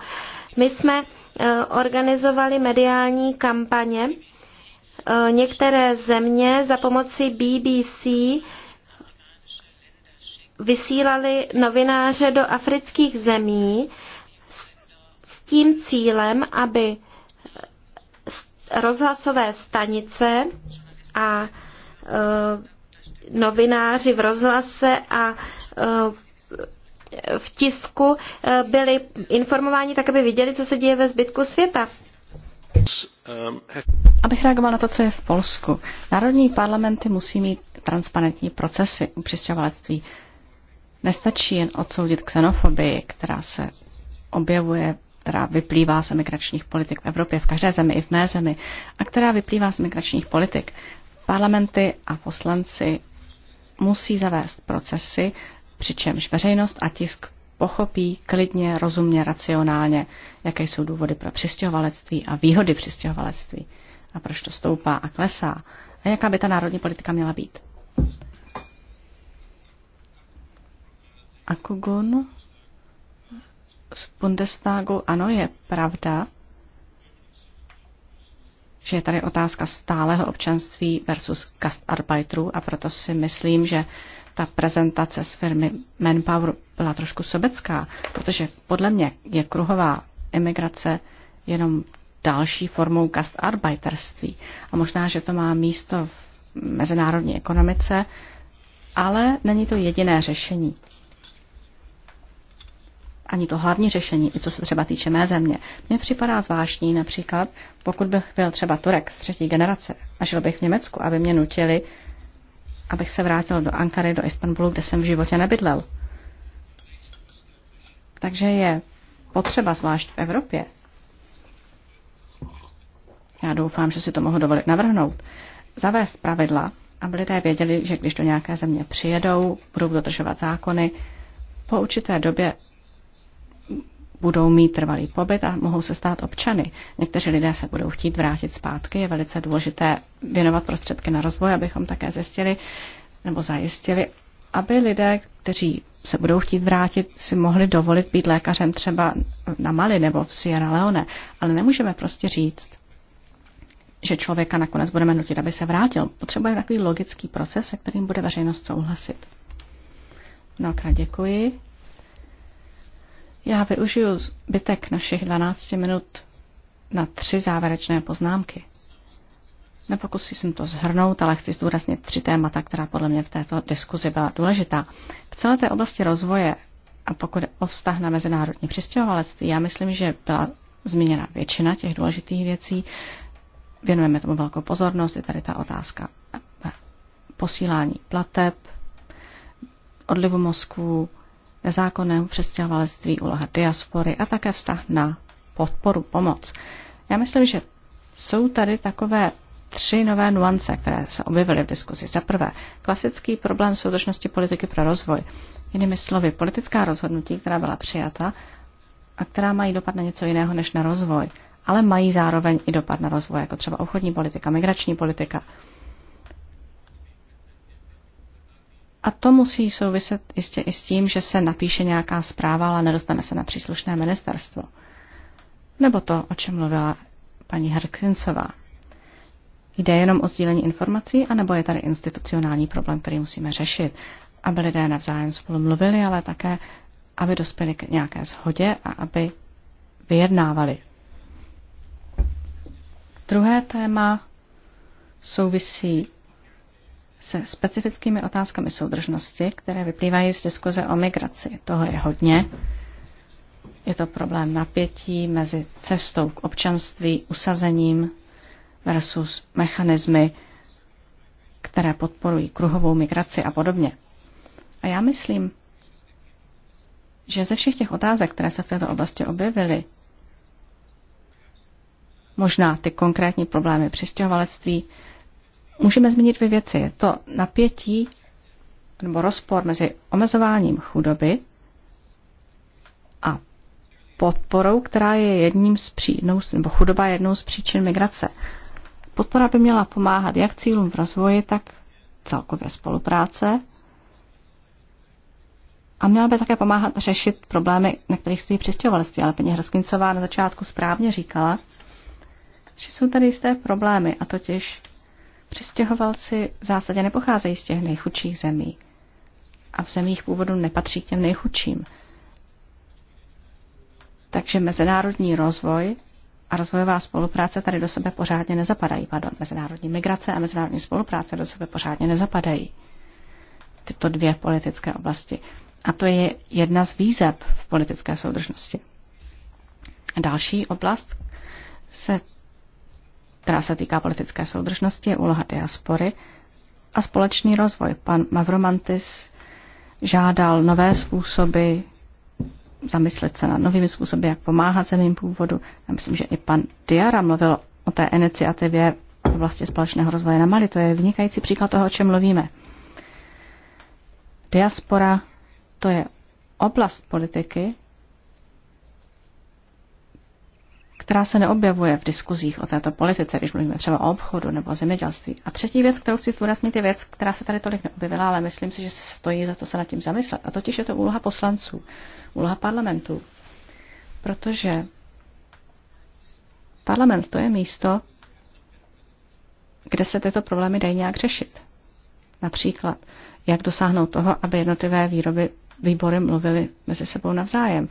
[SPEAKER 4] My jsme eh, organizovali mediální kampaně Eh, některé země za pomoci BBC vysílali novináře do afrických zemí s tím cílem, aby eh, rozhlasové stanice a eh, novináři v rozhlase a v tisku byli informováni tak, aby viděli, co se děje ve zbytku světa.
[SPEAKER 3] Abych reagoval na to, co je v Polsku. Národní parlamenty musí mít transparentní procesy u přistěhovalectví. Nestačí jen odsoudit xenofobii, která se objevuje, která vyplývá z migračních politik v Evropě, v každé zemi i v mé zemi, a která vyplývá z migračních politik. Parlamenty a poslanci musí zavést procesy, přičemž veřejnost a tisk pochopí klidně, rozumně, racionálně, jaké jsou důvody pro přistěhovalectví a výhody přistěhovalectví a proč to stoupá a klesá a jaká by ta národní politika měla být. Akugun z Bundestagu, ano, je pravda, že je tady otázka stáleho občanství versus gastarbeiterů a proto si myslím, že ta prezentace z firmy Manpower byla trošku sobecká, protože podle mě je kruhová emigrace jenom další formou gastarbeiterství. A možná, že to má místo v mezinárodní ekonomice, ale není to jediné řešení. Ani to hlavní řešení, i co se třeba týče mé země. Mně připadá zvláštní například, pokud bych byl třeba Turek z třetí generace a žil bych v Německu, aby mě nutili abych se vrátil do Ankary, do Istanbulu, kde jsem v životě nebydlel. Takže je potřeba, zvlášť v Evropě, já doufám, že si to mohu dovolit navrhnout, zavést pravidla, aby lidé věděli, že když do nějaké země přijedou, budou dodržovat zákony, po určité době budou mít trvalý pobyt a mohou se stát občany. Někteří lidé se budou chtít vrátit zpátky. Je velice důležité věnovat prostředky na rozvoj, abychom také zjistili nebo zajistili, aby lidé, kteří se budou chtít vrátit, si mohli dovolit být lékařem třeba na Mali nebo v Sierra Leone. Ale nemůžeme prostě říct, že člověka nakonec budeme nutit, aby se vrátil. Potřebuje takový logický proces, se kterým bude veřejnost souhlasit. Mnohokrát děkuji. Já využiju zbytek našich 12 minut na tři závěrečné poznámky. Nepokusí jsem to zhrnout, ale chci zdůraznit tři témata, která podle mě v této diskuzi byla důležitá. V celé té oblasti rozvoje a pokud o vztah na mezinárodní přistěhovalectví, já myslím, že byla zmíněna většina těch důležitých věcí. Věnujeme tomu velkou pozornost, je tady ta otázka posílání plateb, odlivu mozku, nezákonném přestěhovalectví, úloha diaspory a také vztah na podporu, pomoc. Já myslím, že jsou tady takové tři nové nuance, které se objevily v diskuzi. Za prvé, klasický problém soudržnosti politiky pro rozvoj. Jinými slovy, politická rozhodnutí, která byla přijata a která mají dopad na něco jiného než na rozvoj, ale mají zároveň i dopad na rozvoj, jako třeba obchodní politika, migrační politika. A to musí souviset jistě i s tím, že se napíše nějaká zpráva, ale nedostane se na příslušné ministerstvo. Nebo to, o čem mluvila paní Herkinsová. Jde jenom o sdílení informací, anebo je tady institucionální problém, který musíme řešit, aby lidé navzájem spolu mluvili, ale také, aby dospěli k nějaké shodě a aby vyjednávali. Druhé téma souvisí se specifickými otázkami soudržnosti, které vyplývají z diskuze o migraci. Toho je hodně. Je to problém napětí mezi cestou k občanství, usazením versus mechanismy, které podporují kruhovou migraci a podobně. A já myslím, že ze všech těch otázek, které se v této oblasti objevily, možná ty konkrétní problémy přistěhovalectví, Můžeme zmínit dvě věci. Je to napětí nebo rozpor mezi omezováním chudoby a podporou, která je jedním z příčin, nebo chudoba je jednou z příčin migrace. Podpora by měla pomáhat jak cílům v rozvoji, tak celkově spolupráce a měla by také pomáhat řešit problémy, na kterých stojí přistěhovalství. Ale paní Hrskincová na začátku správně říkala, že jsou tady jisté problémy, a totiž Přistěhovalci v zásadě nepocházejí z těch nejchudších zemí a v zemích původu nepatří k těm nejchudším. Takže mezinárodní rozvoj a rozvojová spolupráce tady do sebe pořádně nezapadají. Pardon, mezinárodní migrace a mezinárodní spolupráce do sebe pořádně nezapadají. Tyto dvě politické oblasti. A to je jedna z výzeb v politické soudržnosti. Další oblast se která se týká politické soudržnosti, úloha diaspory a společný rozvoj. Pan Mavromantis žádal nové způsoby, zamyslet se nad novými způsoby, jak pomáhat zemím původu. Já myslím, že i pan Diara mluvil o té iniciativě vlastně společného rozvoje na Mali. To je vynikající příklad toho, o čem mluvíme. Diaspora to je oblast politiky, která se neobjevuje v diskuzích o této politice, když mluvíme třeba o obchodu nebo o zemědělství. A třetí věc, kterou chci zdůraznit, je věc, která se tady tolik neobjevila, ale myslím si, že se stojí za to se nad tím zamyslet. A totiž je to úloha poslanců, úloha parlamentu, Protože parlament to je místo, kde se tyto problémy dají nějak řešit. Například, jak dosáhnout toho, aby jednotlivé výroby výbory mluvily mezi sebou navzájem.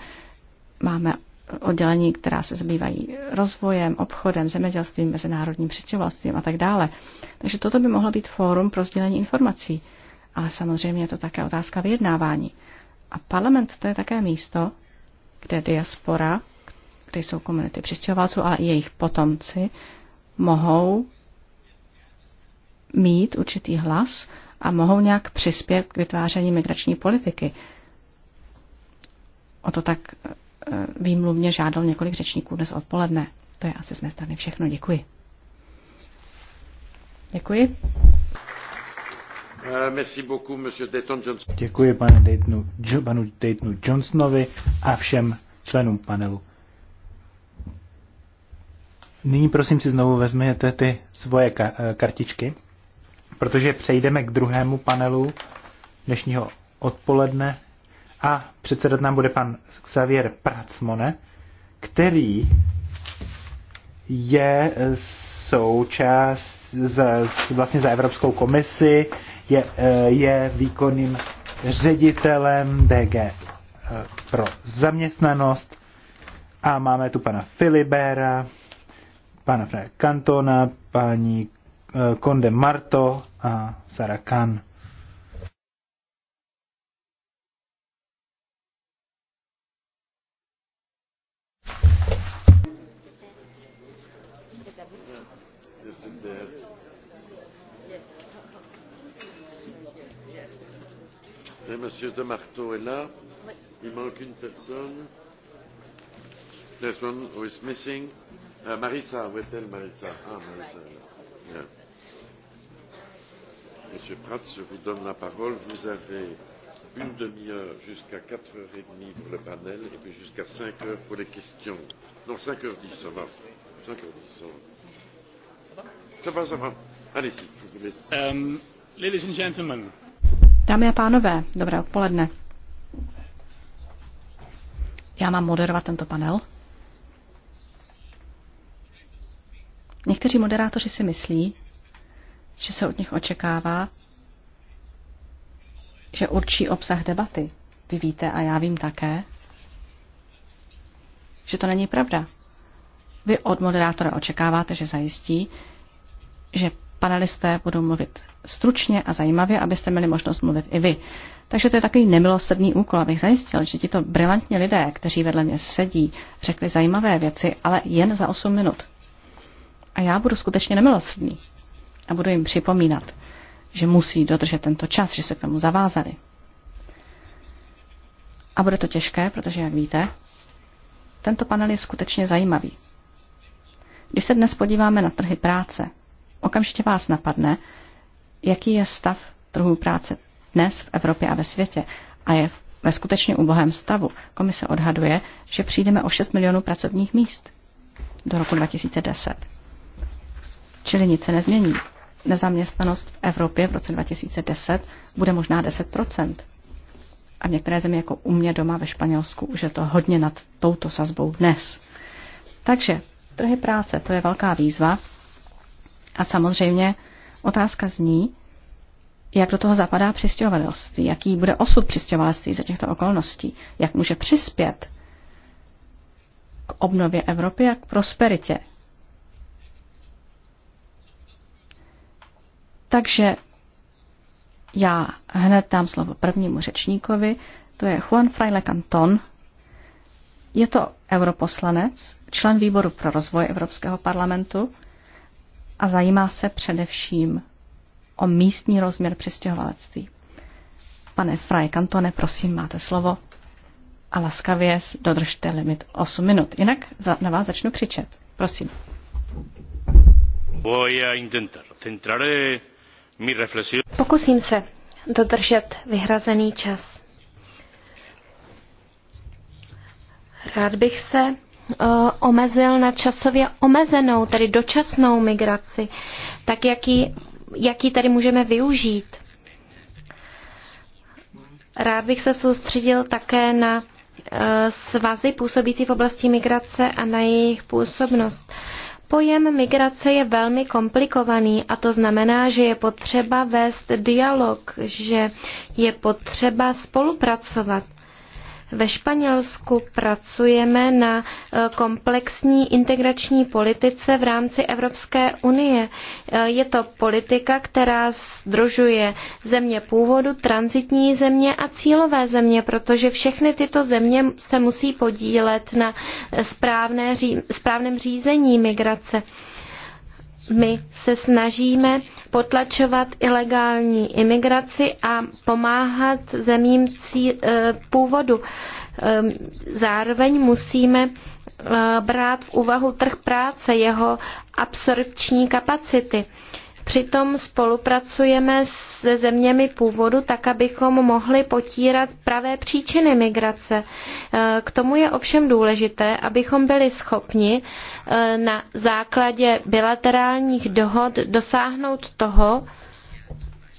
[SPEAKER 3] Máme oddělení, která se zabývají rozvojem, obchodem, zemědělstvím, mezinárodním přistěhovalstvím a tak dále. Takže toto by mohlo být fórum pro sdělení informací. Ale samozřejmě je to také otázka vyjednávání. A parlament to je také místo, kde diaspora, kde jsou komunity přistěhovalců, ale i jejich potomci, mohou mít určitý hlas a mohou nějak přispět k vytváření migrační politiky. O to tak výmluvně žádal několik řečníků dnes odpoledne. To je asi z mé strany všechno. Děkuji. Děkuji.
[SPEAKER 2] Eh, Děkuji
[SPEAKER 1] pane Daytonu, panu Daytonu Johnsonovi a všem členům panelu. Nyní prosím si znovu vezměte ty svoje eh, kartičky, protože přejdeme k druhému panelu dnešního odpoledne a předsedat nám bude pan Xavier Pracmone, který je eh, součást z, z, vlastně za Evropskou komisi, je, eh, je výkonným ředitelem DG eh, pro zaměstnanost a máme tu pana Filibera, pana Fred Cantona, paní Konde Marto a Sara Khan.
[SPEAKER 2] Et M. de Marteau est là. Oui. Il manque une personne. There's one who is missing. Uh, Marissa, where is Marissa? Ah, Marissa. Yeah. Monsieur Prats, je vous donne la parole. Vous avez une demi-heure jusqu'à 4h30 pour le panel et puis jusqu'à 5h pour les questions. Non, 5h10, ça va. 5h10, ça va. Ça va, ça va. Allez-y, je vous laisse. Um, ladies and gentlemen,
[SPEAKER 3] Dámy a pánové, dobré odpoledne. Já mám moderovat tento panel. Někteří moderátoři si myslí, že se od nich očekává, že určí obsah debaty. Vy víte a já vím také, že to není pravda. Vy od moderátora očekáváte, že zajistí, že panelisté budou mluvit stručně a zajímavě, abyste měli možnost mluvit i vy. Takže to je takový nemilosrdný úkol, abych zajistil, že tito brilantní lidé, kteří vedle mě sedí, řekli zajímavé věci, ale jen za 8 minut. A já budu skutečně nemilosrdný a budu jim připomínat, že musí dodržet tento čas, že se k tomu zavázali. A bude to těžké, protože, jak víte, tento panel je skutečně zajímavý. Když se dnes podíváme na trhy práce, okamžitě vás napadne, jaký je stav trhu práce dnes v Evropě a ve světě. A je ve skutečně ubohém stavu. Komise odhaduje, že přijdeme o 6 milionů pracovních míst do roku 2010. Čili nic se nezmění. Nezaměstnanost v Evropě v roce 2010 bude možná 10 A v některé zemi, jako u mě doma ve Španělsku, už je to hodně nad touto sazbou dnes. Takže trhy práce, to je velká výzva a samozřejmě otázka zní, jak do toho zapadá přistěhovatelství, jaký bude osud přistěhovalství za těchto okolností, jak může přispět k obnově Evropy a k prosperitě. Takže já hned dám slovo prvnímu řečníkovi, to je Juan Fraile Canton. Je to europoslanec, člen výboru pro rozvoj Evropského parlamentu a zajímá se především o místní rozměr přistěhovalectví. Pane Fraje Kantone, prosím, máte slovo a laskavě dodržte limit 8 minut, jinak na vás začnu křičet. Prosím.
[SPEAKER 2] Eh,
[SPEAKER 4] Pokusím se dodržet vyhrazený čas. Rád bych se Eh, omezil na časově omezenou, tedy dočasnou migraci, tak jaký, jaký tady můžeme využít. Rád bych se soustředil také na eh, svazy působící v oblasti migrace a na jejich působnost. Pojem migrace je velmi komplikovaný a to znamená, že je potřeba vést dialog, že je potřeba spolupracovat. Ve Španělsku pracujeme na e, komplexní integrační politice v rámci Evropské unie. E, je to politika, která združuje země původu, transitní země a cílové země, protože všechny tyto země se musí podílet na e, správné, správném řízení migrace my se snažíme potlačovat ilegální imigraci a pomáhat zemím cí, eh, původu. Ehm, zároveň musíme eh, brát v úvahu trh práce, jeho absorpční kapacity. Přitom spolupracujeme se zeměmi původu tak, abychom mohli potírat pravé příčiny migrace. E, k tomu je ovšem důležité, abychom byli schopni e, na základě bilaterálních dohod dosáhnout toho,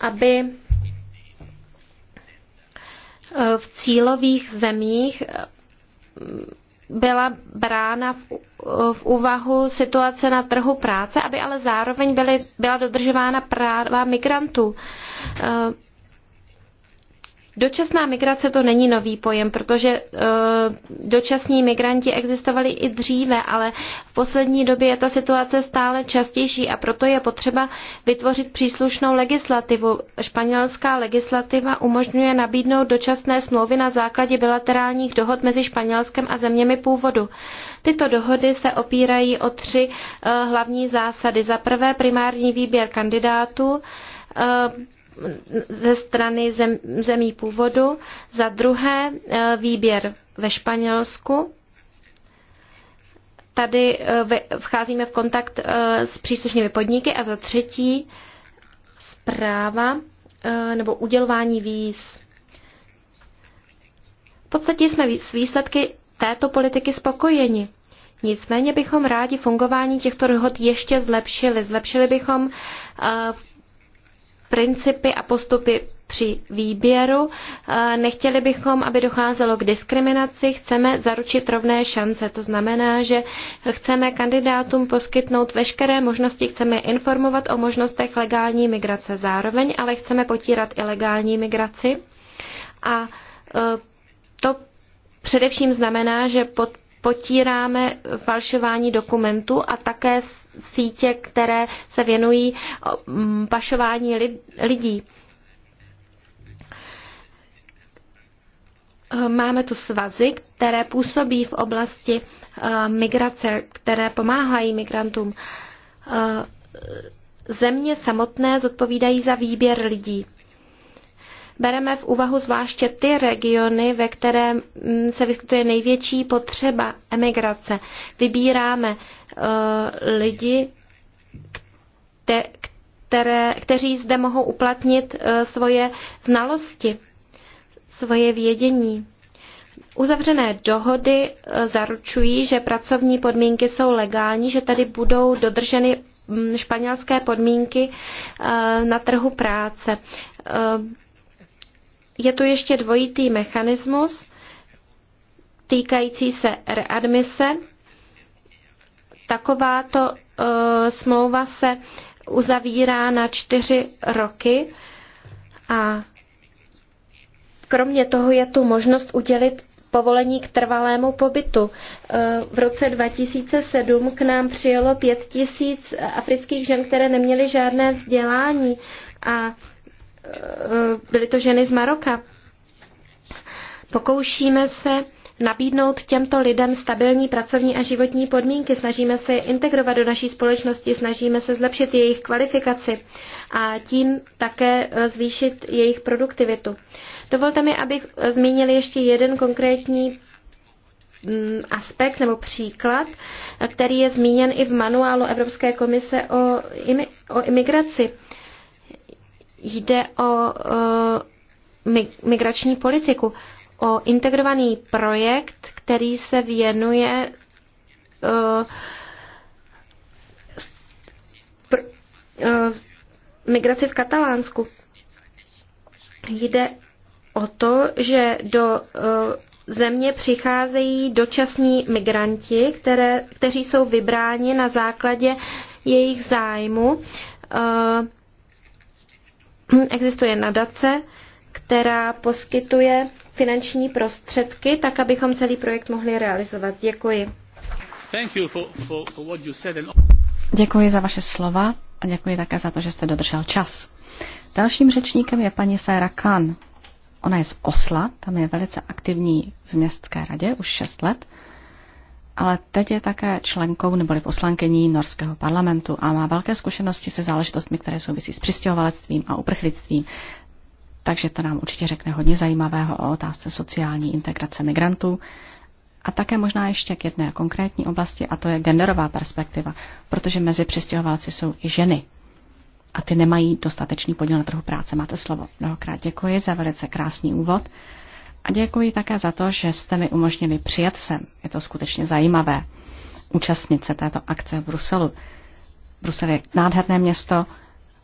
[SPEAKER 4] aby e, v cílových zemích byla brána v, v úvahu situace na trhu práce, aby ale zároveň byly, byla dodržována práva migrantů. Eh, Dočasná migrace to není nový pojem, protože eh, dočasní migranti existovali i dříve, ale v poslední době je ta situace stále častější a proto je potřeba vytvořit příslušnou legislativu. Španělská legislativa umožňuje nabídnout dočasné smlouvy na základě bilaterálních dohod mezi Španělskem a zeměmi původu. Tyto dohody se opírají o tři eh, hlavní zásady. Za prvé primární výběr kandidátů, eh, ze strany zem, zemí původu, za druhé eh, výběr ve Španělsku. Tady eh, vcházíme v kontakt eh, s příslušnými podniky a za třetí zpráva nebo udělování víz. V podstatě jsme s výsledky této politiky spokojeni. Nicméně bychom rádi fungování těchto dohod ještě zlepšili. Zlepšili bychom principy a postupy při výběru. Eh, nechtěli bychom, aby docházelo k diskriminaci, chceme zaručit rovné šance. To znamená, že chceme kandidátům poskytnout veškeré možnosti, chceme informovat o možnostech legální migrace zároveň, ale chceme potírat ilegální migraci. A eh, to především znamená, že pod potíráme falšování dokumentů a také sítě, které se věnují mm, pašování lidí. Máme tu svazy, které působí v oblasti e, migrace, které pomáhají migrantům. E, země samotné zodpovídají za výběr lidí. Bereme v úvahu zvláště ty regiony, ve které mm, se vyskytuje největší potřeba emigrace. Vybíráme Eh, lidi, které, kteří zde mohou uplatnit eh, svoje znalosti, svoje vědění. Uzavřené dohody eh, zaručují, že pracovní podmínky jsou legální, že tady budou dodrženy mm, španělské podmínky na trhu práce. Je tu ještě dvojitý mechanismus týkající se readmise Takováto e, smlouva se uzavírá na čtyři roky a kromě toho je tu možnost udělit povolení k trvalému pobytu. E, v roce 2007 k nám přijelo 5 tisíc afrických žen, které neměly žádné vzdělání a e, byly to ženy z Maroka. Pokoušíme se nabídnout těmto lidem stabilní pracovní a životní podmínky. Snažíme se je integrovat do naší společnosti, snažíme se zlepšit jejich kvalifikaci a tím také eh, zvýšit jejich produktivitu. Dovolte mi, abych eh, zmínil ještě jeden konkrétní mm, aspekt nebo příklad, eh, který je zmíněn i v manuálu Evropské komise o, imi, o imigraci. Jde o, o migrační politiku o integrovaný projekt, který se věnuje eh, eh, migraci v Katalánsku. Jde o to, že do eh, země přicházejí dočasní migranti, které, kteří jsou vybráni na základě jejich zájmu. Existuje nadace, která poskytuje finanční prostředky, tak abychom celý projekt mohli realizovat. Děkuji.
[SPEAKER 3] Děkuji za vaše slova a děkuji také za to, že jste dodržel čas. Dalším řečníkem je paní Sarah Khan. Ona je z Osla, tam je velice aktivní v městské radě už 6 let, ale teď je také členkou neboli poslankyní norského parlamentu a má velké zkušenosti se záležitostmi, které souvisí s přistěhovalectvím a uprchlictvím takže to nám určitě řekne hodně zajímavého o otázce sociální integrace migrantů. A také možná ještě k jedné konkrétní oblasti, a to je genderová perspektiva, protože mezi přistěhovalci jsou i ženy. A ty nemají dostatečný podíl na trhu práce. Máte slovo. Mnohokrát děkuji za velice krásný úvod. A děkuji také za to, že jste mi umožnili přijet sem. Je to skutečně zajímavé účastnit se této akce v Bruselu. Brusel je nádherné město,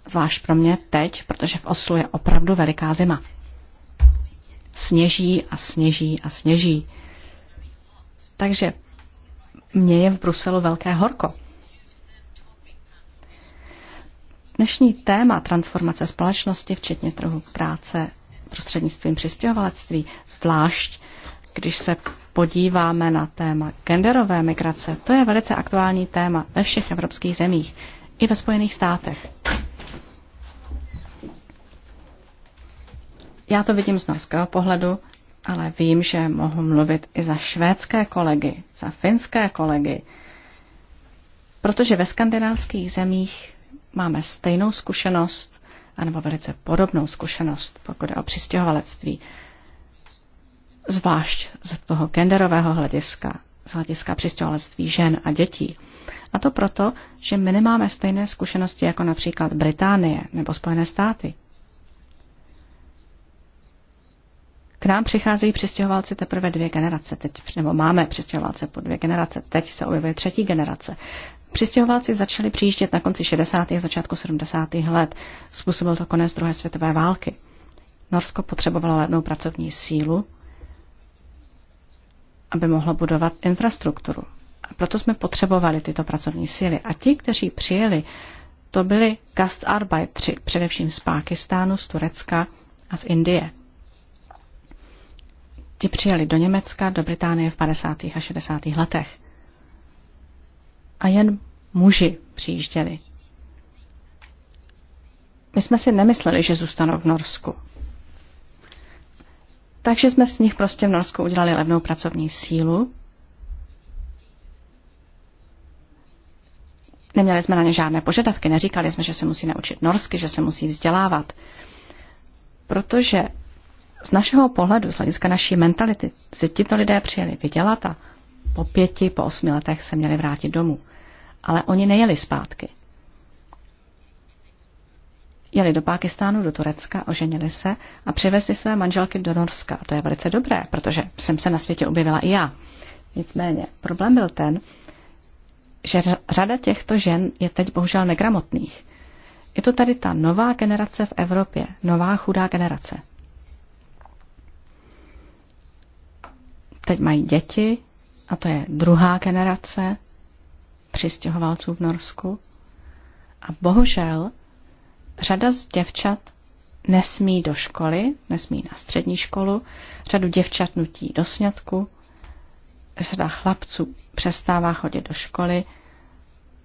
[SPEAKER 3] Zvlášť pro mě teď, protože v Oslu je opravdu veliká zima. Sněží a sněží a sněží. Takže mně je v Bruselu velké horko. Dnešní téma transformace společnosti, včetně trhu práce prostřednictvím přistěhovalectví, zvlášť když se podíváme na téma genderové migrace, to je velice aktuální téma ve všech evropských zemích i ve Spojených státech. Já to vidím z norského pohledu, ale vím, že mohu mluvit i za švédské kolegy, za finské kolegy, protože ve skandinávských zemích máme stejnou zkušenost, anebo velice podobnou zkušenost, pokud je o přistěhovalectví, zvlášť z toho genderového hlediska, z hlediska přistěhovalectví žen a dětí. A to proto, že my nemáme stejné zkušenosti jako například Británie nebo Spojené státy. K nám přicházejí přistěhovalci teprve dvě generace teď, nebo máme přistěhovalce po dvě generace, teď se objevuje třetí generace. Přistěhovalci začali přijíždět na konci 60. a začátku 70. let. Způsobil to konec druhé světové války. Norsko potřebovalo levnou pracovní sílu, aby mohlo budovat infrastrukturu. A proto jsme potřebovali tyto pracovní síly. A ti, kteří přijeli, to byli gastarbeitři, především z Pákistánu, z Turecka a z Indie. Ti přijeli do Německa, do Británie v 50. a 60. letech. A jen muži přijížděli. My jsme si nemysleli, že zůstanou v Norsku. Takže jsme z nich prostě v Norsku udělali levnou pracovní sílu. Neměli jsme na ně žádné požadavky, neříkali jsme, že se musí naučit norsky, že se musí vzdělávat. Protože z našeho pohledu, z hlediska naší mentality, si tito lidé přijeli vydělat a po pěti, po osmi letech se měli vrátit domů. Ale oni nejeli zpátky. Jeli do Pákistánu, do Turecka, oženili se a přivezli své manželky do Norska. A to je velice dobré, protože jsem se na světě objevila i já. Nicméně problém byl ten, že řada těchto žen je teď bohužel negramotných. Je to tady ta nová generace v Evropě, nová chudá generace. Teď mají děti a to je druhá generace přistěhovalců v Norsku. A bohužel řada z děvčat nesmí do školy, nesmí na střední školu, řadu děvčat nutí do sňatku, řada chlapců přestává chodit do školy,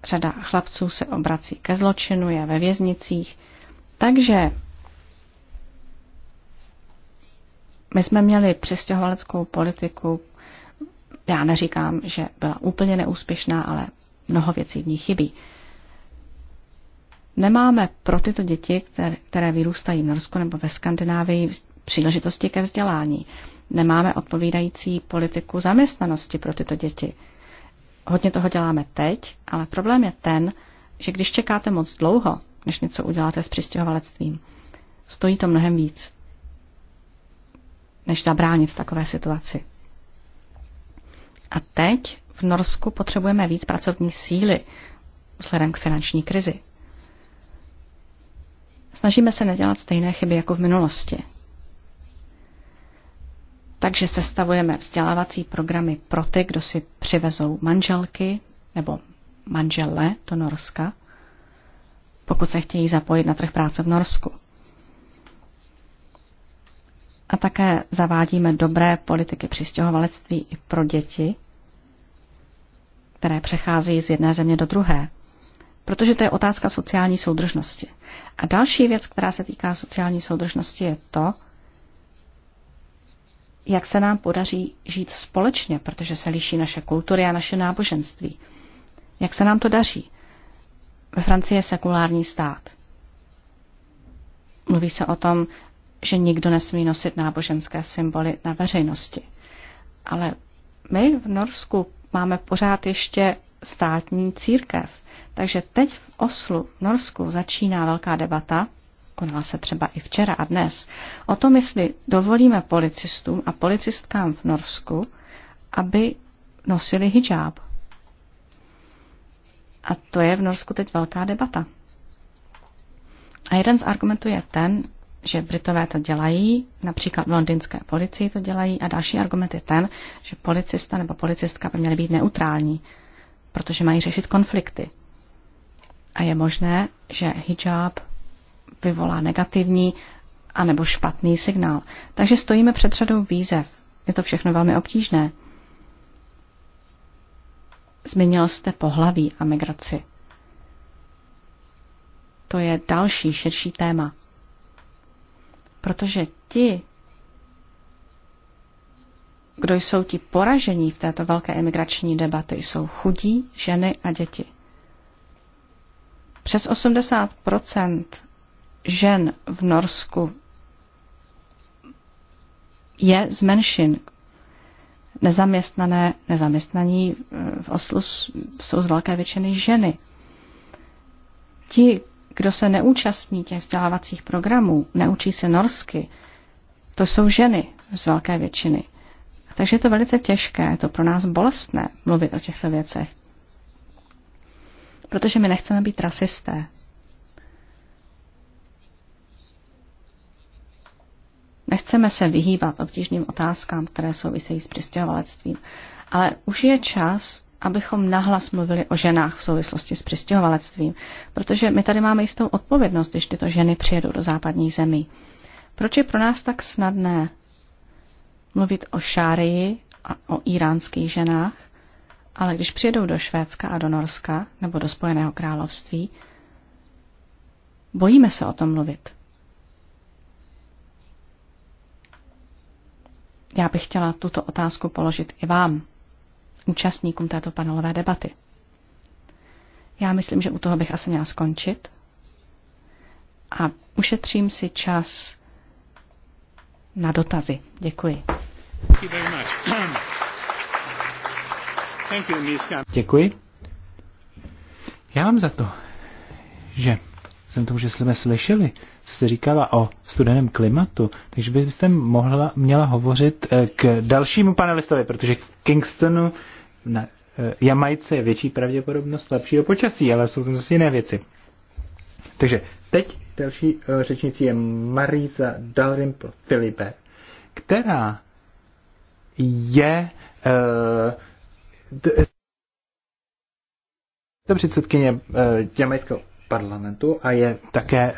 [SPEAKER 3] řada chlapců se obrací ke zločinu, je ve věznicích. Takže My jsme měli přistěhovaleckou politiku, já neříkám, že byla úplně neúspěšná, ale mnoho věcí v ní chybí. Nemáme pro tyto děti, které, které vyrůstají v Norsku nebo ve Skandinávii, příležitosti ke vzdělání. Nemáme odpovídající politiku zaměstnanosti pro tyto děti. Hodně toho děláme teď, ale problém je ten, že když čekáte moc dlouho, než něco uděláte s přistěhovalectvím, stojí to mnohem víc než zabránit takové situaci. A teď v Norsku potřebujeme víc pracovní síly vzhledem k finanční krizi. Snažíme se nedělat stejné chyby jako v minulosti. Takže sestavujeme vzdělávací programy pro ty, kdo si přivezou manželky nebo manžele do Norska, pokud se chtějí zapojit na trh práce v Norsku. A také zavádíme dobré politiky přistěhovalectví i pro děti, které přecházejí z jedné země do druhé. Protože to je otázka sociální soudržnosti. A další věc, která se týká sociální soudržnosti, je to, jak se nám podaří žít společně, protože se liší naše kultury a naše náboženství. Jak se nám to daří? Ve Francii je sekulární stát. Mluví se o tom, že nikdo nesmí nosit náboženské symboly na veřejnosti. Ale my v Norsku máme pořád ještě státní církev. Takže teď v Oslu, v Norsku, začíná velká debata, konala se třeba i včera a dnes, o tom, jestli dovolíme policistům a policistkám v Norsku, aby nosili hijab. A to je v Norsku teď velká debata. A jeden z argumentů je ten, že Britové to dělají, například v londýnské policii to dělají a další argument je ten, že policista nebo policistka by měly být neutrální, protože mají řešit konflikty. A je možné, že hijab vyvolá negativní anebo špatný signál. Takže stojíme před řadou výzev. Je to všechno velmi obtížné. Zmínil jste pohlaví a migraci. To je další širší téma. Protože ti, kdo jsou ti poražení v této velké emigrační debaty, jsou chudí, ženy a děti. Přes 80 žen v Norsku je z menšin. Nezaměstnané, nezaměstnaní eh, v Oslu jsou z velké většiny ženy. Ti, kdo se neúčastní těch vzdělávacích programů, neučí se norsky, to jsou ženy z velké většiny. Takže je to velice těžké, je to pro nás bolestné mluvit o těchto věcech. Protože my nechceme být rasisté. Nechceme se vyhýbat obtížným otázkám, které souvisejí s přistěhovalectvím. Ale už je čas abychom nahlas mluvili o ženách v souvislosti s přistěhovalectvím, protože my tady máme jistou odpovědnost, když tyto ženy přijedou do západních zemí. Proč je pro nás tak snadné mluvit o šárii a o iránských ženách, ale když přijedou do Švédska a do Norska nebo do Spojeného království, bojíme se o tom mluvit. Já bych chtěla tuto otázku položit i vám účastníkům této panelové debaty. Já myslím, že u toho bych asi měla skončit a ušetřím si čas na dotazy. Děkuji.
[SPEAKER 1] Děkuji. Já mám za to, že jsem tomu, že jsme slyšeli, co jste říkala o studeném klimatu, takže byste mohla, měla hovořit eh, k dalšímu panelistovi, protože Kingstonu na eh, Jamajce je větší pravděpodobnost lepšího počasí, ale jsou tam zase jiné věci. Takže teď další eh, řečnicí je Marisa Dalrymple Filipe, která je to eh, předsedkyně jamajského parlamentu a je také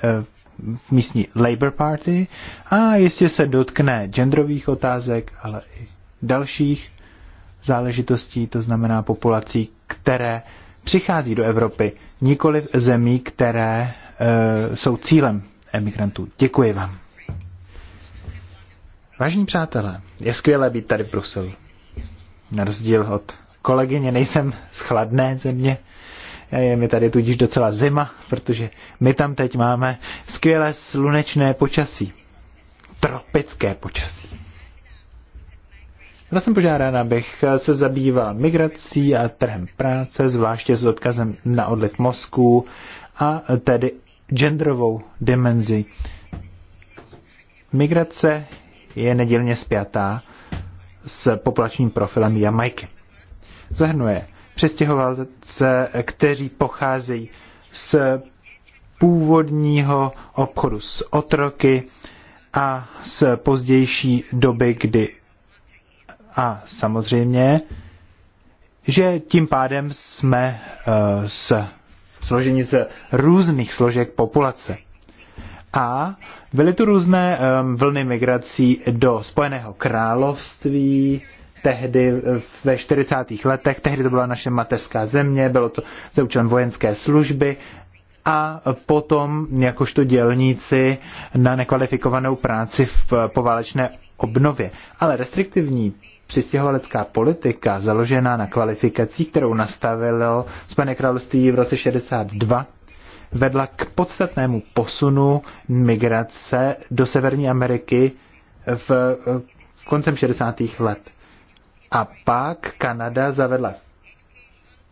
[SPEAKER 1] v místní Labour Party a jistě se dotkne genderových otázek, ale i dalších záležitostí, to znamená populací, které přichází do Evropy, nikoli zemí, které e, jsou cílem emigrantů. Děkuji vám. Vážení přátelé, je skvělé být tady v Bruselu. Na rozdíl od kolegyně nejsem z chladné země, je mi tady tudíž docela zima, protože my tam teď máme skvělé slunečné počasí. Tropické počasí. Byla jsem požádána, abych se zabýval migrací a trhem práce, zvláště s odkazem na odliv mozků a tedy genderovou dimenzi. Migrace je nedělně spjatá s populačním profilem Jamajky. Zahrnuje přestěhovalce, kteří pocházejí z původního obchodu s otroky a z pozdější doby, kdy a samozřejmě, že tím pádem jsme eh, s složení z různých složek populace. A byly tu různé eh, vlny migrací do Spojeného království, tehdy eh, ve 40. letech, tehdy to byla naše mateřská země, bylo to za účelem vojenské služby a potom jakožto dělníci na nekvalifikovanou práci v poválečné obnově. Ale restriktivní přistěhovalecká politika založená na kvalifikací, kterou nastavilo Spojené království v roce 62, vedla k podstatnému posunu migrace do Severní Ameriky v eh, koncem 60. let. A pak Kanada zavedla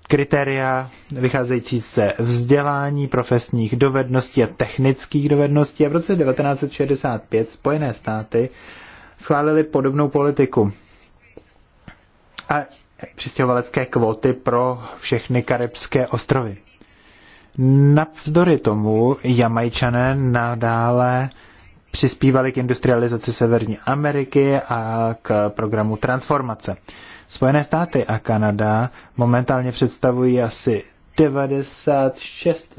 [SPEAKER 1] kritéria vycházející ze vzdělání, profesních dovedností a technických dovedností a v roce 1965 Spojené státy schválili podobnou politiku a přistěhovalecké kvóty pro všechny karibské ostrovy. Navzdory tomu Jamajčané nadále přispívali k industrializaci Severní Ameriky a k programu transformace. Spojené státy a Kanada momentálně představují asi 96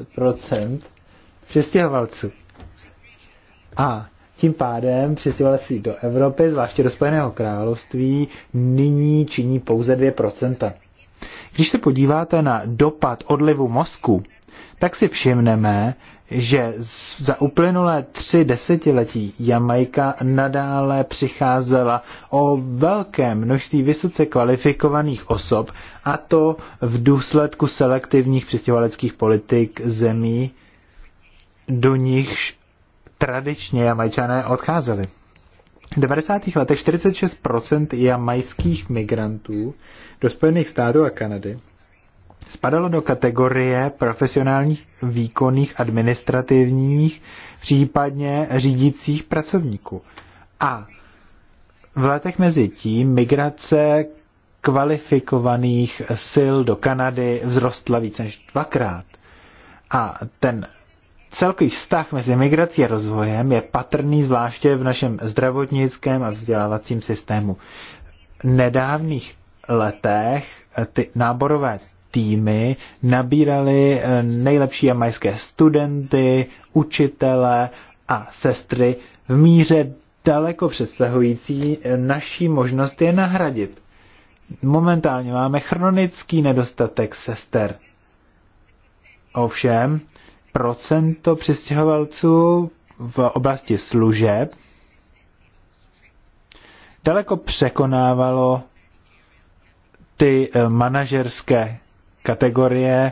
[SPEAKER 1] přistěhovalců. A tím pádem přistěhovalectví do Evropy, zvláště do Spojeného království, nyní činí pouze 2%. Když se podíváte na dopad odlivu mozku, tak si všimneme, že za uplynulé tři desetiletí Jamajka nadále přicházela o velké množství vysoce kvalifikovaných osob, a to v důsledku selektivních přistěhovaleckých politik zemí, do nichž tradičně Jamajčané odcházeli. V 90. letech 46% jamajských migrantů do Spojených států a Kanady spadalo do kategorie profesionálních výkonných administrativních, případně řídících pracovníků. A v letech mezi tím migrace kvalifikovaných sil do Kanady vzrostla více než dvakrát. A ten Celkový vztah mezi migrací a rozvojem je patrný zvláště v našem zdravotnickém a vzdělávacím systému. V nedávných letech eh, ty náborové týmy nabírali eh, nejlepší jamajské studenty, učitele a sestry v míře daleko přesahující eh, naší možnost je nahradit. Momentálně máme chronický nedostatek sester. Ovšem, procento přistěhovalců v oblasti služeb daleko překonávalo ty eh, manažerské kategorie.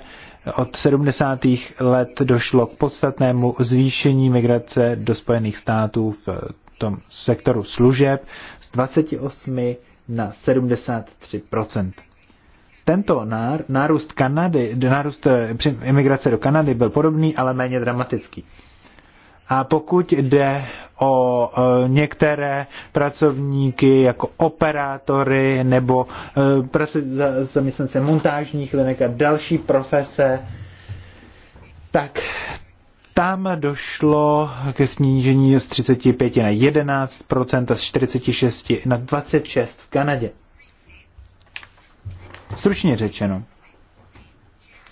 [SPEAKER 1] Od 70. let došlo k podstatnému zvýšení migrace do Spojených států v eh, tom sektoru služeb z 28 na 73 tento nárůst, Kanady, nárůst eh, imigrace do Kanady byl podobný, ale méně dramatický. A pokud jde o eh, některé pracovníky jako operátory nebo eh, zaměstnance montážních linek a další profese, tak tam došlo ke snížení z 35 na 11 a z 46 na 26 v Kanadě. Stručně řečeno,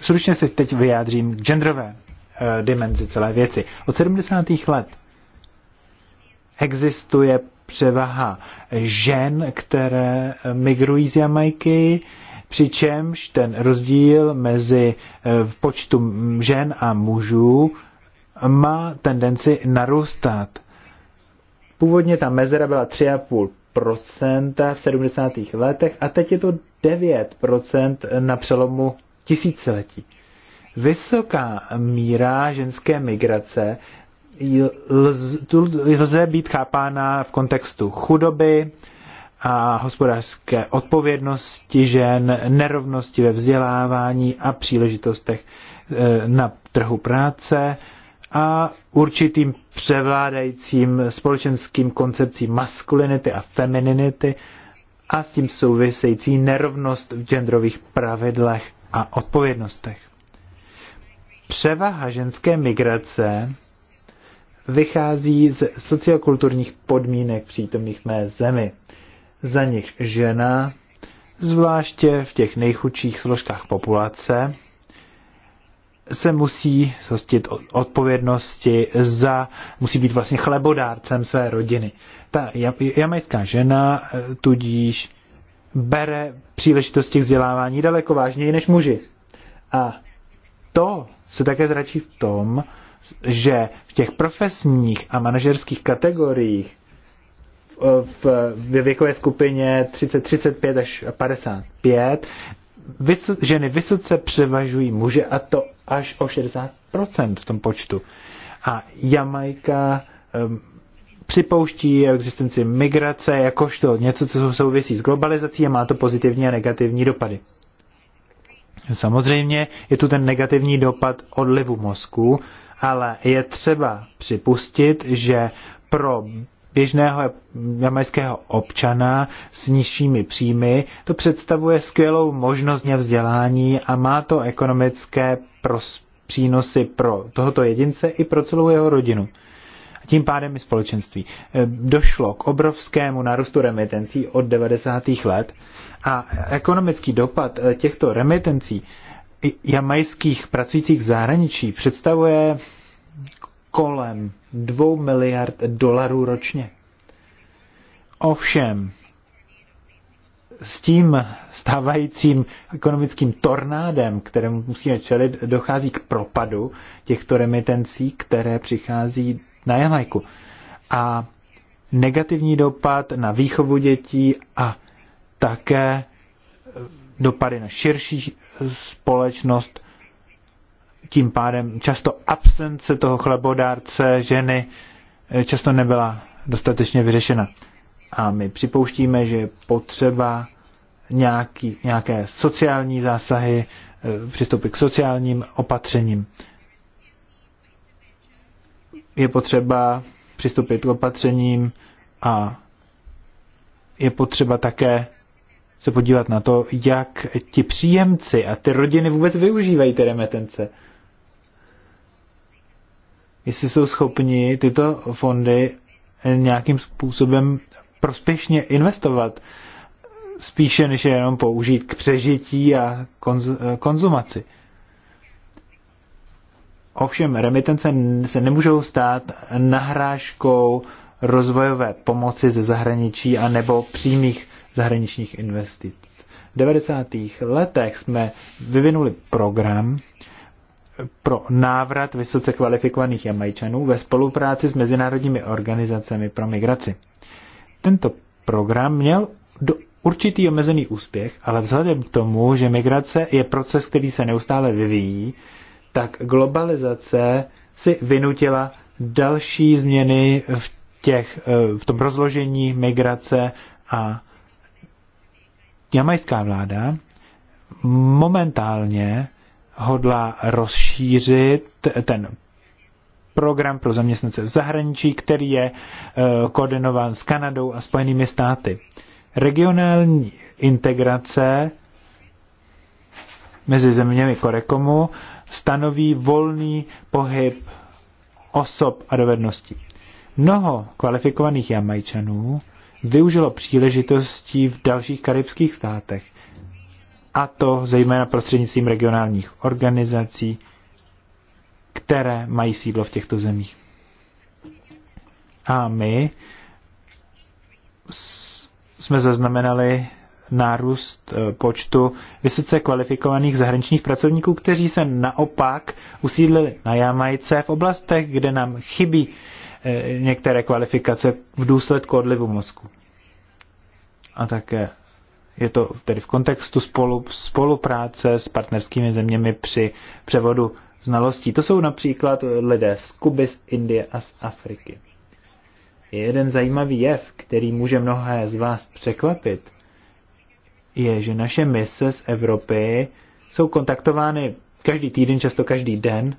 [SPEAKER 1] stručně se teď vyjádřím k genderové e, dimenzi celé věci. Od 70. let existuje převaha žen, které eh, migrují z Jamajky, přičemž ten rozdíl mezi eh, v počtu žen a mužů má tendenci narůstat. Původně ta mezera byla 3,5% v 70. letech a teď je to 9% na přelomu tisíciletí. Vysoká míra ženské migrace lze být chápána v kontextu chudoby a hospodářské odpovědnosti žen, nerovnosti ve vzdělávání a příležitostech e, na trhu práce a určitým převládajícím společenským koncepcím maskulinity a femininity, a s tím související nerovnost v genderových pravidlech a odpovědnostech. Převaha ženské migrace vychází z sociokulturních podmínek přítomných mé zemi. Za nich žena, zvláště v těch nejchudších složkách populace, se musí zhostit odpovědnosti za, musí být vlastně chlebodárcem své rodiny. Ta jamaická žena eh, tudíž bere příležitosti k vzdělávání daleko vážněji než muži. A to se také zračí v tom, že v těch profesních a manažerských kategoriích eh, v, v věkové skupině 30, 35 až 55 vys- ženy vysoce převažují muže a to až o 60% v tom počtu. A Jamajka um, připouští existenci migrace jakožto něco, co souvisí s globalizací a má to pozitivní a negativní dopady. Samozřejmě je tu ten negativní dopad odlivu mozku, ale je třeba připustit, že pro běžného jamajského občana s nižšími příjmy, to představuje skvělou možnost vzdělání a má to ekonomické pros- přínosy pro tohoto jedince i pro celou jeho rodinu. A tím pádem i společenství. E, došlo k obrovskému nárůstu remitencí od 90. let a ekonomický dopad e, těchto remitencí jamajských pracujících v zahraničí představuje kolem 2 miliard dolarů ročně. Ovšem, s tím stávajícím ekonomickým tornádem, kterému musíme čelit, dochází k propadu těchto remitencí, které přichází na Jamajku. A negativní dopad na výchovu dětí a také dopady na širší společnost tím pádem často absence toho chlebodárce ženy eh, často nebyla dostatečně vyřešena. A my připouštíme, že je potřeba nějaký, nějaké sociální zásahy, eh, přistoupit k sociálním opatřením. Je potřeba přistoupit k opatřením a je potřeba také se podívat na to, jak ti příjemci a ty rodiny vůbec využívají ty remetence jestli jsou schopni tyto fondy eh, nějakým způsobem prospěšně investovat, spíše než je jenom použít k přežití a eh, konzumaci. Ovšem, remitence se nemůžou stát nahrážkou rozvojové pomoci ze zahraničí a nebo přímých zahraničních investic. V 90. letech jsme vyvinuli program, pro návrat vysoce kvalifikovaných Jamajčanů ve spolupráci s mezinárodními organizacemi pro migraci. Tento program měl do určitý omezený úspěch, ale vzhledem k tomu, že migrace je proces, který se neustále vyvíjí, tak globalizace si vynutila další změny v, těch, eh, v tom rozložení migrace a jamajská vláda momentálně hodlá rozšířit ten program pro zaměstnance v zahraničí, který je eh, koordinován s Kanadou a Spojenými státy. Regionální integrace mezi zeměmi Korekomu stanoví volný pohyb osob a dovedností. Mnoho kvalifikovaných Jamajčanů využilo příležitostí v dalších karibských státech a to zejména prostřednictvím regionálních organizací, které mají sídlo v těchto zemích. A my jsme zaznamenali nárůst e, počtu vysoce kvalifikovaných zahraničních pracovníků, kteří se naopak usídlili na Jamajce v oblastech, kde nám chybí e, některé kvalifikace v důsledku odlivu mozku. A také je to tedy v kontextu spolu, spolupráce s partnerskými zeměmi při převodu znalostí. To jsou například lidé z Kuby, z Indie a z Afriky. Je jeden zajímavý jev, který může mnohé z vás překvapit, je, že naše mise z Evropy jsou kontaktovány každý týden, často každý den,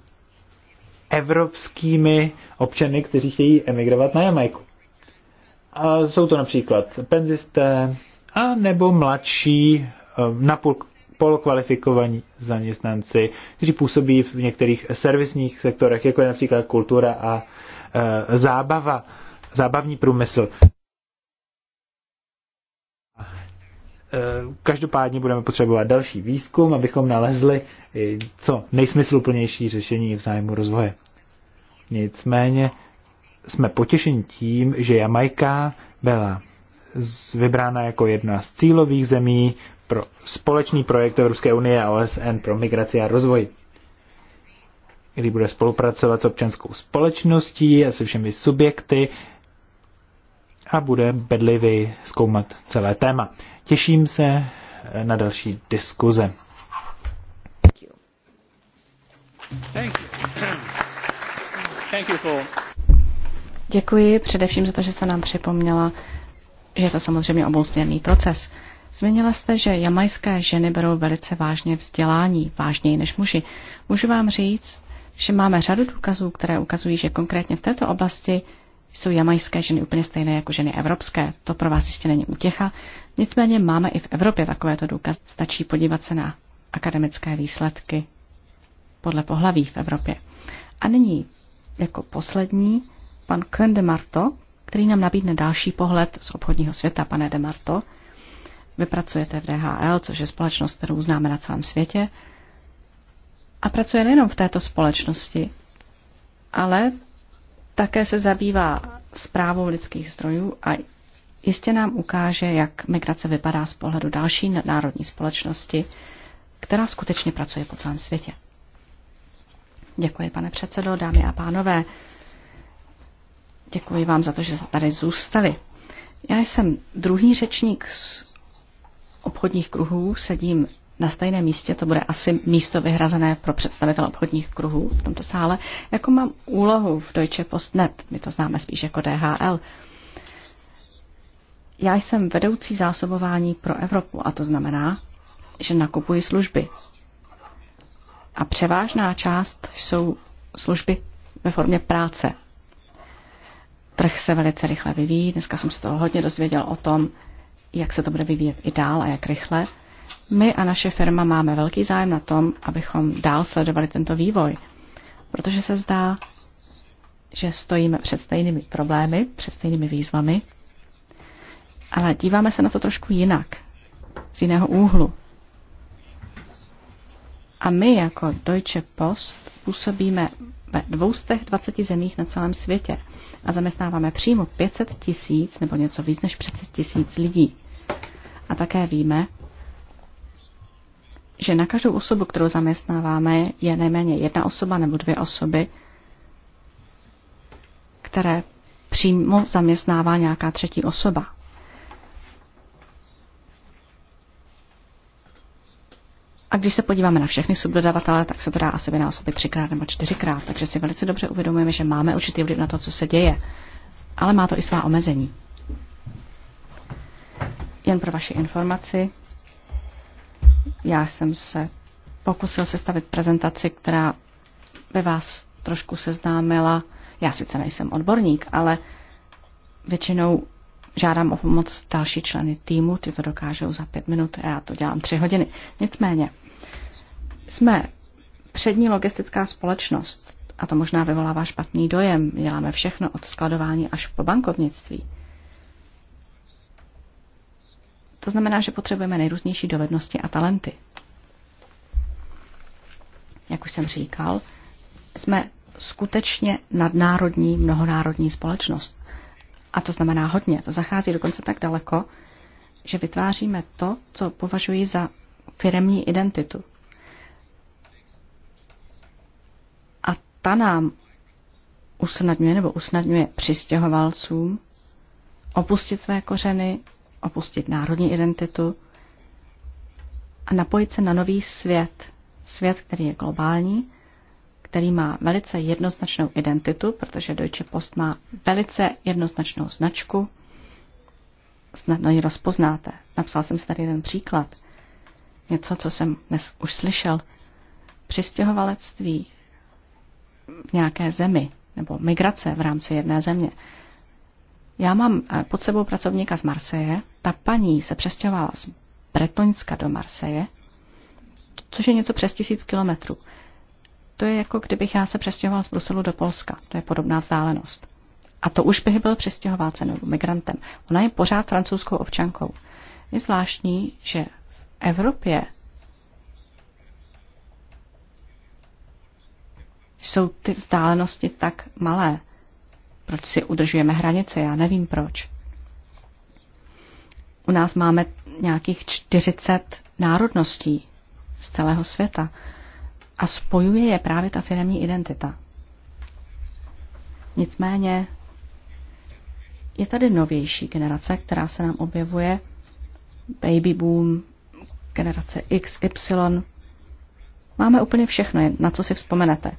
[SPEAKER 1] evropskými občany, kteří chtějí emigrovat na Jamajku. A jsou to například penzisté, a nebo mladší eh, na polokvalifikovaní zaměstnanci, kteří působí v některých servisních sektorech, jako je například kultura a e, zábava, zábavní průmysl. Eh, každopádně budeme potřebovat další výzkum, abychom nalezli co nejsmysluplnější řešení v zájmu rozvoje. Nicméně jsme potěšeni tím, že Jamaika byla vybrána jako jedna z cílových zemí pro společný projekt Evropské unie a OSN pro migraci a rozvoj, který bude spolupracovat s občanskou společností a se všemi subjekty a bude bedlivě zkoumat celé téma. Těším se eh, na další diskuze. Thank you. Thank you. Thank you for...
[SPEAKER 3] Děkuji především za to, že jste nám připomněla že je to samozřejmě obousměrný proces. Zmínila jste, že jamajské ženy berou velice vážně vzdělání, vážněji než muži. Můžu vám říct, že máme řadu důkazů, které ukazují, že konkrétně v této oblasti jsou jamajské ženy úplně stejné jako ženy evropské. To pro vás jistě není útěcha. Nicméně máme i v Evropě takovéto důkaz. Stačí podívat se na akademické výsledky podle pohlaví v Evropě. A nyní jako poslední pan Könde Marto, který nám nabídne další pohled z obchodního světa, pane Demarto. Vy pracujete v DHL, což je společnost, kterou známe na celém světě. A pracuje nejenom v této společnosti, ale také se zabývá zprávou lidských zdrojů a jistě nám ukáže, jak migrace vypadá z pohledu další národní společnosti, která skutečně pracuje po celém světě. Děkuji, pane předsedo, dámy a pánové. Děkuji vám za to, že jste tady zůstali. Já jsem druhý řečník z obchodních kruhů, sedím na stejném místě, to bude asi místo vyhrazené pro představitel obchodních kruhů v tomto sále, jako mám úlohu v Deutsche Postnet, my to známe spíš jako DHL. Já jsem vedoucí zásobování pro Evropu a to znamená, že nakupuji služby. A převážná část jsou služby ve formě práce, Trh se velice rychle vyvíjí, dneska jsem se toho hodně dozvěděl o tom, jak se to bude vyvíjet i dál a jak rychle. My a naše firma máme velký zájem na tom, abychom dál sledovali tento vývoj, protože se zdá, že stojíme před stejnými problémy, před stejnými výzvami, ale díváme se na to trošku jinak, z jiného úhlu. A my jako Deutsche Post působíme ve 220 zemích na celém světě a zaměstnáváme přímo 500 tisíc nebo něco víc než 500 tisíc lidí. A také víme, že na každou osobu, kterou zaměstnáváme, je nejméně jedna osoba nebo dvě osoby, které přímo zaměstnává nějaká třetí osoba. A když se podíváme na všechny subdodavatele, tak se to dá asi vynásobit třikrát nebo čtyřikrát, takže si velice dobře uvědomujeme, že máme určitý vliv na to, co se děje. Ale má to i svá omezení. Jen pro vaši informaci, já jsem se pokusil sestavit prezentaci, která by vás trošku seznámila. Já sice nejsem odborník, ale většinou žádám o pomoc další členy týmu, ty to dokážou za pět minut a já to dělám tři hodiny. Nicméně, jsme přední logistická společnost a to možná vyvolává špatný dojem. Děláme všechno od skladování až po bankovnictví. To znamená, že potřebujeme nejrůznější dovednosti a talenty. Jak už jsem říkal, jsme skutečně nadnárodní, mnohonárodní společnost. A to znamená hodně. To zachází dokonce tak daleko, že vytváříme to, co považuji za firemní identitu. A ta nám usnadňuje nebo usnadňuje přistěhovalcům opustit své kořeny, opustit národní identitu a napojit se na nový svět. Svět, který je globální který má velice jednoznačnou identitu, protože Deutsche Post má velice jednoznačnou značku, snadno ji rozpoznáte. Napsal jsem si tady jeden příklad. Něco, co jsem dnes už slyšel. Přistěhovalectví v nějaké zemi nebo migrace v rámci jedné země. Já mám eh, pod sebou pracovníka z Marseje. Ta paní se přestěhovala z Bretoňska do Marseje, což je něco přes tisíc kilometrů. To je jako kdybych já se přestěhoval z Bruselu do Polska. To je podobná vzdálenost. A to už bych byl přestěhovalcem nebo migrantem. Ona je pořád francouzskou občankou. Je zvláštní, že v Evropě jsou ty vzdálenosti tak malé. Proč si udržujeme hranice? Já nevím proč. U nás máme nějakých 40 národností z celého světa a spojuje je právě ta firmní identita. Nicméně je tady novější generace, která se nám objevuje, baby boom, generace X, Y. Máme úplně všechno, na co si vzpomenete.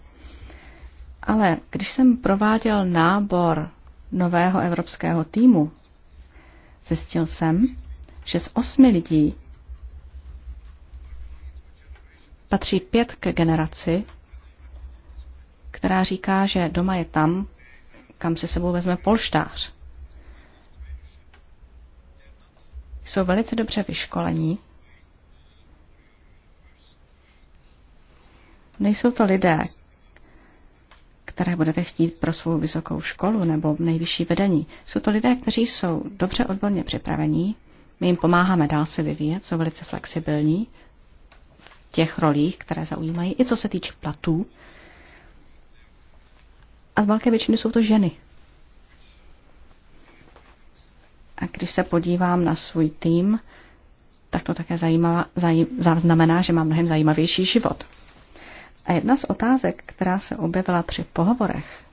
[SPEAKER 3] Ale když jsem prováděl nábor nového evropského týmu, zjistil jsem, že z osmi lidí patří pět ke generaci, která říká, že doma je tam, kam se sebou vezme polštář. Jsou velice dobře vyškolení. Nejsou to lidé, které budete chtít pro svou vysokou školu nebo nejvyšší vedení. Jsou to lidé, kteří jsou dobře odborně připravení, my jim pomáháme dál se vyvíjet, jsou velice flexibilní těch rolích, které zaujímají, i co se týče platů. A z velké většiny jsou to ženy. A když se podívám na svůj tým, tak to také zajímavá, zajím, znamená, že mám mnohem zajímavější život. A jedna z otázek, která se objevila při pohovorech,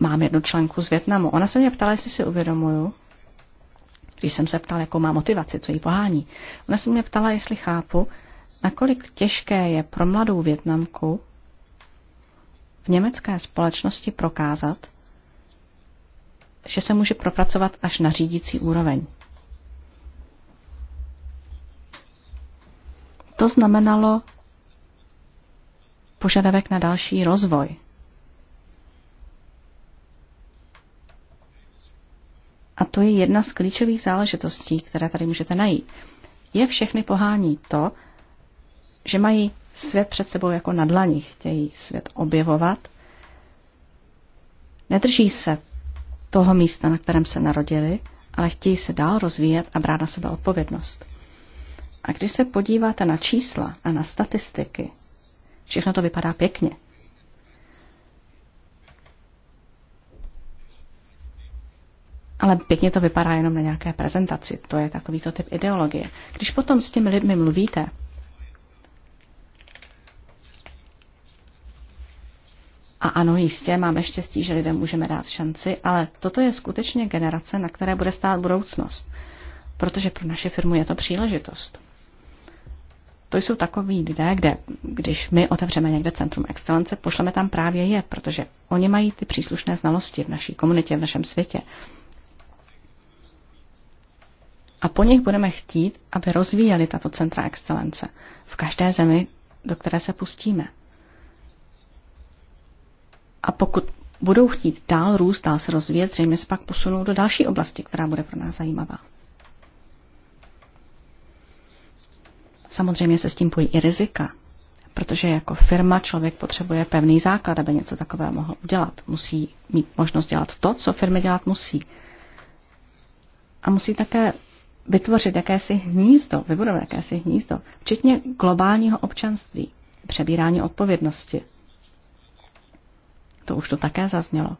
[SPEAKER 3] mám jednu členku z Větnamu. Ona se mě ptala, jestli si uvědomuju, když jsem se ptal, jakou má motivaci, co jí pohání, ona se mě ptala, jestli chápu, nakolik těžké je pro mladou Větnamku v německé společnosti prokázat, že se může propracovat až na řídící úroveň. To znamenalo požadavek na další rozvoj, A to je jedna z klíčových záležitostí, které tady můžete najít. Je všechny pohání to, že mají svět před sebou jako na dlaní, chtějí svět objevovat. Nedrží se toho místa, na kterém se narodili, ale chtějí se dál rozvíjet a brát na sebe odpovědnost. A když se podíváte na čísla a na statistiky, všechno to vypadá pěkně. ale pěkně to vypadá jenom na nějaké prezentaci. To je takovýto typ ideologie. Když potom s těmi lidmi mluvíte, A ano, jistě, máme štěstí, že lidem můžeme dát šanci, ale toto je skutečně generace, na které bude stát budoucnost. Protože pro naše firmu je to příležitost. To jsou takový lidé, kde když my otevřeme někde Centrum Excelence, pošleme tam právě je, protože oni mají ty příslušné znalosti v naší komunitě, v našem světě. A po nich budeme chtít, aby rozvíjeli tato centra excelence v každé zemi, do které se pustíme. A pokud budou chtít dál růst, dál se rozvíjet, zřejmě se pak posunou do další oblasti, která bude pro nás zajímavá. Samozřejmě se s tím pojí i rizika, protože jako firma člověk potřebuje pevný základ, aby něco takového mohl udělat. Musí mít možnost dělat to, co firmy dělat musí. A musí také vytvořit jakési hnízdo, vybudovat jakési hnízdo, včetně globálního občanství, přebírání odpovědnosti. To už to také zaznělo.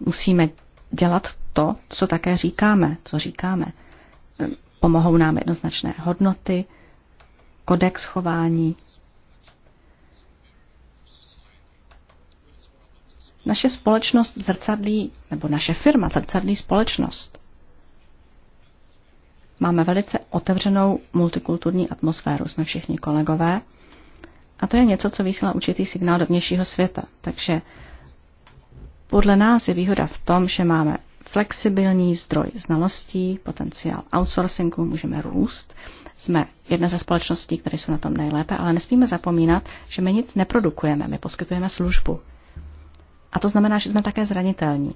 [SPEAKER 3] Musíme dělat to, co také říkáme, co říkáme. Pomohou nám jednoznačné hodnoty, kodex chování. Naše společnost zrcadlí, nebo naše firma zrcadlí společnost. Máme velice otevřenou multikulturní atmosféru, jsme všichni kolegové. A to je něco, co vysílá určitý signál do vnějšího světa. Takže podle nás je výhoda v tom, že máme flexibilní zdroj znalostí, potenciál outsourcingu, můžeme růst. Jsme jedna ze společností, které jsou na tom nejlépe, ale nesmíme zapomínat, že my nic neprodukujeme, my poskytujeme službu. A to znamená, že jsme také zranitelní.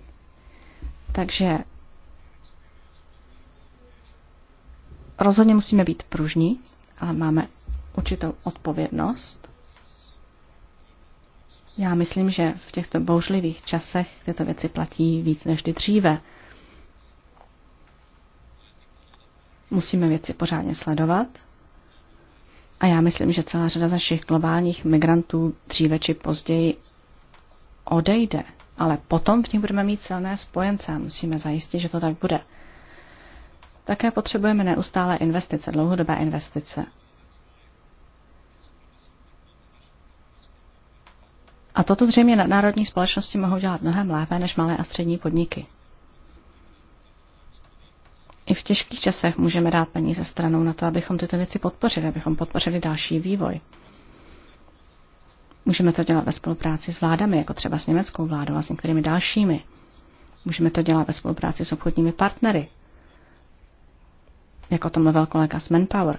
[SPEAKER 3] Takže Rozhodně musíme být pružní, ale máme určitou odpovědnost. Já myslím, že v těchto bouřlivých časech tyto věci platí víc než kdy dříve. Musíme věci pořádně sledovat. A já myslím, že celá řada našich globálních migrantů dříve či později odejde. Ale potom v nich budeme mít silné spojence a musíme zajistit, že to tak bude. Také potřebujeme neustále investice, dlouhodobé investice. A toto zřejmě nadnárodní společnosti mohou dělat mnohem lépe než malé a střední podniky. I v těžkých časech můžeme dát peníze stranou na to, abychom tyto věci podpořili, abychom podpořili další vývoj. Můžeme to dělat ve spolupráci s vládami, jako třeba s německou vládou a s některými dalšími. Můžeme to dělat ve spolupráci s obchodními partnery, jak o tom mluvil kolega z Manpower.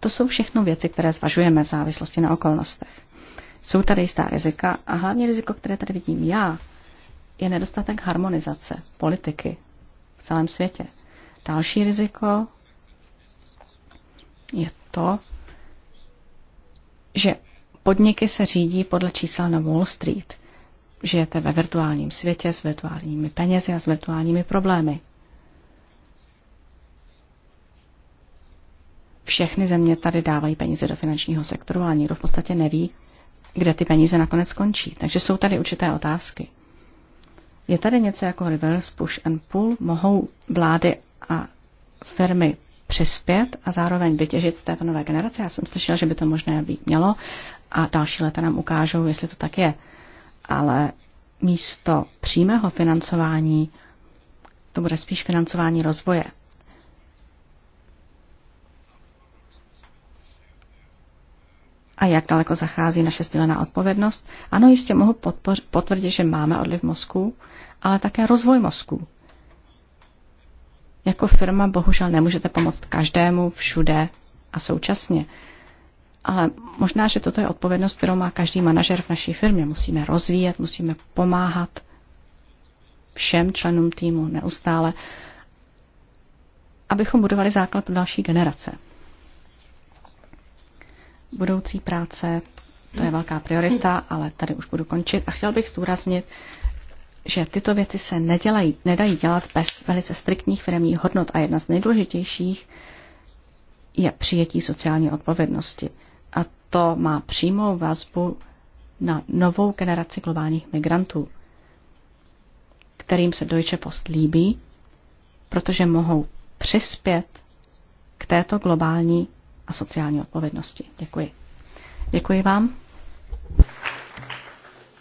[SPEAKER 3] To jsou všechno věci, které zvažujeme v závislosti na okolnostech. Jsou tady jistá rizika a hlavně riziko, které tady vidím já, je nedostatek harmonizace politiky v celém světě. Další riziko je to, že podniky se řídí podle čísel na Wall Street. Žijete ve virtuálním světě s virtuálními penězi a s virtuálními problémy. všechny země tady dávají peníze do finančního sektoru, ale nikdo v podstatě neví, kde ty peníze nakonec končí. Takže jsou tady určité otázky. Je tady něco jako reverse push and pull? Mohou vlády a firmy přispět a zároveň vytěžit z této nové generace? Já jsem slyšela, že by to možné být mělo a další leta nám ukážou, jestli to tak je. Ale místo přímého financování to bude spíš financování rozvoje a jak daleko zachází naše sdílená odpovědnost. Ano, jistě mohu podpoř- potvrdit, že máme odliv mozku, ale také rozvoj mozku. Jako firma bohužel nemůžete pomoct každému všude a současně. Ale možná, že toto je odpovědnost, kterou má každý manažer v naší firmě. Musíme rozvíjet, musíme pomáhat všem členům týmu neustále, abychom budovali základ pro další generace. Budoucí práce, to je velká priorita, ale tady už budu končit. A chtěl bych zdůraznit, že tyto věci se nedělají, nedají dělat bez velice striktních firmních hodnot a jedna z nejdůležitějších je přijetí sociální odpovědnosti. A to má přímou vazbu na novou generaci globálních migrantů, kterým se Deutsche Post líbí, protože mohou přispět k této globální a sociální odpovědnosti. Děkuji. Děkuji vám.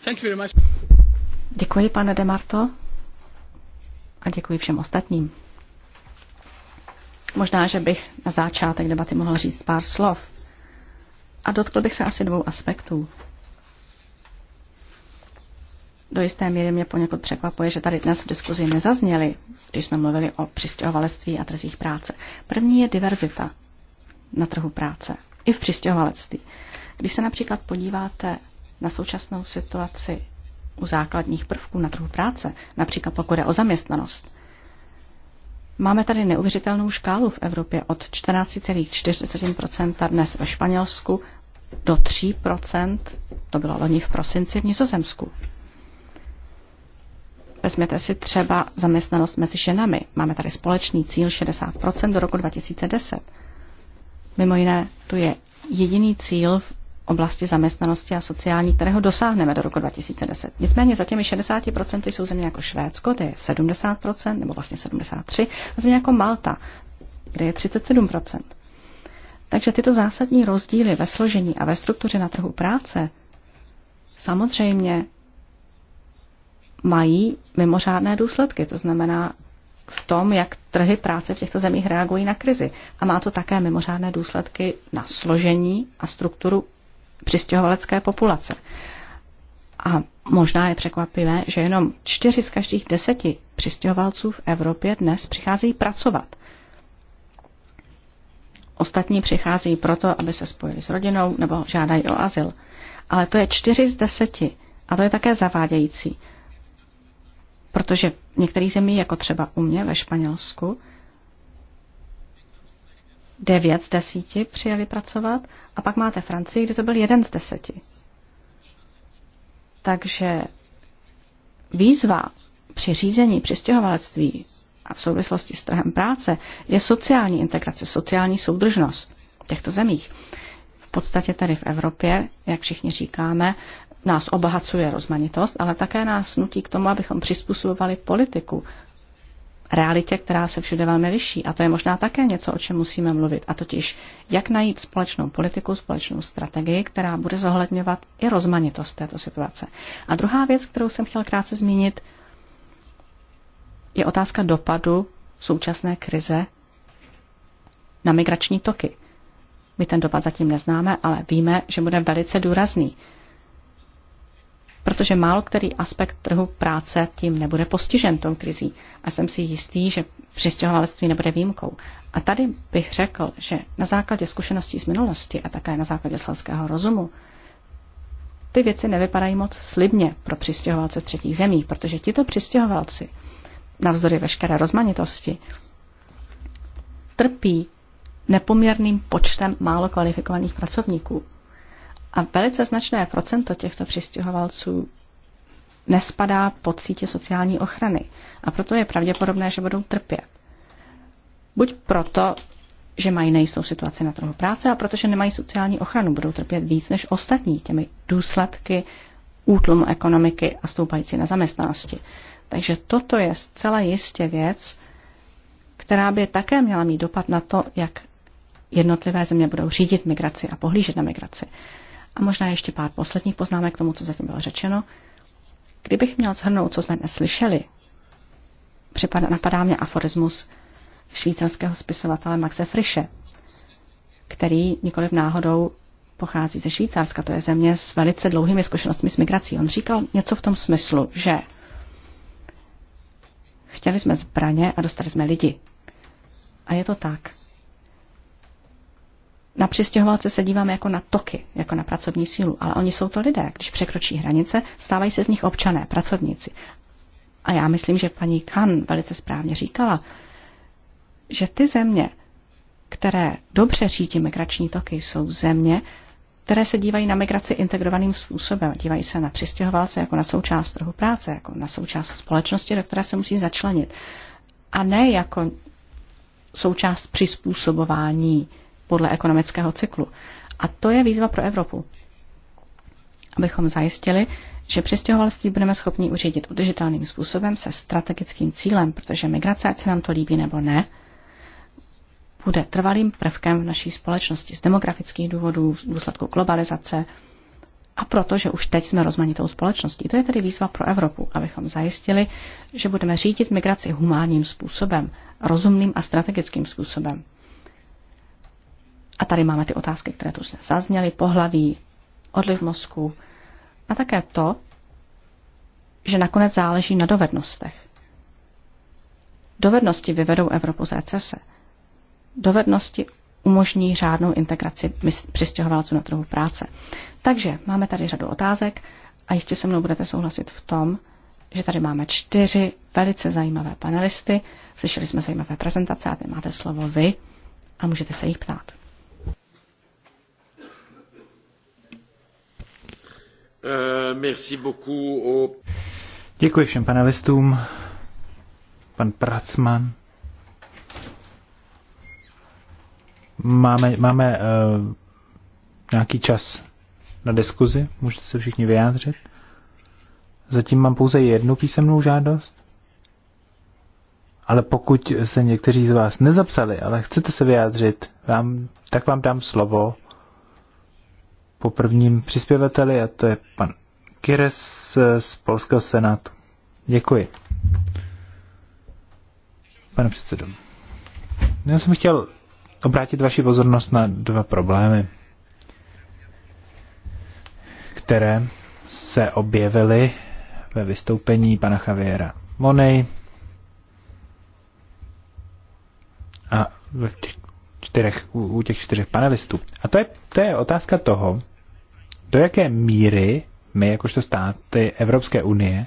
[SPEAKER 3] Thank you very much. Děkuji, pane Demarto. A děkuji všem ostatním. Možná, že bych na začátek debaty mohl říct pár slov. A dotkl bych se asi dvou aspektů. Do jisté míry mě poněkud překvapuje, že tady dnes v diskuzi nezazněly, když jsme mluvili o přistěhovalectví a trzích práce. První je diverzita na trhu práce, i v přistěhovalectví. Když se například podíváte na současnou situaci u základních prvků na trhu práce, například pokud je o zaměstnanost, Máme tady neuvěřitelnou škálu v Evropě od 14,4% dnes ve Španělsku do 3%, to bylo loni v prosinci v Nizozemsku. Vezměte si třeba zaměstnanost mezi ženami. Máme tady společný cíl 60% do roku 2010. Mimo jiné, to je jediný cíl v oblasti zaměstnanosti a sociální, kterého dosáhneme do roku 2010. Nicméně za těmi 60% jsou země jako Švédsko, kde je 70%, nebo vlastně 73%, a země jako Malta, kde je 37%. Takže tyto zásadní rozdíly ve složení a ve struktuře na trhu práce samozřejmě mají mimořádné důsledky. To znamená, v tom, jak trhy práce v těchto zemích reagují na krizi. A má to také mimořádné důsledky na složení a strukturu přistěhovalecké populace. A možná je překvapivé, že jenom čtyři z každých deseti přistěhovalců v Evropě dnes přicházejí pracovat. Ostatní přicházejí proto, aby se spojili s rodinou nebo žádají o azyl. Ale to je čtyři z deseti. A to je také zavádějící, Protože v některých zemích, jako třeba u mě ve Španělsku, devět z desíti přijeli pracovat a pak máte Francii, kde to byl jeden z deseti. Takže výzva při řízení přistěhovalectví a v souvislosti s trhem práce je sociální integrace, sociální soudržnost v těchto zemích. V podstatě tady v Evropě, jak všichni říkáme, nás obohacuje rozmanitost, ale také nás nutí k tomu, abychom přizpůsobovali politiku realitě, která se všude velmi liší. A to je možná také něco, o čem musíme mluvit. A totiž, jak najít společnou politiku, společnou strategii, která bude zohledňovat i rozmanitost této situace. A druhá věc, kterou jsem chtěl krátce zmínit, je otázka dopadu současné krize na migrační toky. My ten dopad zatím neznáme, ale víme, že bude velice důrazný protože málo který aspekt trhu práce tím nebude postižen tou krizí. A jsem si jistý, že přistěhovalectví nebude výjimkou. A tady bych řekl, že na základě zkušeností z minulosti a také na základě selského rozumu, ty věci nevypadají moc slibně pro přistěhovalce z třetích zemí, protože tito přistěhovalci, navzdory veškeré rozmanitosti, trpí nepoměrným počtem málo kvalifikovaných pracovníků. A velice značné procento těchto přistěhovalců nespadá pod sítě sociální ochrany. A proto je pravděpodobné, že budou trpět. Buď proto, že mají nejistou situaci na trhu práce a protože nemají sociální ochranu, budou trpět víc než ostatní těmi důsledky útlumu ekonomiky a stoupající zaměstnanosti. Takže toto je zcela jistě věc, která by také měla mít dopad na to, jak jednotlivé země budou řídit migraci a pohlížet na migraci. A možná ještě pár posledních poznámek k tomu, co zatím bylo řečeno. Kdybych měl shrnout, co jsme dnes slyšeli, připadá, napadá mě aforismus švýcarského spisovatele Maxe Frische, který nikoliv náhodou pochází ze Švýcarska, to je země s velice dlouhými zkušenostmi s migrací. On říkal něco v tom smyslu, že chtěli jsme zbraně a dostali jsme lidi. A je to tak. Na přistěhovalce se díváme jako na toky, jako na pracovní sílu, ale oni jsou to lidé. Když překročí hranice, stávají se z nich občané, pracovníci. A já myslím, že paní Khan velice správně říkala, že ty země, které dobře řídí migrační toky, jsou země, které se dívají na migraci integrovaným způsobem. Dívají se na přistěhovalce jako na součást trhu práce, jako na součást společnosti, do které se musí začlenit. A ne jako součást přizpůsobování podle ekonomického cyklu. A to je výzva pro Evropu. Abychom zajistili, že přistěhovalství budeme schopni uřídit udržitelným způsobem se strategickým cílem, protože migrace, ať se nám to líbí nebo ne, bude trvalým prvkem v naší společnosti z demografických důvodů, v důsledku globalizace a protože už teď jsme rozmanitou společností. To je tedy výzva pro Evropu, abychom zajistili, že budeme řídit migraci humánním způsobem, rozumným a strategickým způsobem. A tady máme ty otázky, které tu se zazněly, pohlaví, odliv mozku a také to, že nakonec záleží na dovednostech. Dovednosti vyvedou Evropu z recese. Dovednosti umožní řádnou integraci přistěhovalců na trhu práce. Takže máme tady řadu otázek a jistě se mnou budete souhlasit v tom, že tady máme čtyři velice zajímavé panelisty, slyšeli jsme zajímavé prezentace a teď máte slovo vy a můžete se jich ptát.
[SPEAKER 2] Eh,
[SPEAKER 3] Děkuji všem
[SPEAKER 1] panelistům. Pan Pracman. Máme, máme uh, nějaký čas na diskuzi? Můžete se všichni vyjádřit? Zatím mám pouze jednu písemnou žádost. Ale pokud se někteří z vás nezapsali, ale chcete se vyjádřit, vám, tak vám dám slovo po prvním přispěvateli a to je pan Kires eh, z Polského senátu. Děkuji. Pane předsedo, já jsem chtěl obrátit vaši pozornost na dva problémy, které se objevily ve vystoupení pana Javiera Monej a v těch čtyřech, u, u těch čtyřech panelistů. A to je, to je otázka toho, do jaké míry my, jakožto státy Evropské unie,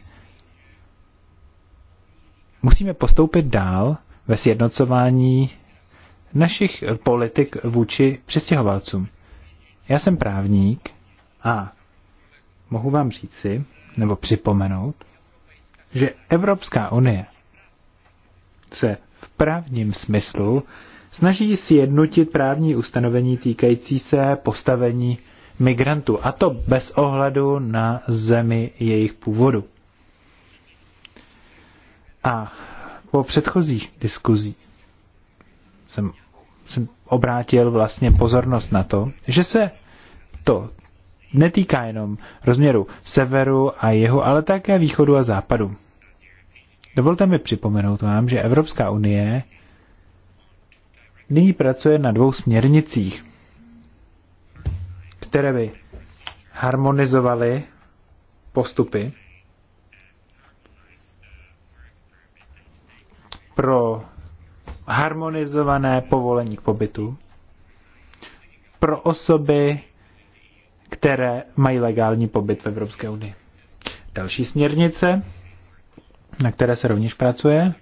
[SPEAKER 1] musíme postoupit dál ve sjednocování našich politik vůči přistěhovalcům. Já jsem právník a mohu vám říci, nebo připomenout, že Evropská unie se v právním smyslu snaží sjednotit právní ustanovení týkající se postavení migrantů, a to bez ohledu na zemi jejich původu. A po předchozích diskuzí jsem, jsem obrátil vlastně pozornost na to, že se to netýká jenom rozměru severu a jihu, ale také východu a západu. Dovolte mi připomenout vám, že Evropská unie nyní pracuje na dvou směrnicích které by harmonizovaly postupy pro harmonizované povolení k pobytu pro osoby, které mají legální pobyt v Evropské unii. Další směrnice, na které se rovněž pracuje,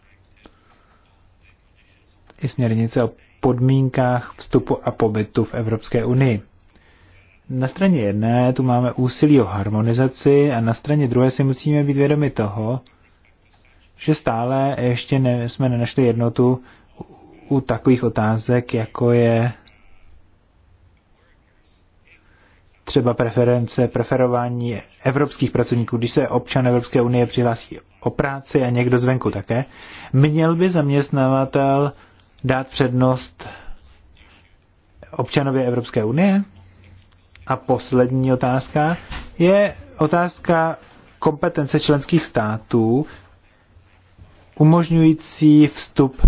[SPEAKER 1] i směrnice o podmínkách vstupu a pobytu v Evropské unii. Na straně jedné tu máme úsilí o harmonizaci a na straně druhé si musíme být vědomi toho, že stále ještě ne, jsme nenašli jednotu u takových otázek, jako je třeba preference, preferování evropských pracovníků, když se občan Evropské unie přihlásí o práci a někdo zvenku také, měl by zaměstnavatel dát přednost občanovi Evropské unie? A poslední otázka je otázka kompetence členských států umožňující vstup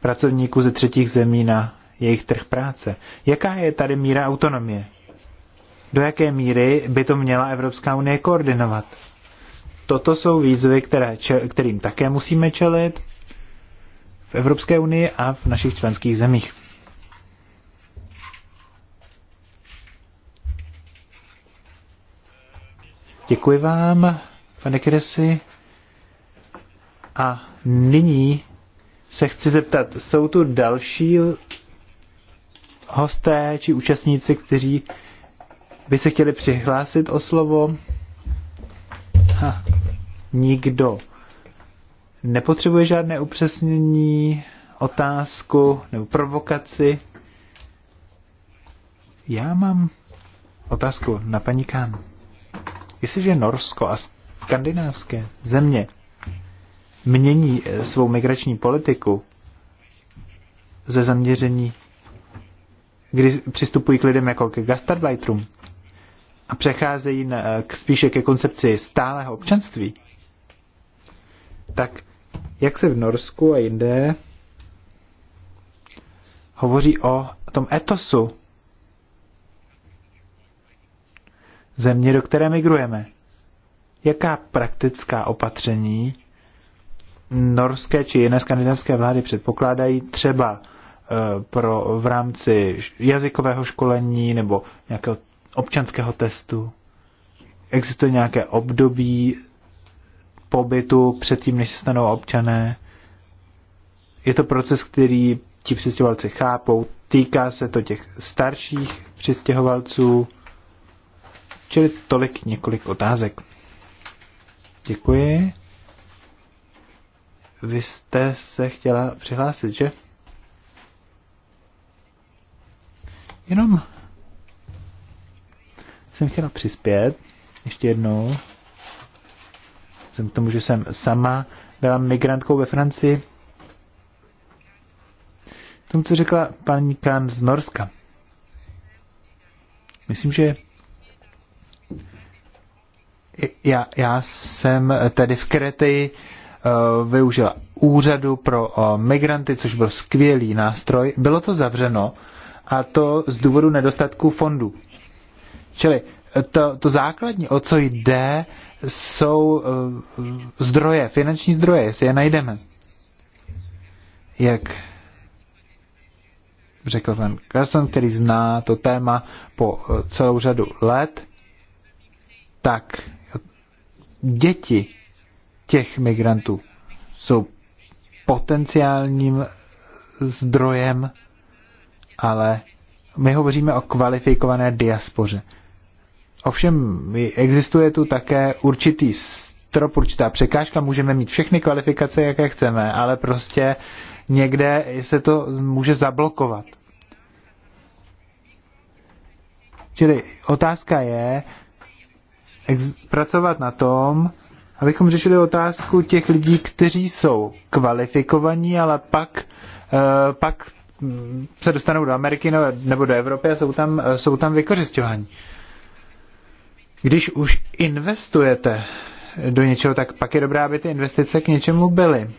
[SPEAKER 1] pracovníků ze třetích zemí na jejich trh práce. Jaká je tady míra autonomie? Do jaké míry by to měla Evropská unie koordinovat? Toto jsou výzvy, které, kterým také musíme čelit v Evropské unii a v našich členských zemích. Děkuji vám, pane Kiresi. A nyní se chci zeptat, jsou tu další hosté či účastníci, kteří by se chtěli přihlásit o slovo? Ha, nikdo nepotřebuje žádné upřesnění, otázku nebo provokaci. Já mám otázku na paní Kánu. Jestliže Norsko a skandinávské země mění eh, svou migrační politiku ze zaměření, kdy přistupují k lidem jako ke gastarbeiterům a přecházejí na, eh, k, spíše ke koncepci stálého občanství, tak jak se v Norsku a jinde hovoří o tom etosu země, do které migrujeme. Jaká praktická opatření norské či jiné skandinávské vlády předpokládají třeba e, pro v rámci jazykového školení nebo nějakého občanského testu? Existuje nějaké období pobytu předtím, než se stanou občané? Je to proces, který ti přistěhovalci chápou. Týká se to těch starších přistěhovalců, Čili tolik několik otázek. Děkuji. Vy jste se chtěla přihlásit, že? Jenom jsem chtěla přispět ještě jednou. Jsem k tomu, že jsem sama byla migrantkou ve Francii. K tomu, co řekla paní Kán z Norska. Myslím, že já, já jsem tedy v Krety eh, využil úřadu pro eh, migranty, což byl skvělý nástroj. Bylo to zavřeno a to z důvodu nedostatku fondů. Čili eh, to, to základní, o co jde, jsou zdroje, finanční zdroje, jestli je najdeme. Jak řekl pan Carson, který zná to téma po celou řadu let, tak děti těch migrantů jsou potenciálním zdrojem, ale my hovoříme o kvalifikované diaspoře. Ovšem existuje tu také určitý strop, určitá překážka, můžeme mít všechny kvalifikace, jaké chceme, ale prostě někde se to může zablokovat. Čili otázka je, pracovat na tom, abychom řešili otázku těch lidí, kteří jsou kvalifikovaní, ale pak, eh, pak se dostanou do Ameriky no, nebo do Evropy a jsou tam, jsou tam vykořišťováni. Když už investujete do něčeho, tak pak je dobré, aby ty investice k něčemu byly.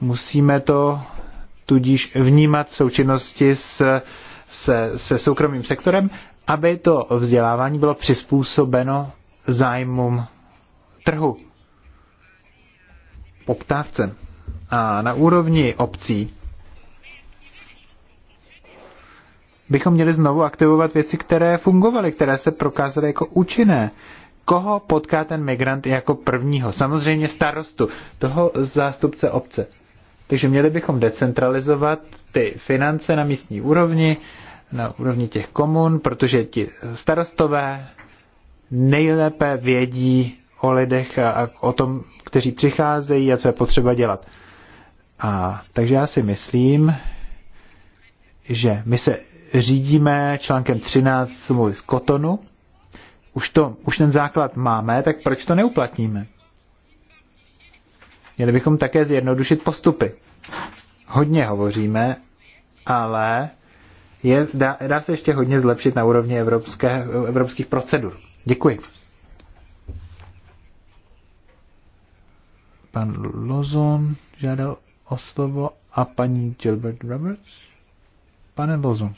[SPEAKER 1] Musíme to tudíž vnímat v součinnosti s, se, se soukromým sektorem aby to vzdělávání bylo přizpůsobeno zájmům trhu, poptávce. A na úrovni obcí bychom měli znovu aktivovat věci, které fungovaly, které se prokázaly jako účinné. Koho potká ten migrant jako prvního? Samozřejmě starostu, toho zástupce obce. Takže měli bychom decentralizovat ty finance na místní úrovni, na úrovni těch komun, protože ti starostové nejlépe vědí o lidech a, a o tom, kteří přicházejí a co je potřeba dělat. A takže já si myslím, že my se řídíme článkem 13 smlouvy z Kotonu, už, to, už ten základ máme, tak proč to neuplatníme? Měli bychom také zjednodušit postupy. Hodně hovoříme, ale je, dá, dá se ještě hodně zlepšit na úrovni evropské, evropských procedur. Děkuji. Pan Lozon žádal o slovo a paní Gilbert Roberts. Pane Lozon.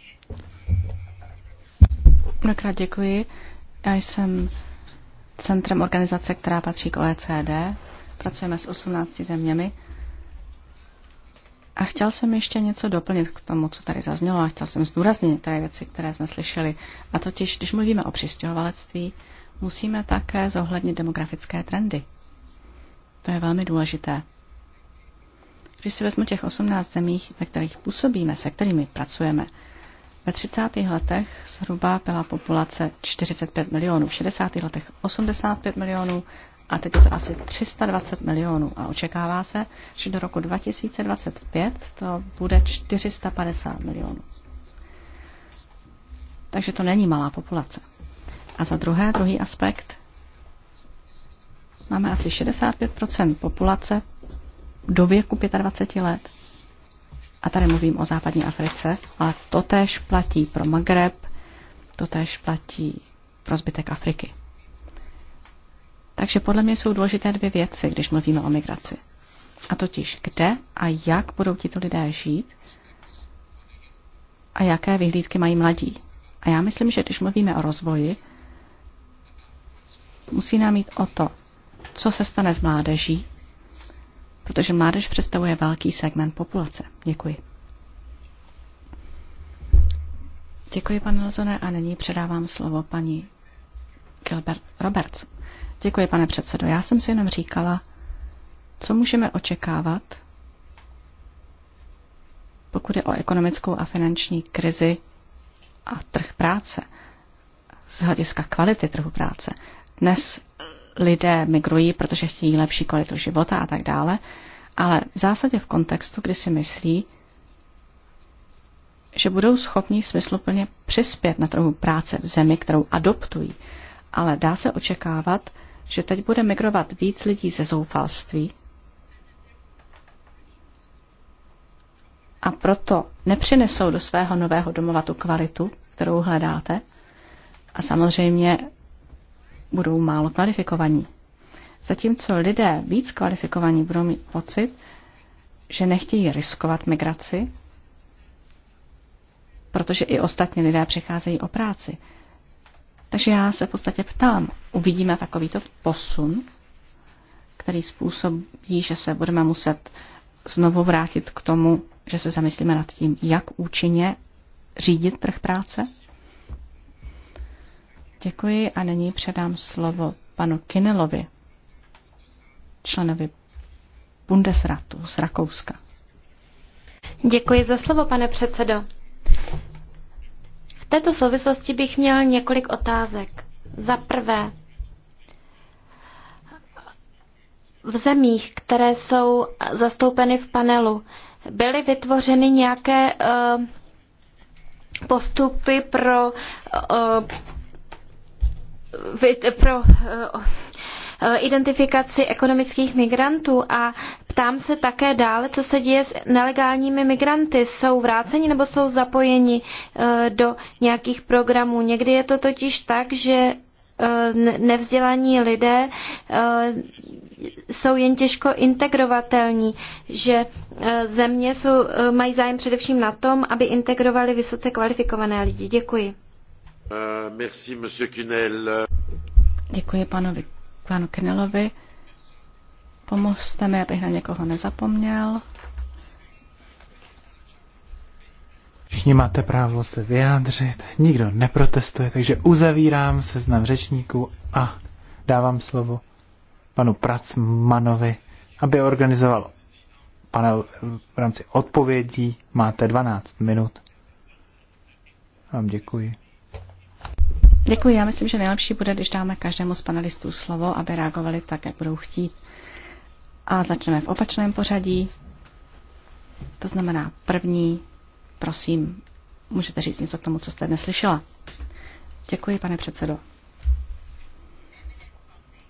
[SPEAKER 3] Mnohokrát děkuji. Já jsem centrem organizace, která patří k OECD. Pracujeme s 18 zeměmi a chtěl jsem ještě něco doplnit k tomu, co tady zaznělo a chtěl jsem zdůraznit některé věci, které jsme slyšeli. A totiž, když mluvíme o přistěhovalectví, musíme také zohlednit demografické trendy. To je velmi důležité. Když si vezmu těch 18 zemích, ve kterých působíme, se kterými pracujeme, ve 30. letech zhruba byla populace 45 milionů, v 60. letech 85 milionů, a teď je to asi 320 milionů a očekává se, že do roku 2025 to bude 450 milionů. Takže to není malá populace. A za druhé, druhý aspekt, máme asi 65% populace do věku 25 let. A tady mluvím o západní Africe, ale to platí pro Magreb, to platí pro zbytek Afriky. Takže podle mě jsou důležité dvě věci, když mluvíme o migraci. A totiž kde a jak budou tito lidé žít a jaké vyhlídky mají mladí. A já myslím, že když mluvíme o rozvoji, musí nám jít o to, co se stane s mládeží, protože mládež představuje velký segment populace. Děkuji. Děkuji, pane Lozone, a nyní předávám slovo paní Gilbert Roberts. Děkuji, pane předsedo. Já jsem si jenom říkala, co můžeme očekávat, pokud je o ekonomickou a finanční krizi a trh práce, z hlediska kvality trhu práce. Dnes lidé migrují, protože chtějí lepší kvalitu života a tak dále, ale v zásadě v kontextu, kdy si myslí, že budou schopni smysluplně přispět na trhu práce v zemi, kterou adoptují. Ale dá se očekávat, že teď bude migrovat víc lidí ze zoufalství. A proto nepřinesou do svého nového domova tu kvalitu, kterou hledáte. A samozřejmě budou málo kvalifikovaní. Zatímco lidé víc kvalifikovaní budou mít pocit, že nechtějí riskovat migraci, protože i ostatní lidé přicházejí o práci. Takže já se v podstatě ptám, uvidíme takovýto posun, který způsobí, že se budeme muset znovu vrátit k tomu, že se zamyslíme nad tím, jak účinně řídit trh práce? Děkuji a nyní předám slovo panu Kinelovi, členovi Bundesratu z Rakouska.
[SPEAKER 4] Děkuji za slovo, pane předsedo této souvislosti bych měl několik otázek. Za prvé, v zemích, které jsou zastoupeny v panelu, byly vytvořeny nějaké uh, postupy pro, uh, pro uh, Eh, identifikaci ekonomických migrantů a ptám se také dále, co se děje s nelegálními migranty. Jsou vráceni nebo jsou zapojeni eh, do nějakých programů? Někdy je to totiž tak, že eh, nevzdělaní lidé jsou jen těžko integrovatelní, že země jsou, mají zájem především na tom, aby
[SPEAKER 3] integrovali vysoce kvalifikované lidi. Děkuji. Děkuji panovi panu Knelovi. Pomozte mi, abych na někoho nezapomněl.
[SPEAKER 1] Všichni máte právo se vyjádřit, nikdo neprotestuje, takže uzavírám seznam řečníků a dávám slovo panu Pracmanovi, aby organizoval panel v rámci odpovědí. Máte 12 minut. Vám děkuji.
[SPEAKER 3] Děkuji. Já myslím, že nejlepší bude, když dáme každému z panelistů slovo, aby reagovali tak, jak budou chtít. A začneme v opačném pořadí. To znamená první, prosím, můžete říct něco k tomu, co jste dnes slyšela. Děkuji, pane předsedo.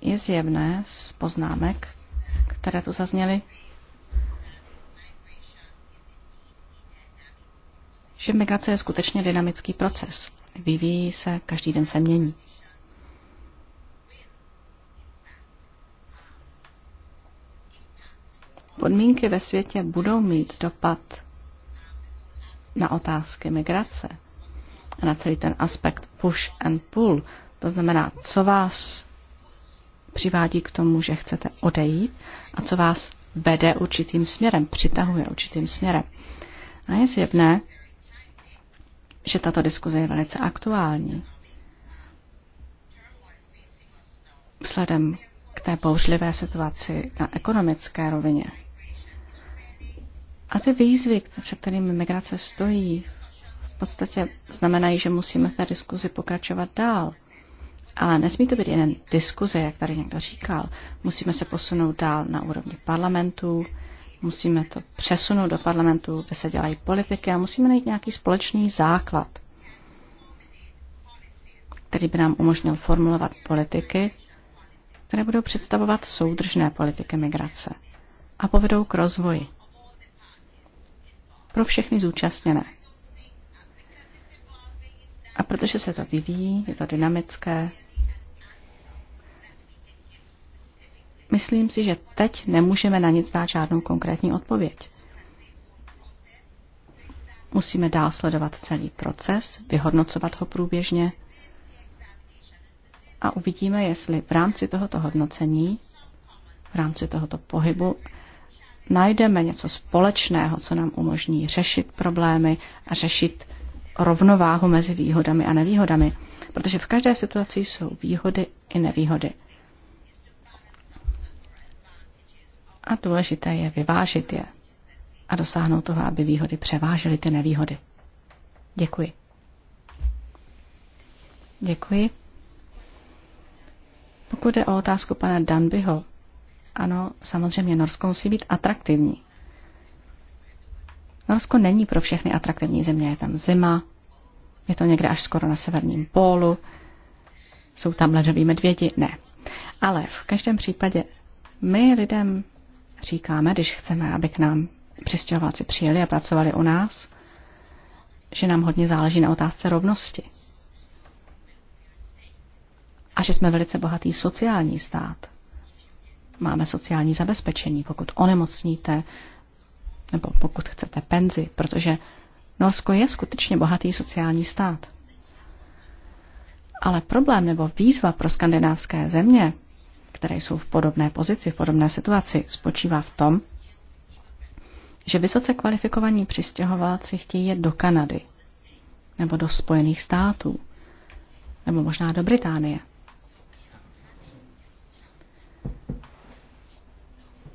[SPEAKER 3] Je zjevné z poznámek, které tu zazněly, že migrace je skutečně dynamický proces. Vyvíjí se, každý den se mění. Podmínky ve světě budou mít dopad na otázky migrace a na celý ten aspekt push and pull. To znamená, co vás přivádí k tomu, že chcete odejít a co vás vede určitým směrem, přitahuje určitým směrem. A je zjevné, že tato diskuze je velice aktuální. Vzhledem k té bouřlivé situaci na ekonomické rovině. A ty výzvy, před kterými migrace stojí, v podstatě znamenají, že musíme v té diskuzi pokračovat dál. Ale nesmí to být jen diskuze, jak tady někdo říkal. Musíme se posunout dál na úrovni parlamentů, Musíme to přesunout do parlamentu, kde se dělají politiky a musíme najít nějaký společný základ, který by nám umožnil formulovat politiky, které budou představovat soudržné politiky migrace a povedou k rozvoji pro všechny zúčastněné. A protože se to vyvíjí, je to dynamické, Myslím si, že teď nemůžeme na nic dát žádnou konkrétní odpověď. Musíme dál sledovat celý proces, vyhodnocovat ho průběžně a uvidíme, jestli v rámci tohoto hodnocení, v rámci tohoto pohybu, najdeme něco společného, co nám umožní řešit problémy a řešit rovnováhu mezi výhodami a nevýhodami. Protože v každé situaci jsou výhody i nevýhody. A důležité je vyvážit je a dosáhnout toho, aby výhody převážily ty nevýhody. Děkuji. Děkuji. Pokud jde o otázku pana Danbyho, ano, samozřejmě Norsko musí být atraktivní. Norsko není pro všechny atraktivní země. Je tam zima, je to někde až skoro na severním pólu, jsou tam ledoví medvědi, ne. Ale v každém případě my lidem říkáme, když chceme, aby k nám přistěhovalci přijeli a pracovali u nás, že nám hodně záleží na otázce rovnosti. A že jsme velice bohatý sociální stát. Máme sociální zabezpečení, pokud onemocníte, nebo pokud chcete penzi, protože Norsko je skutečně bohatý sociální stát. Ale problém nebo výzva pro skandinávské země které jsou v podobné pozici, v podobné situaci, spočívá v tom, že vysoce kvalifikovaní přistěhovalci chtějí jet do Kanady nebo do Spojených států nebo možná do Británie.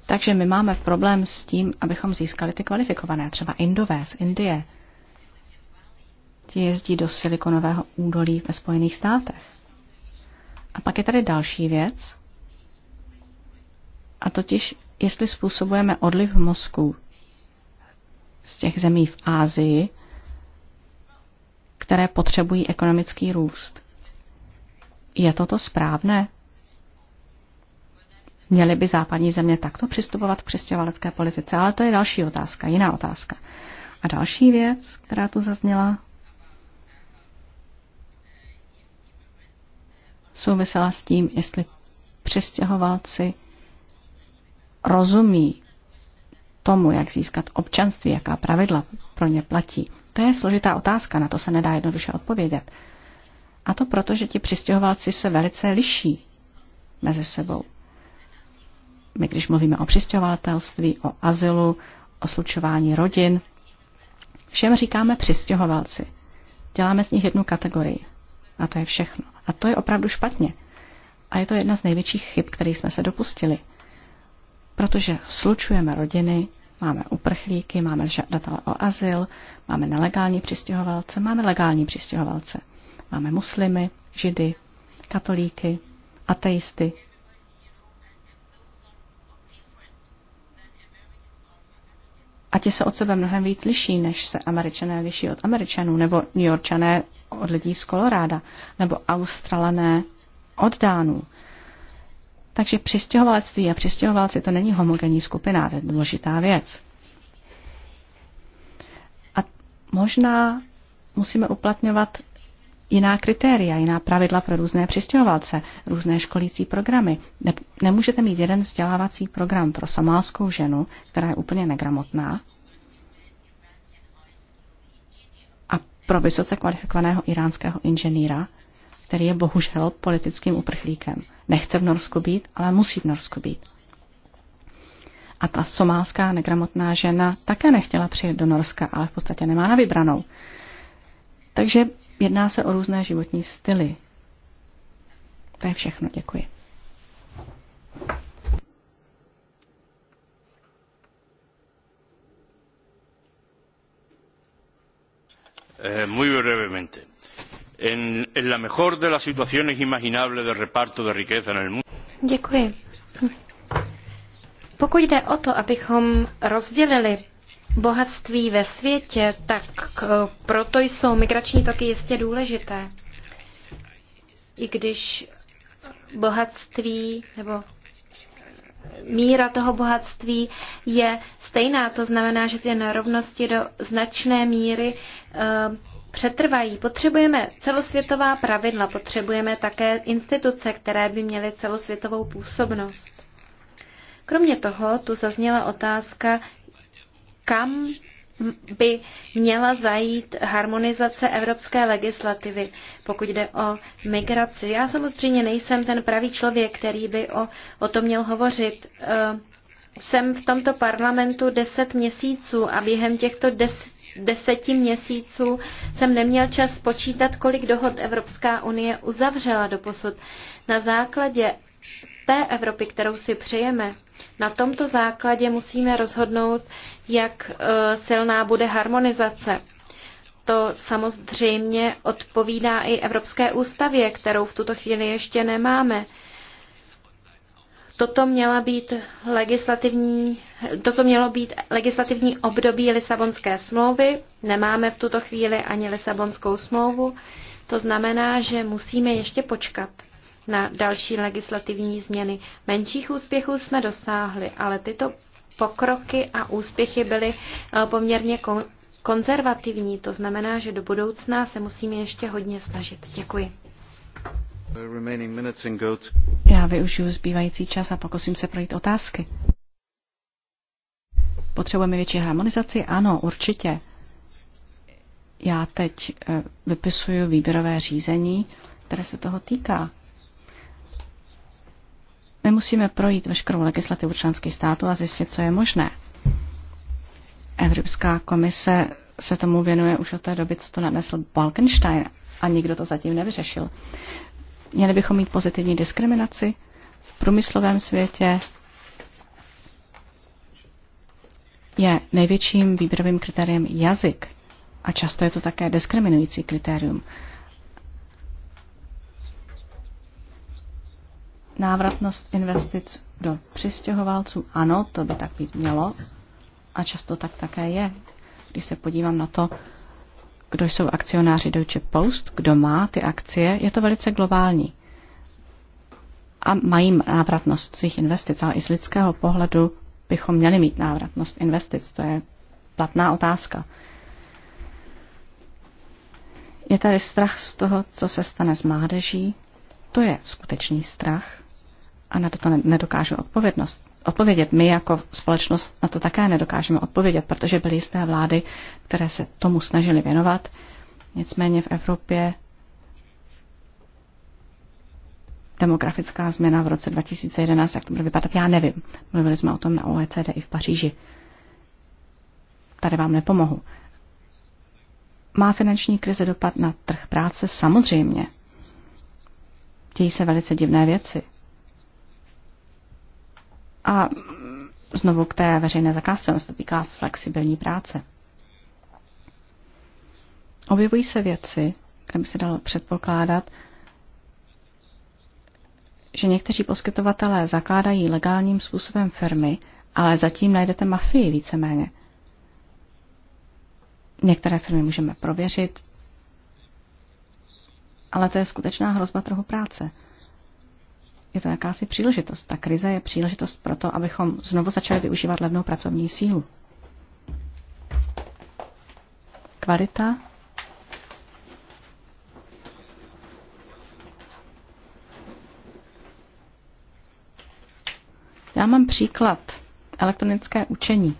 [SPEAKER 3] Takže my máme problém s tím, abychom získali ty kvalifikované, třeba Indové z Indie. Ti jezdí do Silikonového údolí ve Spojených státech. A pak je tady další věc, a totiž, jestli způsobujeme odliv mozku z těch zemí v Ázii, které potřebují ekonomický růst. Je toto správné? Měly by západní země takto přistupovat k přistěhovalecké politice? Ale to je další otázka, jiná otázka. A další věc, která tu zazněla, souvisela s tím, jestli přistěhovalci rozumí tomu, jak získat občanství, jaká pravidla pro ně platí. To je složitá otázka, na to se nedá jednoduše odpovědět. A to proto, že ti přistěhovalci se velice liší mezi sebou. My, když mluvíme o přistěhovatelství, o azylu, o slučování rodin, všem říkáme přistěhovalci. Děláme z nich jednu kategorii. A to je všechno. A to je opravdu špatně. A je to jedna z největších chyb, kterých jsme se dopustili – protože slučujeme rodiny, máme uprchlíky, máme žadatele o azyl, máme nelegální přistěhovalce, máme legální přistěhovalce. Máme muslimy, židy, katolíky, ateisty. A ti se od sebe mnohem víc liší, než se američané liší od američanů, nebo New Yorkčané od lidí z Koloráda, nebo Australané od Dánů. Takže přistěhovalectví a přistěhovalci to není homogenní skupina, to je důležitá věc. A možná musíme uplatňovat jiná kritéria, jiná pravidla pro různé přistěhovalce, různé školící programy. Ne, nemůžete mít jeden vzdělávací program pro somálskou ženu, která je úplně negramotná, a pro vysoce kvalifikovaného iránského inženýra, který je bohužel politickým uprchlíkem. Nechce v Norsku být, ale musí v Norsku být. A ta somálská negramotná žena také nechtěla přijet do Norska, ale v podstatě nemá na vybranou. Takže jedná se o různé životní styly. To je všechno, děkuji.
[SPEAKER 2] Eh, muy brevemente en, la mejor de las situaciones imaginables de reparto de riqueza en el mundo.
[SPEAKER 4] Děkuji. Pokud jde o to, abychom rozdělili bohatství ve světě, tak proto jsou migrační toky jistě důležité. I když bohatství nebo míra toho bohatství je stejná, to znamená, že ty nerovnosti do značné míry eh, přetrvají. Potřebujeme celosvětová pravidla, potřebujeme také instituce, které by měly celosvětovou působnost. Kromě toho tu zazněla otázka, kam by měla zajít harmonizace evropské legislativy, pokud jde o migraci. Já samozřejmě nejsem ten pravý člověk, který by o, o tom měl hovořit. Eh, jsem v tomto parlamentu deset měsíců a během těchto deset deseti měsíců jsem neměl čas počítat, kolik dohod Evropská unie uzavřela do posud. Na základě té Evropy, kterou si přejeme, na tomto základě musíme rozhodnout, jak e, silná bude harmonizace. To samozřejmě odpovídá i Evropské ústavě, kterou v tuto chvíli ještě nemáme. Toto, měla být legislativní, toto mělo být legislativní období Lisabonské smlouvy. Nemáme v tuto chvíli ani Lisabonskou smlouvu. To znamená, že musíme ještě počkat na další legislativní změny. Menších úspěchů jsme dosáhli, ale tyto pokroky a úspěchy byly eh, poměrně konzervativní. To znamená, že do budoucna se musíme ještě hodně snažit. Děkuji.
[SPEAKER 3] Já využiju zbývající čas a pokusím se projít otázky. Potřebujeme větší harmonizaci? Ano, určitě. Já teď eh, vypisuju výběrové řízení, které se toho týká. My musíme projít veškerou legislativu členských států a zjistit, co je možné. Evropská komise se tomu věnuje už od té doby, co to nadnesl Balkenstein a nikdo to zatím nevyřešil. Měli bychom mít pozitivní diskriminaci v průmyslovém světě. Je největším výběrovým kritériem jazyk a často je to také diskriminující kritérium. Návratnost investic do přistěhovalců, ano, to by tak být mělo a často tak také je. Když se podívám na to, kdo jsou akcionáři Deutsche Post, kdo má ty akcie, je to velice globální. A mají návratnost svých investic, ale i z lidského pohledu bychom měli mít návratnost investic. To je platná otázka. Je tady strach z toho, co se stane s mládeží. To je skutečný strach a na to nedokážu odpovědnost odpovědět. My jako společnost na to také nedokážeme odpovědět, protože byly jisté vlády, které se tomu snažily věnovat. Nicméně v Evropě demografická změna v roce 2011, jak to bude vypadat, já nevím. Mluvili jsme o tom na OECD i v Paříži. Tady vám nepomohu. Má finanční krize dopad na trh práce? Samozřejmě. Dějí se velice divné věci. A znovu k té veřejné zakázce, on se týká flexibilní práce. Objevují se věci, kde by se dalo předpokládat, že někteří poskytovatelé zakládají legálním způsobem firmy, ale zatím najdete mafii víceméně. Některé firmy můžeme prověřit, ale to je skutečná hrozba trhu práce je to jakási příležitost. Ta krize je příležitost pro to, abychom znovu začali využívat levnou pracovní sílu. Kvalita Já mám příklad elektronické učení.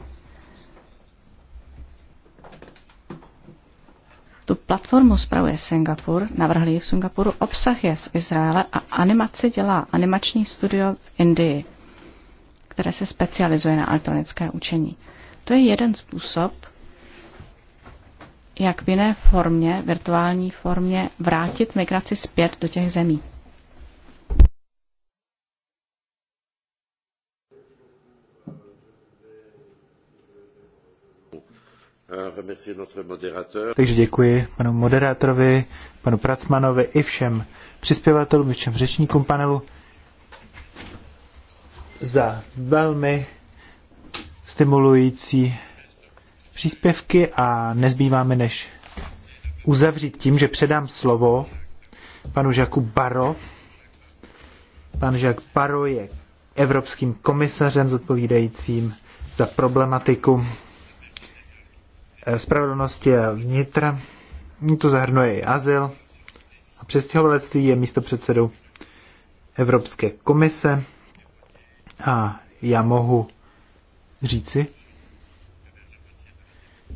[SPEAKER 3] Platformu spravuje Singapur, navrhli v Singapuru, obsah je z Izraele a animaci dělá animační studio v Indii, které se specializuje na elektronické učení. To je jeden způsob, jak v jiné formě, virtuální formě, vrátit migraci zpět do těch zemí.
[SPEAKER 2] Takže děkuji
[SPEAKER 1] panu moderátorovi, panu Pracmanovi i všem přispěvatelům, i všem řečníkům panelu za velmi stimulující příspěvky a nezbýváme než uzavřít tím, že předám slovo panu Žaku Baro. Pan Žak Baro je evropským komisařem zodpovídajícím za problematiku Eh, spravedlnosti a vnitra. To zahrnuje i azyl. A přestěhovalectví je místo předsedou Evropské komise. A já mohu říci,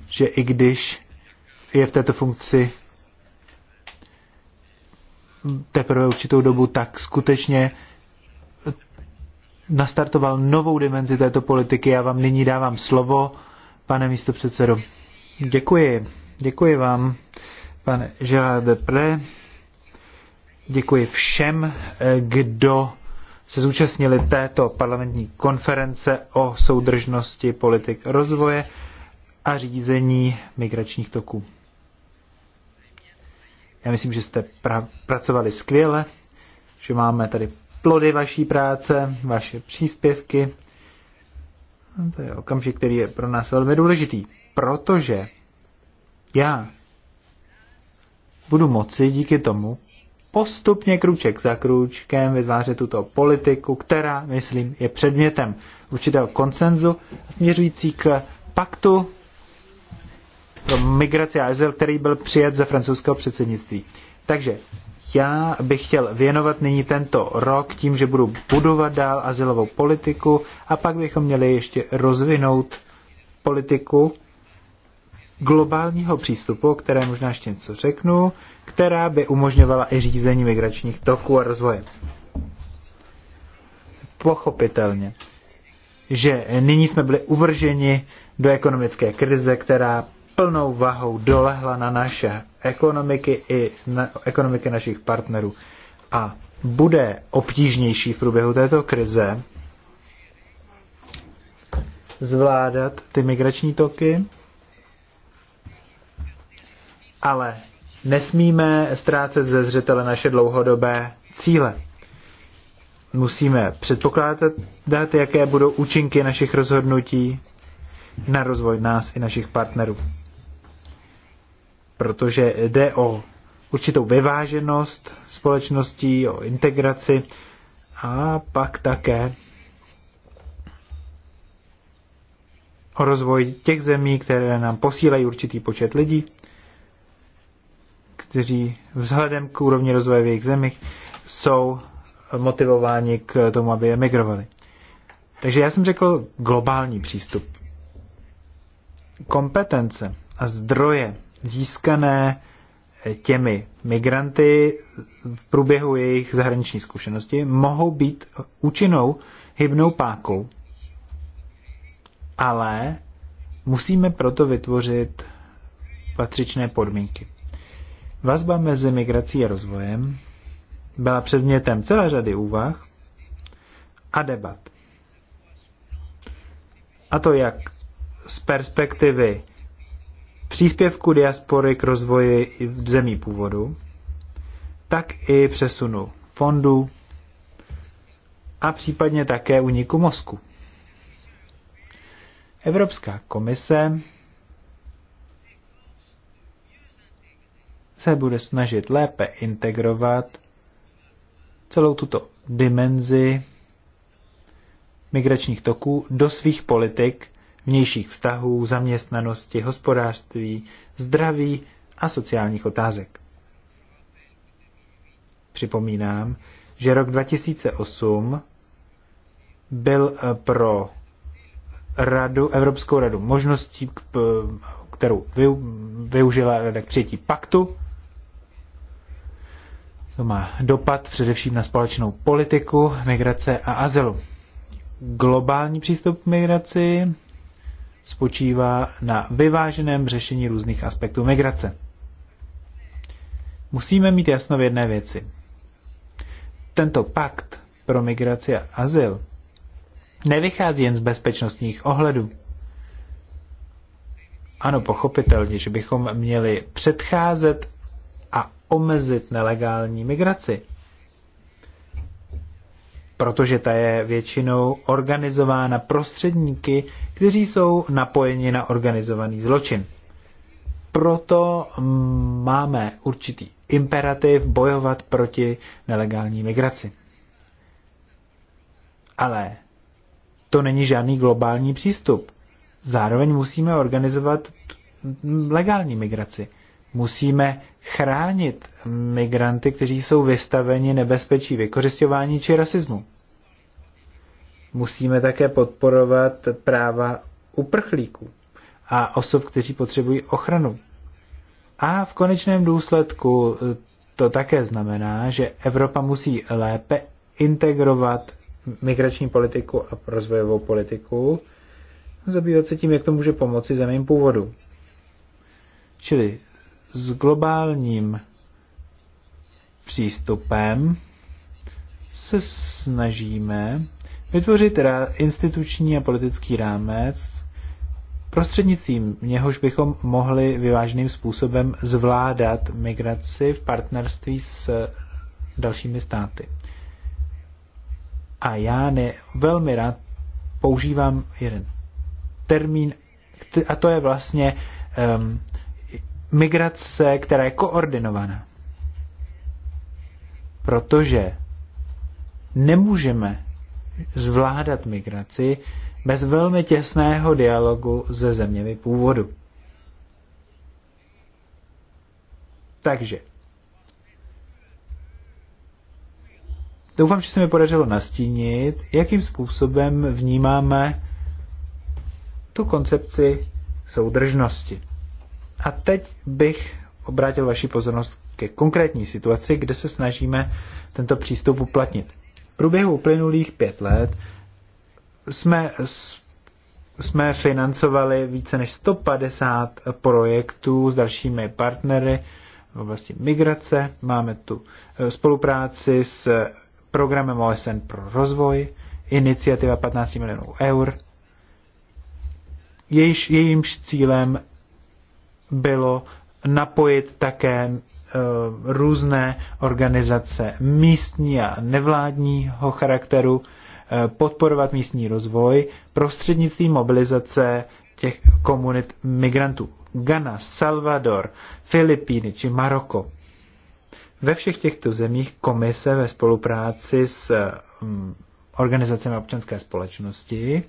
[SPEAKER 1] že i když je v této funkci teprve určitou dobu, tak skutečně nastartoval novou dimenzi této politiky. Já vám nyní dávám slovo, pane místo místopředsedo. Děkuji. Děkuji vám, pane Gérard Depré. Děkuji všem, eh, kdo se zúčastnili této parlamentní konference o soudržnosti politik rozvoje a řízení migračních toků. Já myslím, že jste pra- pracovali skvěle, že máme tady plody vaší práce, vaše příspěvky No, to je okamžik, který je pro nás velmi důležitý, protože já budu moci díky tomu postupně kruček za kručkem vytvářet tuto politiku, která, myslím, je předmětem určitého konsenzu směřující k paktu pro migraci a azyl, který byl přijat ze francouzského předsednictví. Takže já bych chtěl věnovat nyní tento rok tím, že budu budovat dál asilovou politiku a pak bychom měli ještě rozvinout politiku globálního přístupu, které možná ještě něco řeknu, která by umožňovala i řízení migračních toků a rozvoje. Pochopitelně, že nyní jsme byli uvrženi do ekonomické krize, která plnou vahou dolehla na naše ekonomiky i na, ekonomiky našich partnerů. A bude obtížnější v průběhu této krize zvládat ty migrační toky, ale nesmíme ztrácet ze zřetele naše dlouhodobé cíle. Musíme předpokládat, dát, jaké budou účinky našich rozhodnutí na rozvoj nás i našich partnerů protože jde o určitou vyváženost společností, o integraci a pak také o rozvoj těch zemí, které nám posílají určitý počet lidí, kteří vzhledem k úrovni rozvoje v jejich zemích jsou motivováni k tomu, aby emigrovali. Takže já jsem řekl globální přístup. Kompetence a zdroje získané eh, těmi migranty v průběhu jejich zahraniční zkušenosti mohou být účinnou hybnou pákou. Ale musíme proto vytvořit patřičné podmínky. Vazba mezi migrací a rozvojem byla předmětem celé řady úvah a debat. A to jak z perspektivy příspěvku diaspory k rozvoji v zemí původu, tak i přesunu fondů a případně také uniku mozku. Evropská komise se bude snažit lépe integrovat celou tuto dimenzi migračních toků do svých politik vnějších vztahů, zaměstnanosti, hospodářství, zdraví a sociálních otázek. Připomínám, že rok 2008 byl eh, pro radu, Evropskou radu možností, kterou využila rada k přijetí paktu. To má dopad především na společnou politiku, migrace a azylu. Globální přístup k migraci spočívá na vyváženém řešení různých aspektů migrace. Musíme mít jasno v jedné věci. Tento pakt pro migraci a azyl nevychází jen z bezpečnostních ohledů. Ano, pochopitelně, že bychom měli předcházet a omezit nelegální migraci protože ta je většinou organizována prostředníky, kteří jsou napojeni na organizovaný zločin. Proto mm, máme určitý imperativ bojovat proti nelegální migraci. Ale to není žádný globální přístup. Zároveň musíme organizovat legální migraci musíme chránit migranty, kteří jsou vystaveni nebezpečí vykořišťování či rasismu. Musíme také podporovat práva uprchlíků a osob, kteří potřebují ochranu. A v konečném důsledku to také znamená, že Evropa musí lépe integrovat migrační politiku a rozvojovou politiku, zabývat se tím, jak to může pomoci zemím původu. Čili s globálním přístupem se snažíme vytvořit instituční a politický rámec, prostřednicím něhož bychom mohli vyváženým způsobem zvládat migraci v partnerství s dalšími státy. A já ne, velmi rád používám jeden termín, a to je vlastně um, migrace, která je koordinovaná. Protože nemůžeme zvládat migraci bez velmi těsného dialogu se zeměmi původu. Takže Doufám, že se mi podařilo nastínit, jakým způsobem vnímáme tu koncepci soudržnosti. A teď bych obrátil vaši pozornost ke konkrétní situaci, kde se snažíme tento přístup uplatnit. V průběhu uplynulých pět let jsme, jsme financovali více než 150 projektů s dalšími partnery v oblasti migrace. Máme tu eh, spolupráci s programem OSN pro rozvoj, iniciativa 15 milionů eur, jejímž cílem bylo napojit také eh, různé organizace místní a nevládního charakteru, eh, podporovat místní rozvoj prostřednictvím mobilizace těch komunit migrantů. Ghana, Salvador, Filipíny či Maroko. Ve všech těchto zemích komise ve spolupráci s mm, organizacemi občanské společnosti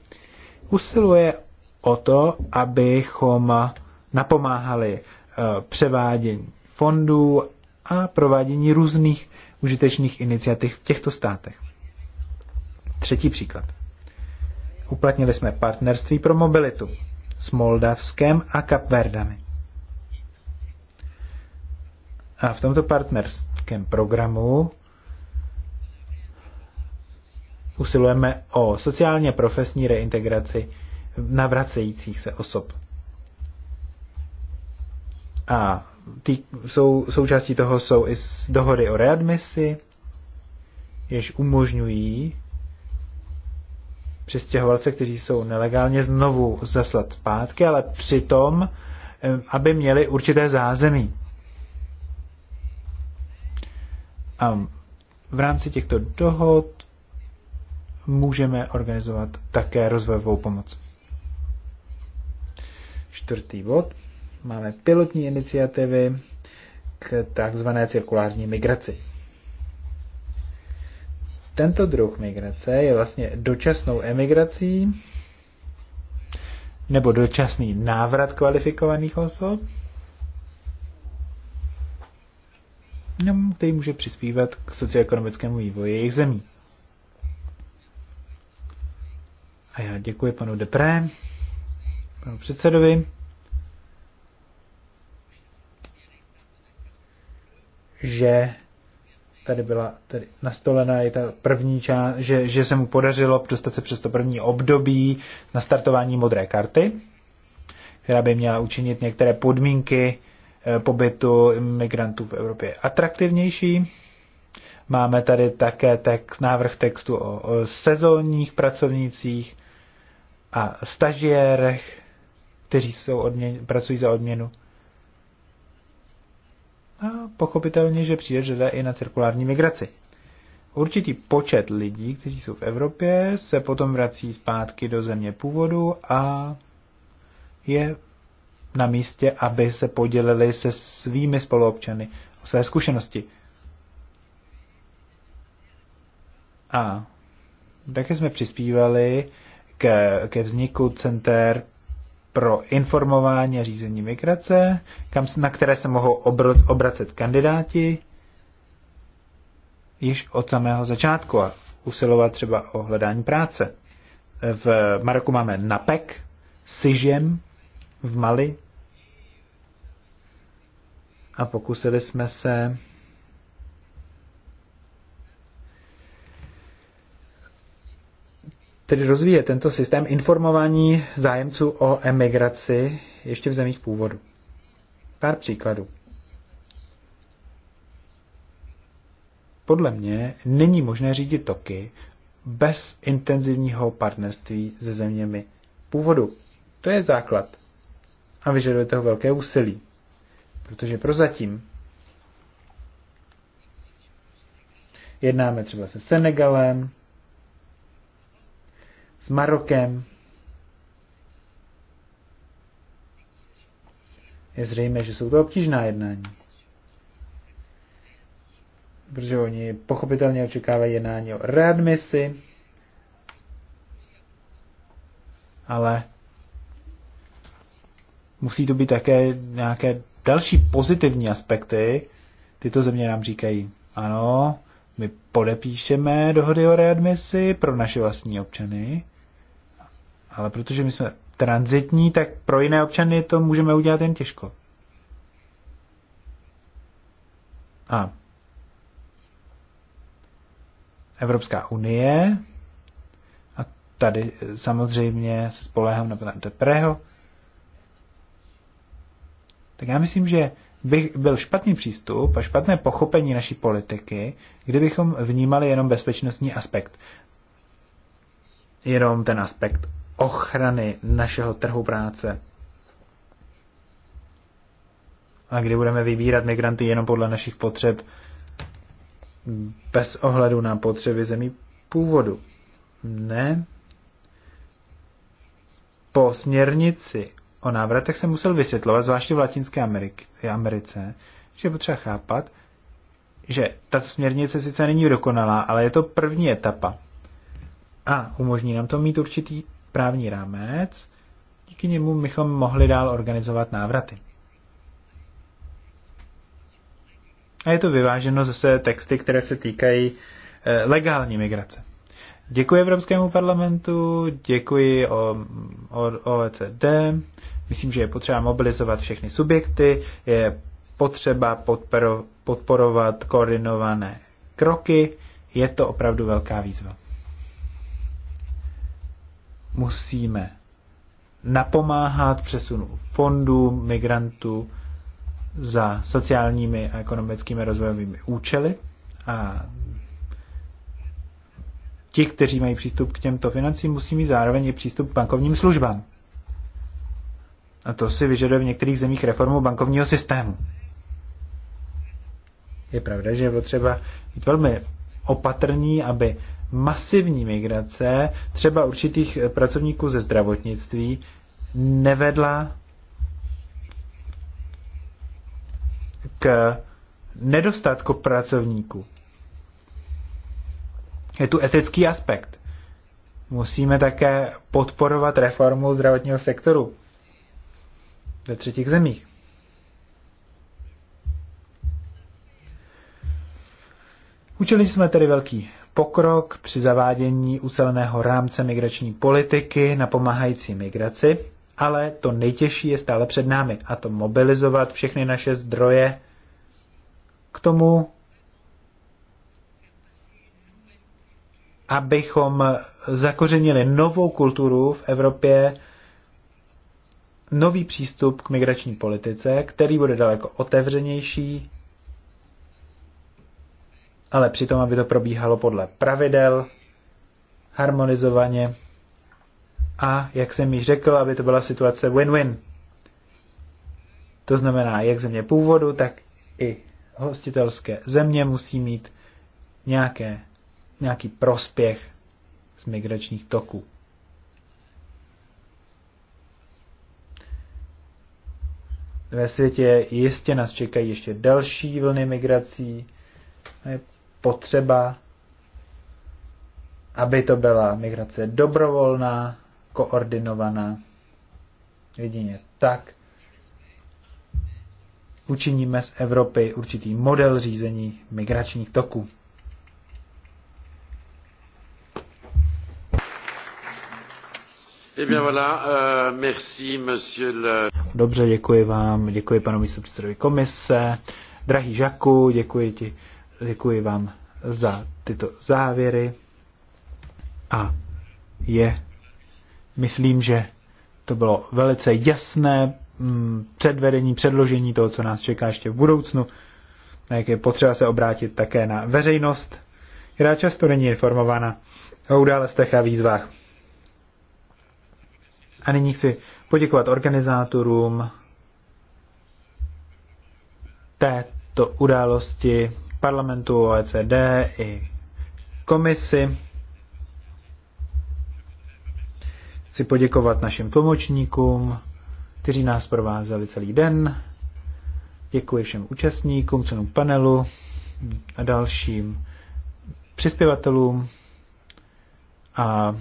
[SPEAKER 1] usiluje o to, abychom napomáhali eh, převádění fondů a provádění různých užitečných iniciativ v těchto státech. Třetí příklad. Uplatnili jsme partnerství pro mobilitu s Moldavskem a Kapverdami. A v tomto partnerském programu usilujeme o sociálně profesní reintegraci navracejících se osob. A tý, sou, součástí toho jsou i dohody o readmisi, jež umožňují přistěhovalce, kteří jsou nelegálně, znovu zaslat zpátky, ale přitom, aby měli určité zázemí. A v rámci těchto dohod můžeme organizovat také rozvojovou pomoc. Čtvrtý bod máme pilotní iniciativy k takzvané cirkulární migraci. Tento druh migrace je vlastně dočasnou emigrací nebo dočasný návrat kvalifikovaných osob, který může přispívat k socioekonomickému vývoji jejich zemí. A já děkuji panu Depré, panu předsedovi. že tady byla tady nastolena je ta první část, že, že se mu podařilo dostat se přes to první období na startování modré karty, která by měla učinit některé podmínky eh, pobytu migrantů v Evropě atraktivnější. Máme tady také text, návrh textu o, o sezónních pracovnících a stažiérech, kteří jsou odměn, pracují za odměnu. A pochopitelně, že přijde řada i na cirkulární migraci. Určitý počet lidí, kteří jsou v Evropě, se potom vrací zpátky do země původu a je na místě, aby se podělili se svými spoluobčany o své zkušenosti. A také jsme přispívali ke, ke vzniku center pro informování a řízení migrace, kam, na které se mohou obracet kandidáti již od samého začátku a usilovat třeba o hledání práce. V Maroku máme NAPEC, SIŽEM v Mali a pokusili jsme se tedy rozvíje tento systém informování zájemců o emigraci ještě v zemích původu. Pár příkladů. Podle mě není možné řídit toky bez intenzivního partnerství se zeměmi původu. To je základ. A vyžaduje toho velké úsilí. Protože prozatím jednáme třeba se Senegalem, s Marokem. Je zřejmé, že jsou to obtížná jednání. Protože oni pochopitelně očekávají jednání o readmisi, ale musí to být také nějaké další pozitivní aspekty. Tyto země nám říkají, ano, my podepíšeme dohody o readmisi pro naše vlastní občany, ale protože my jsme transitní, tak pro jiné občany to můžeme udělat jen těžko. A Evropská unie, a tady samozřejmě se spolehám na pana Depreho, tak já myslím, že bych byl špatný přístup a špatné pochopení naší politiky, kdybychom vnímali jenom bezpečnostní aspekt. Jenom ten aspekt ochrany našeho trhu práce. A kdy budeme vybírat migranty jenom podle našich potřeb, bez ohledu na potřeby zemí původu. Ne. Po směrnici o návratech se musel vysvětlovat, zvláště v Latinské Americe, že je potřeba chápat, že tato směrnice sice není dokonalá, ale je to první etapa. A umožní nám to mít určitý právní rámec, díky němu bychom mohli dál organizovat návraty. A je to vyváženo zase texty, které se týkají eh, legální migrace. Děkuji Evropskému parlamentu, děkuji o, o, OECD. Myslím, že je potřeba mobilizovat všechny subjekty, je potřeba podporovat koordinované kroky. Je to opravdu velká výzva musíme napomáhat přesunu fondů, migrantů za sociálními a ekonomickými rozvojovými účely a ti, kteří mají přístup k těmto financím, musí mít zároveň i přístup k bankovním službám. A to si vyžaduje v některých zemích reformu bankovního systému. Je pravda, že je potřeba být velmi opatrní, aby masivní migrace třeba určitých eh, pracovníků ze zdravotnictví nevedla k nedostatku pracovníků. Je tu etický aspekt. Musíme také podporovat reformu zdravotního sektoru ve třetích zemích. Učili jsme tedy velký pokrok při zavádění uceleného rámce migrační politiky na pomáhající migraci, ale to nejtěžší je stále před námi, a to mobilizovat všechny naše zdroje k tomu, abychom zakořenili novou kulturu v Evropě, nový přístup k migrační politice, který bude daleko otevřenější, ale přitom, aby to probíhalo podle pravidel, harmonizovaně a, jak jsem již řekl, aby to byla situace win-win. To znamená, jak země původu, tak i hostitelské země musí mít nějaké, nějaký prospěch z migračních toků. Ve světě jistě nás čekají ještě další vlny migrací potřeba, aby to byla migrace dobrovolná, koordinovaná. Jedině tak učiníme z Evropy určitý model řízení migračních toků.
[SPEAKER 2] Eh euh,
[SPEAKER 1] Dobře, děkuji vám, děkuji panu místopředsedovi komise. Drahý Žaku, děkuji ti Děkuji vám za tyto závěry a je, myslím, že to bylo velice jasné mm, předvedení, předložení toho, co nás čeká ještě v budoucnu, na jak je potřeba se obrátit také na veřejnost, která často není informována o událostech a výzvách. A nyní chci poděkovat organizátorům této události, parlamentu, OECD i komisi. Chci poděkovat našim tlumočníkům, kteří nás provázeli celý den. Děkuji všem účastníkům, členům panelu a dalším přispěvatelům. A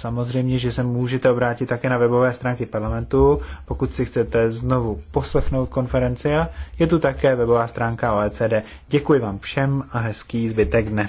[SPEAKER 1] Samozřejmě, že se můžete obrátit také na webové stránky parlamentu, pokud si chcete znovu poslechnout konferenci a je tu také webová stránka OECD. Děkuji vám všem a hezký zbytek dne.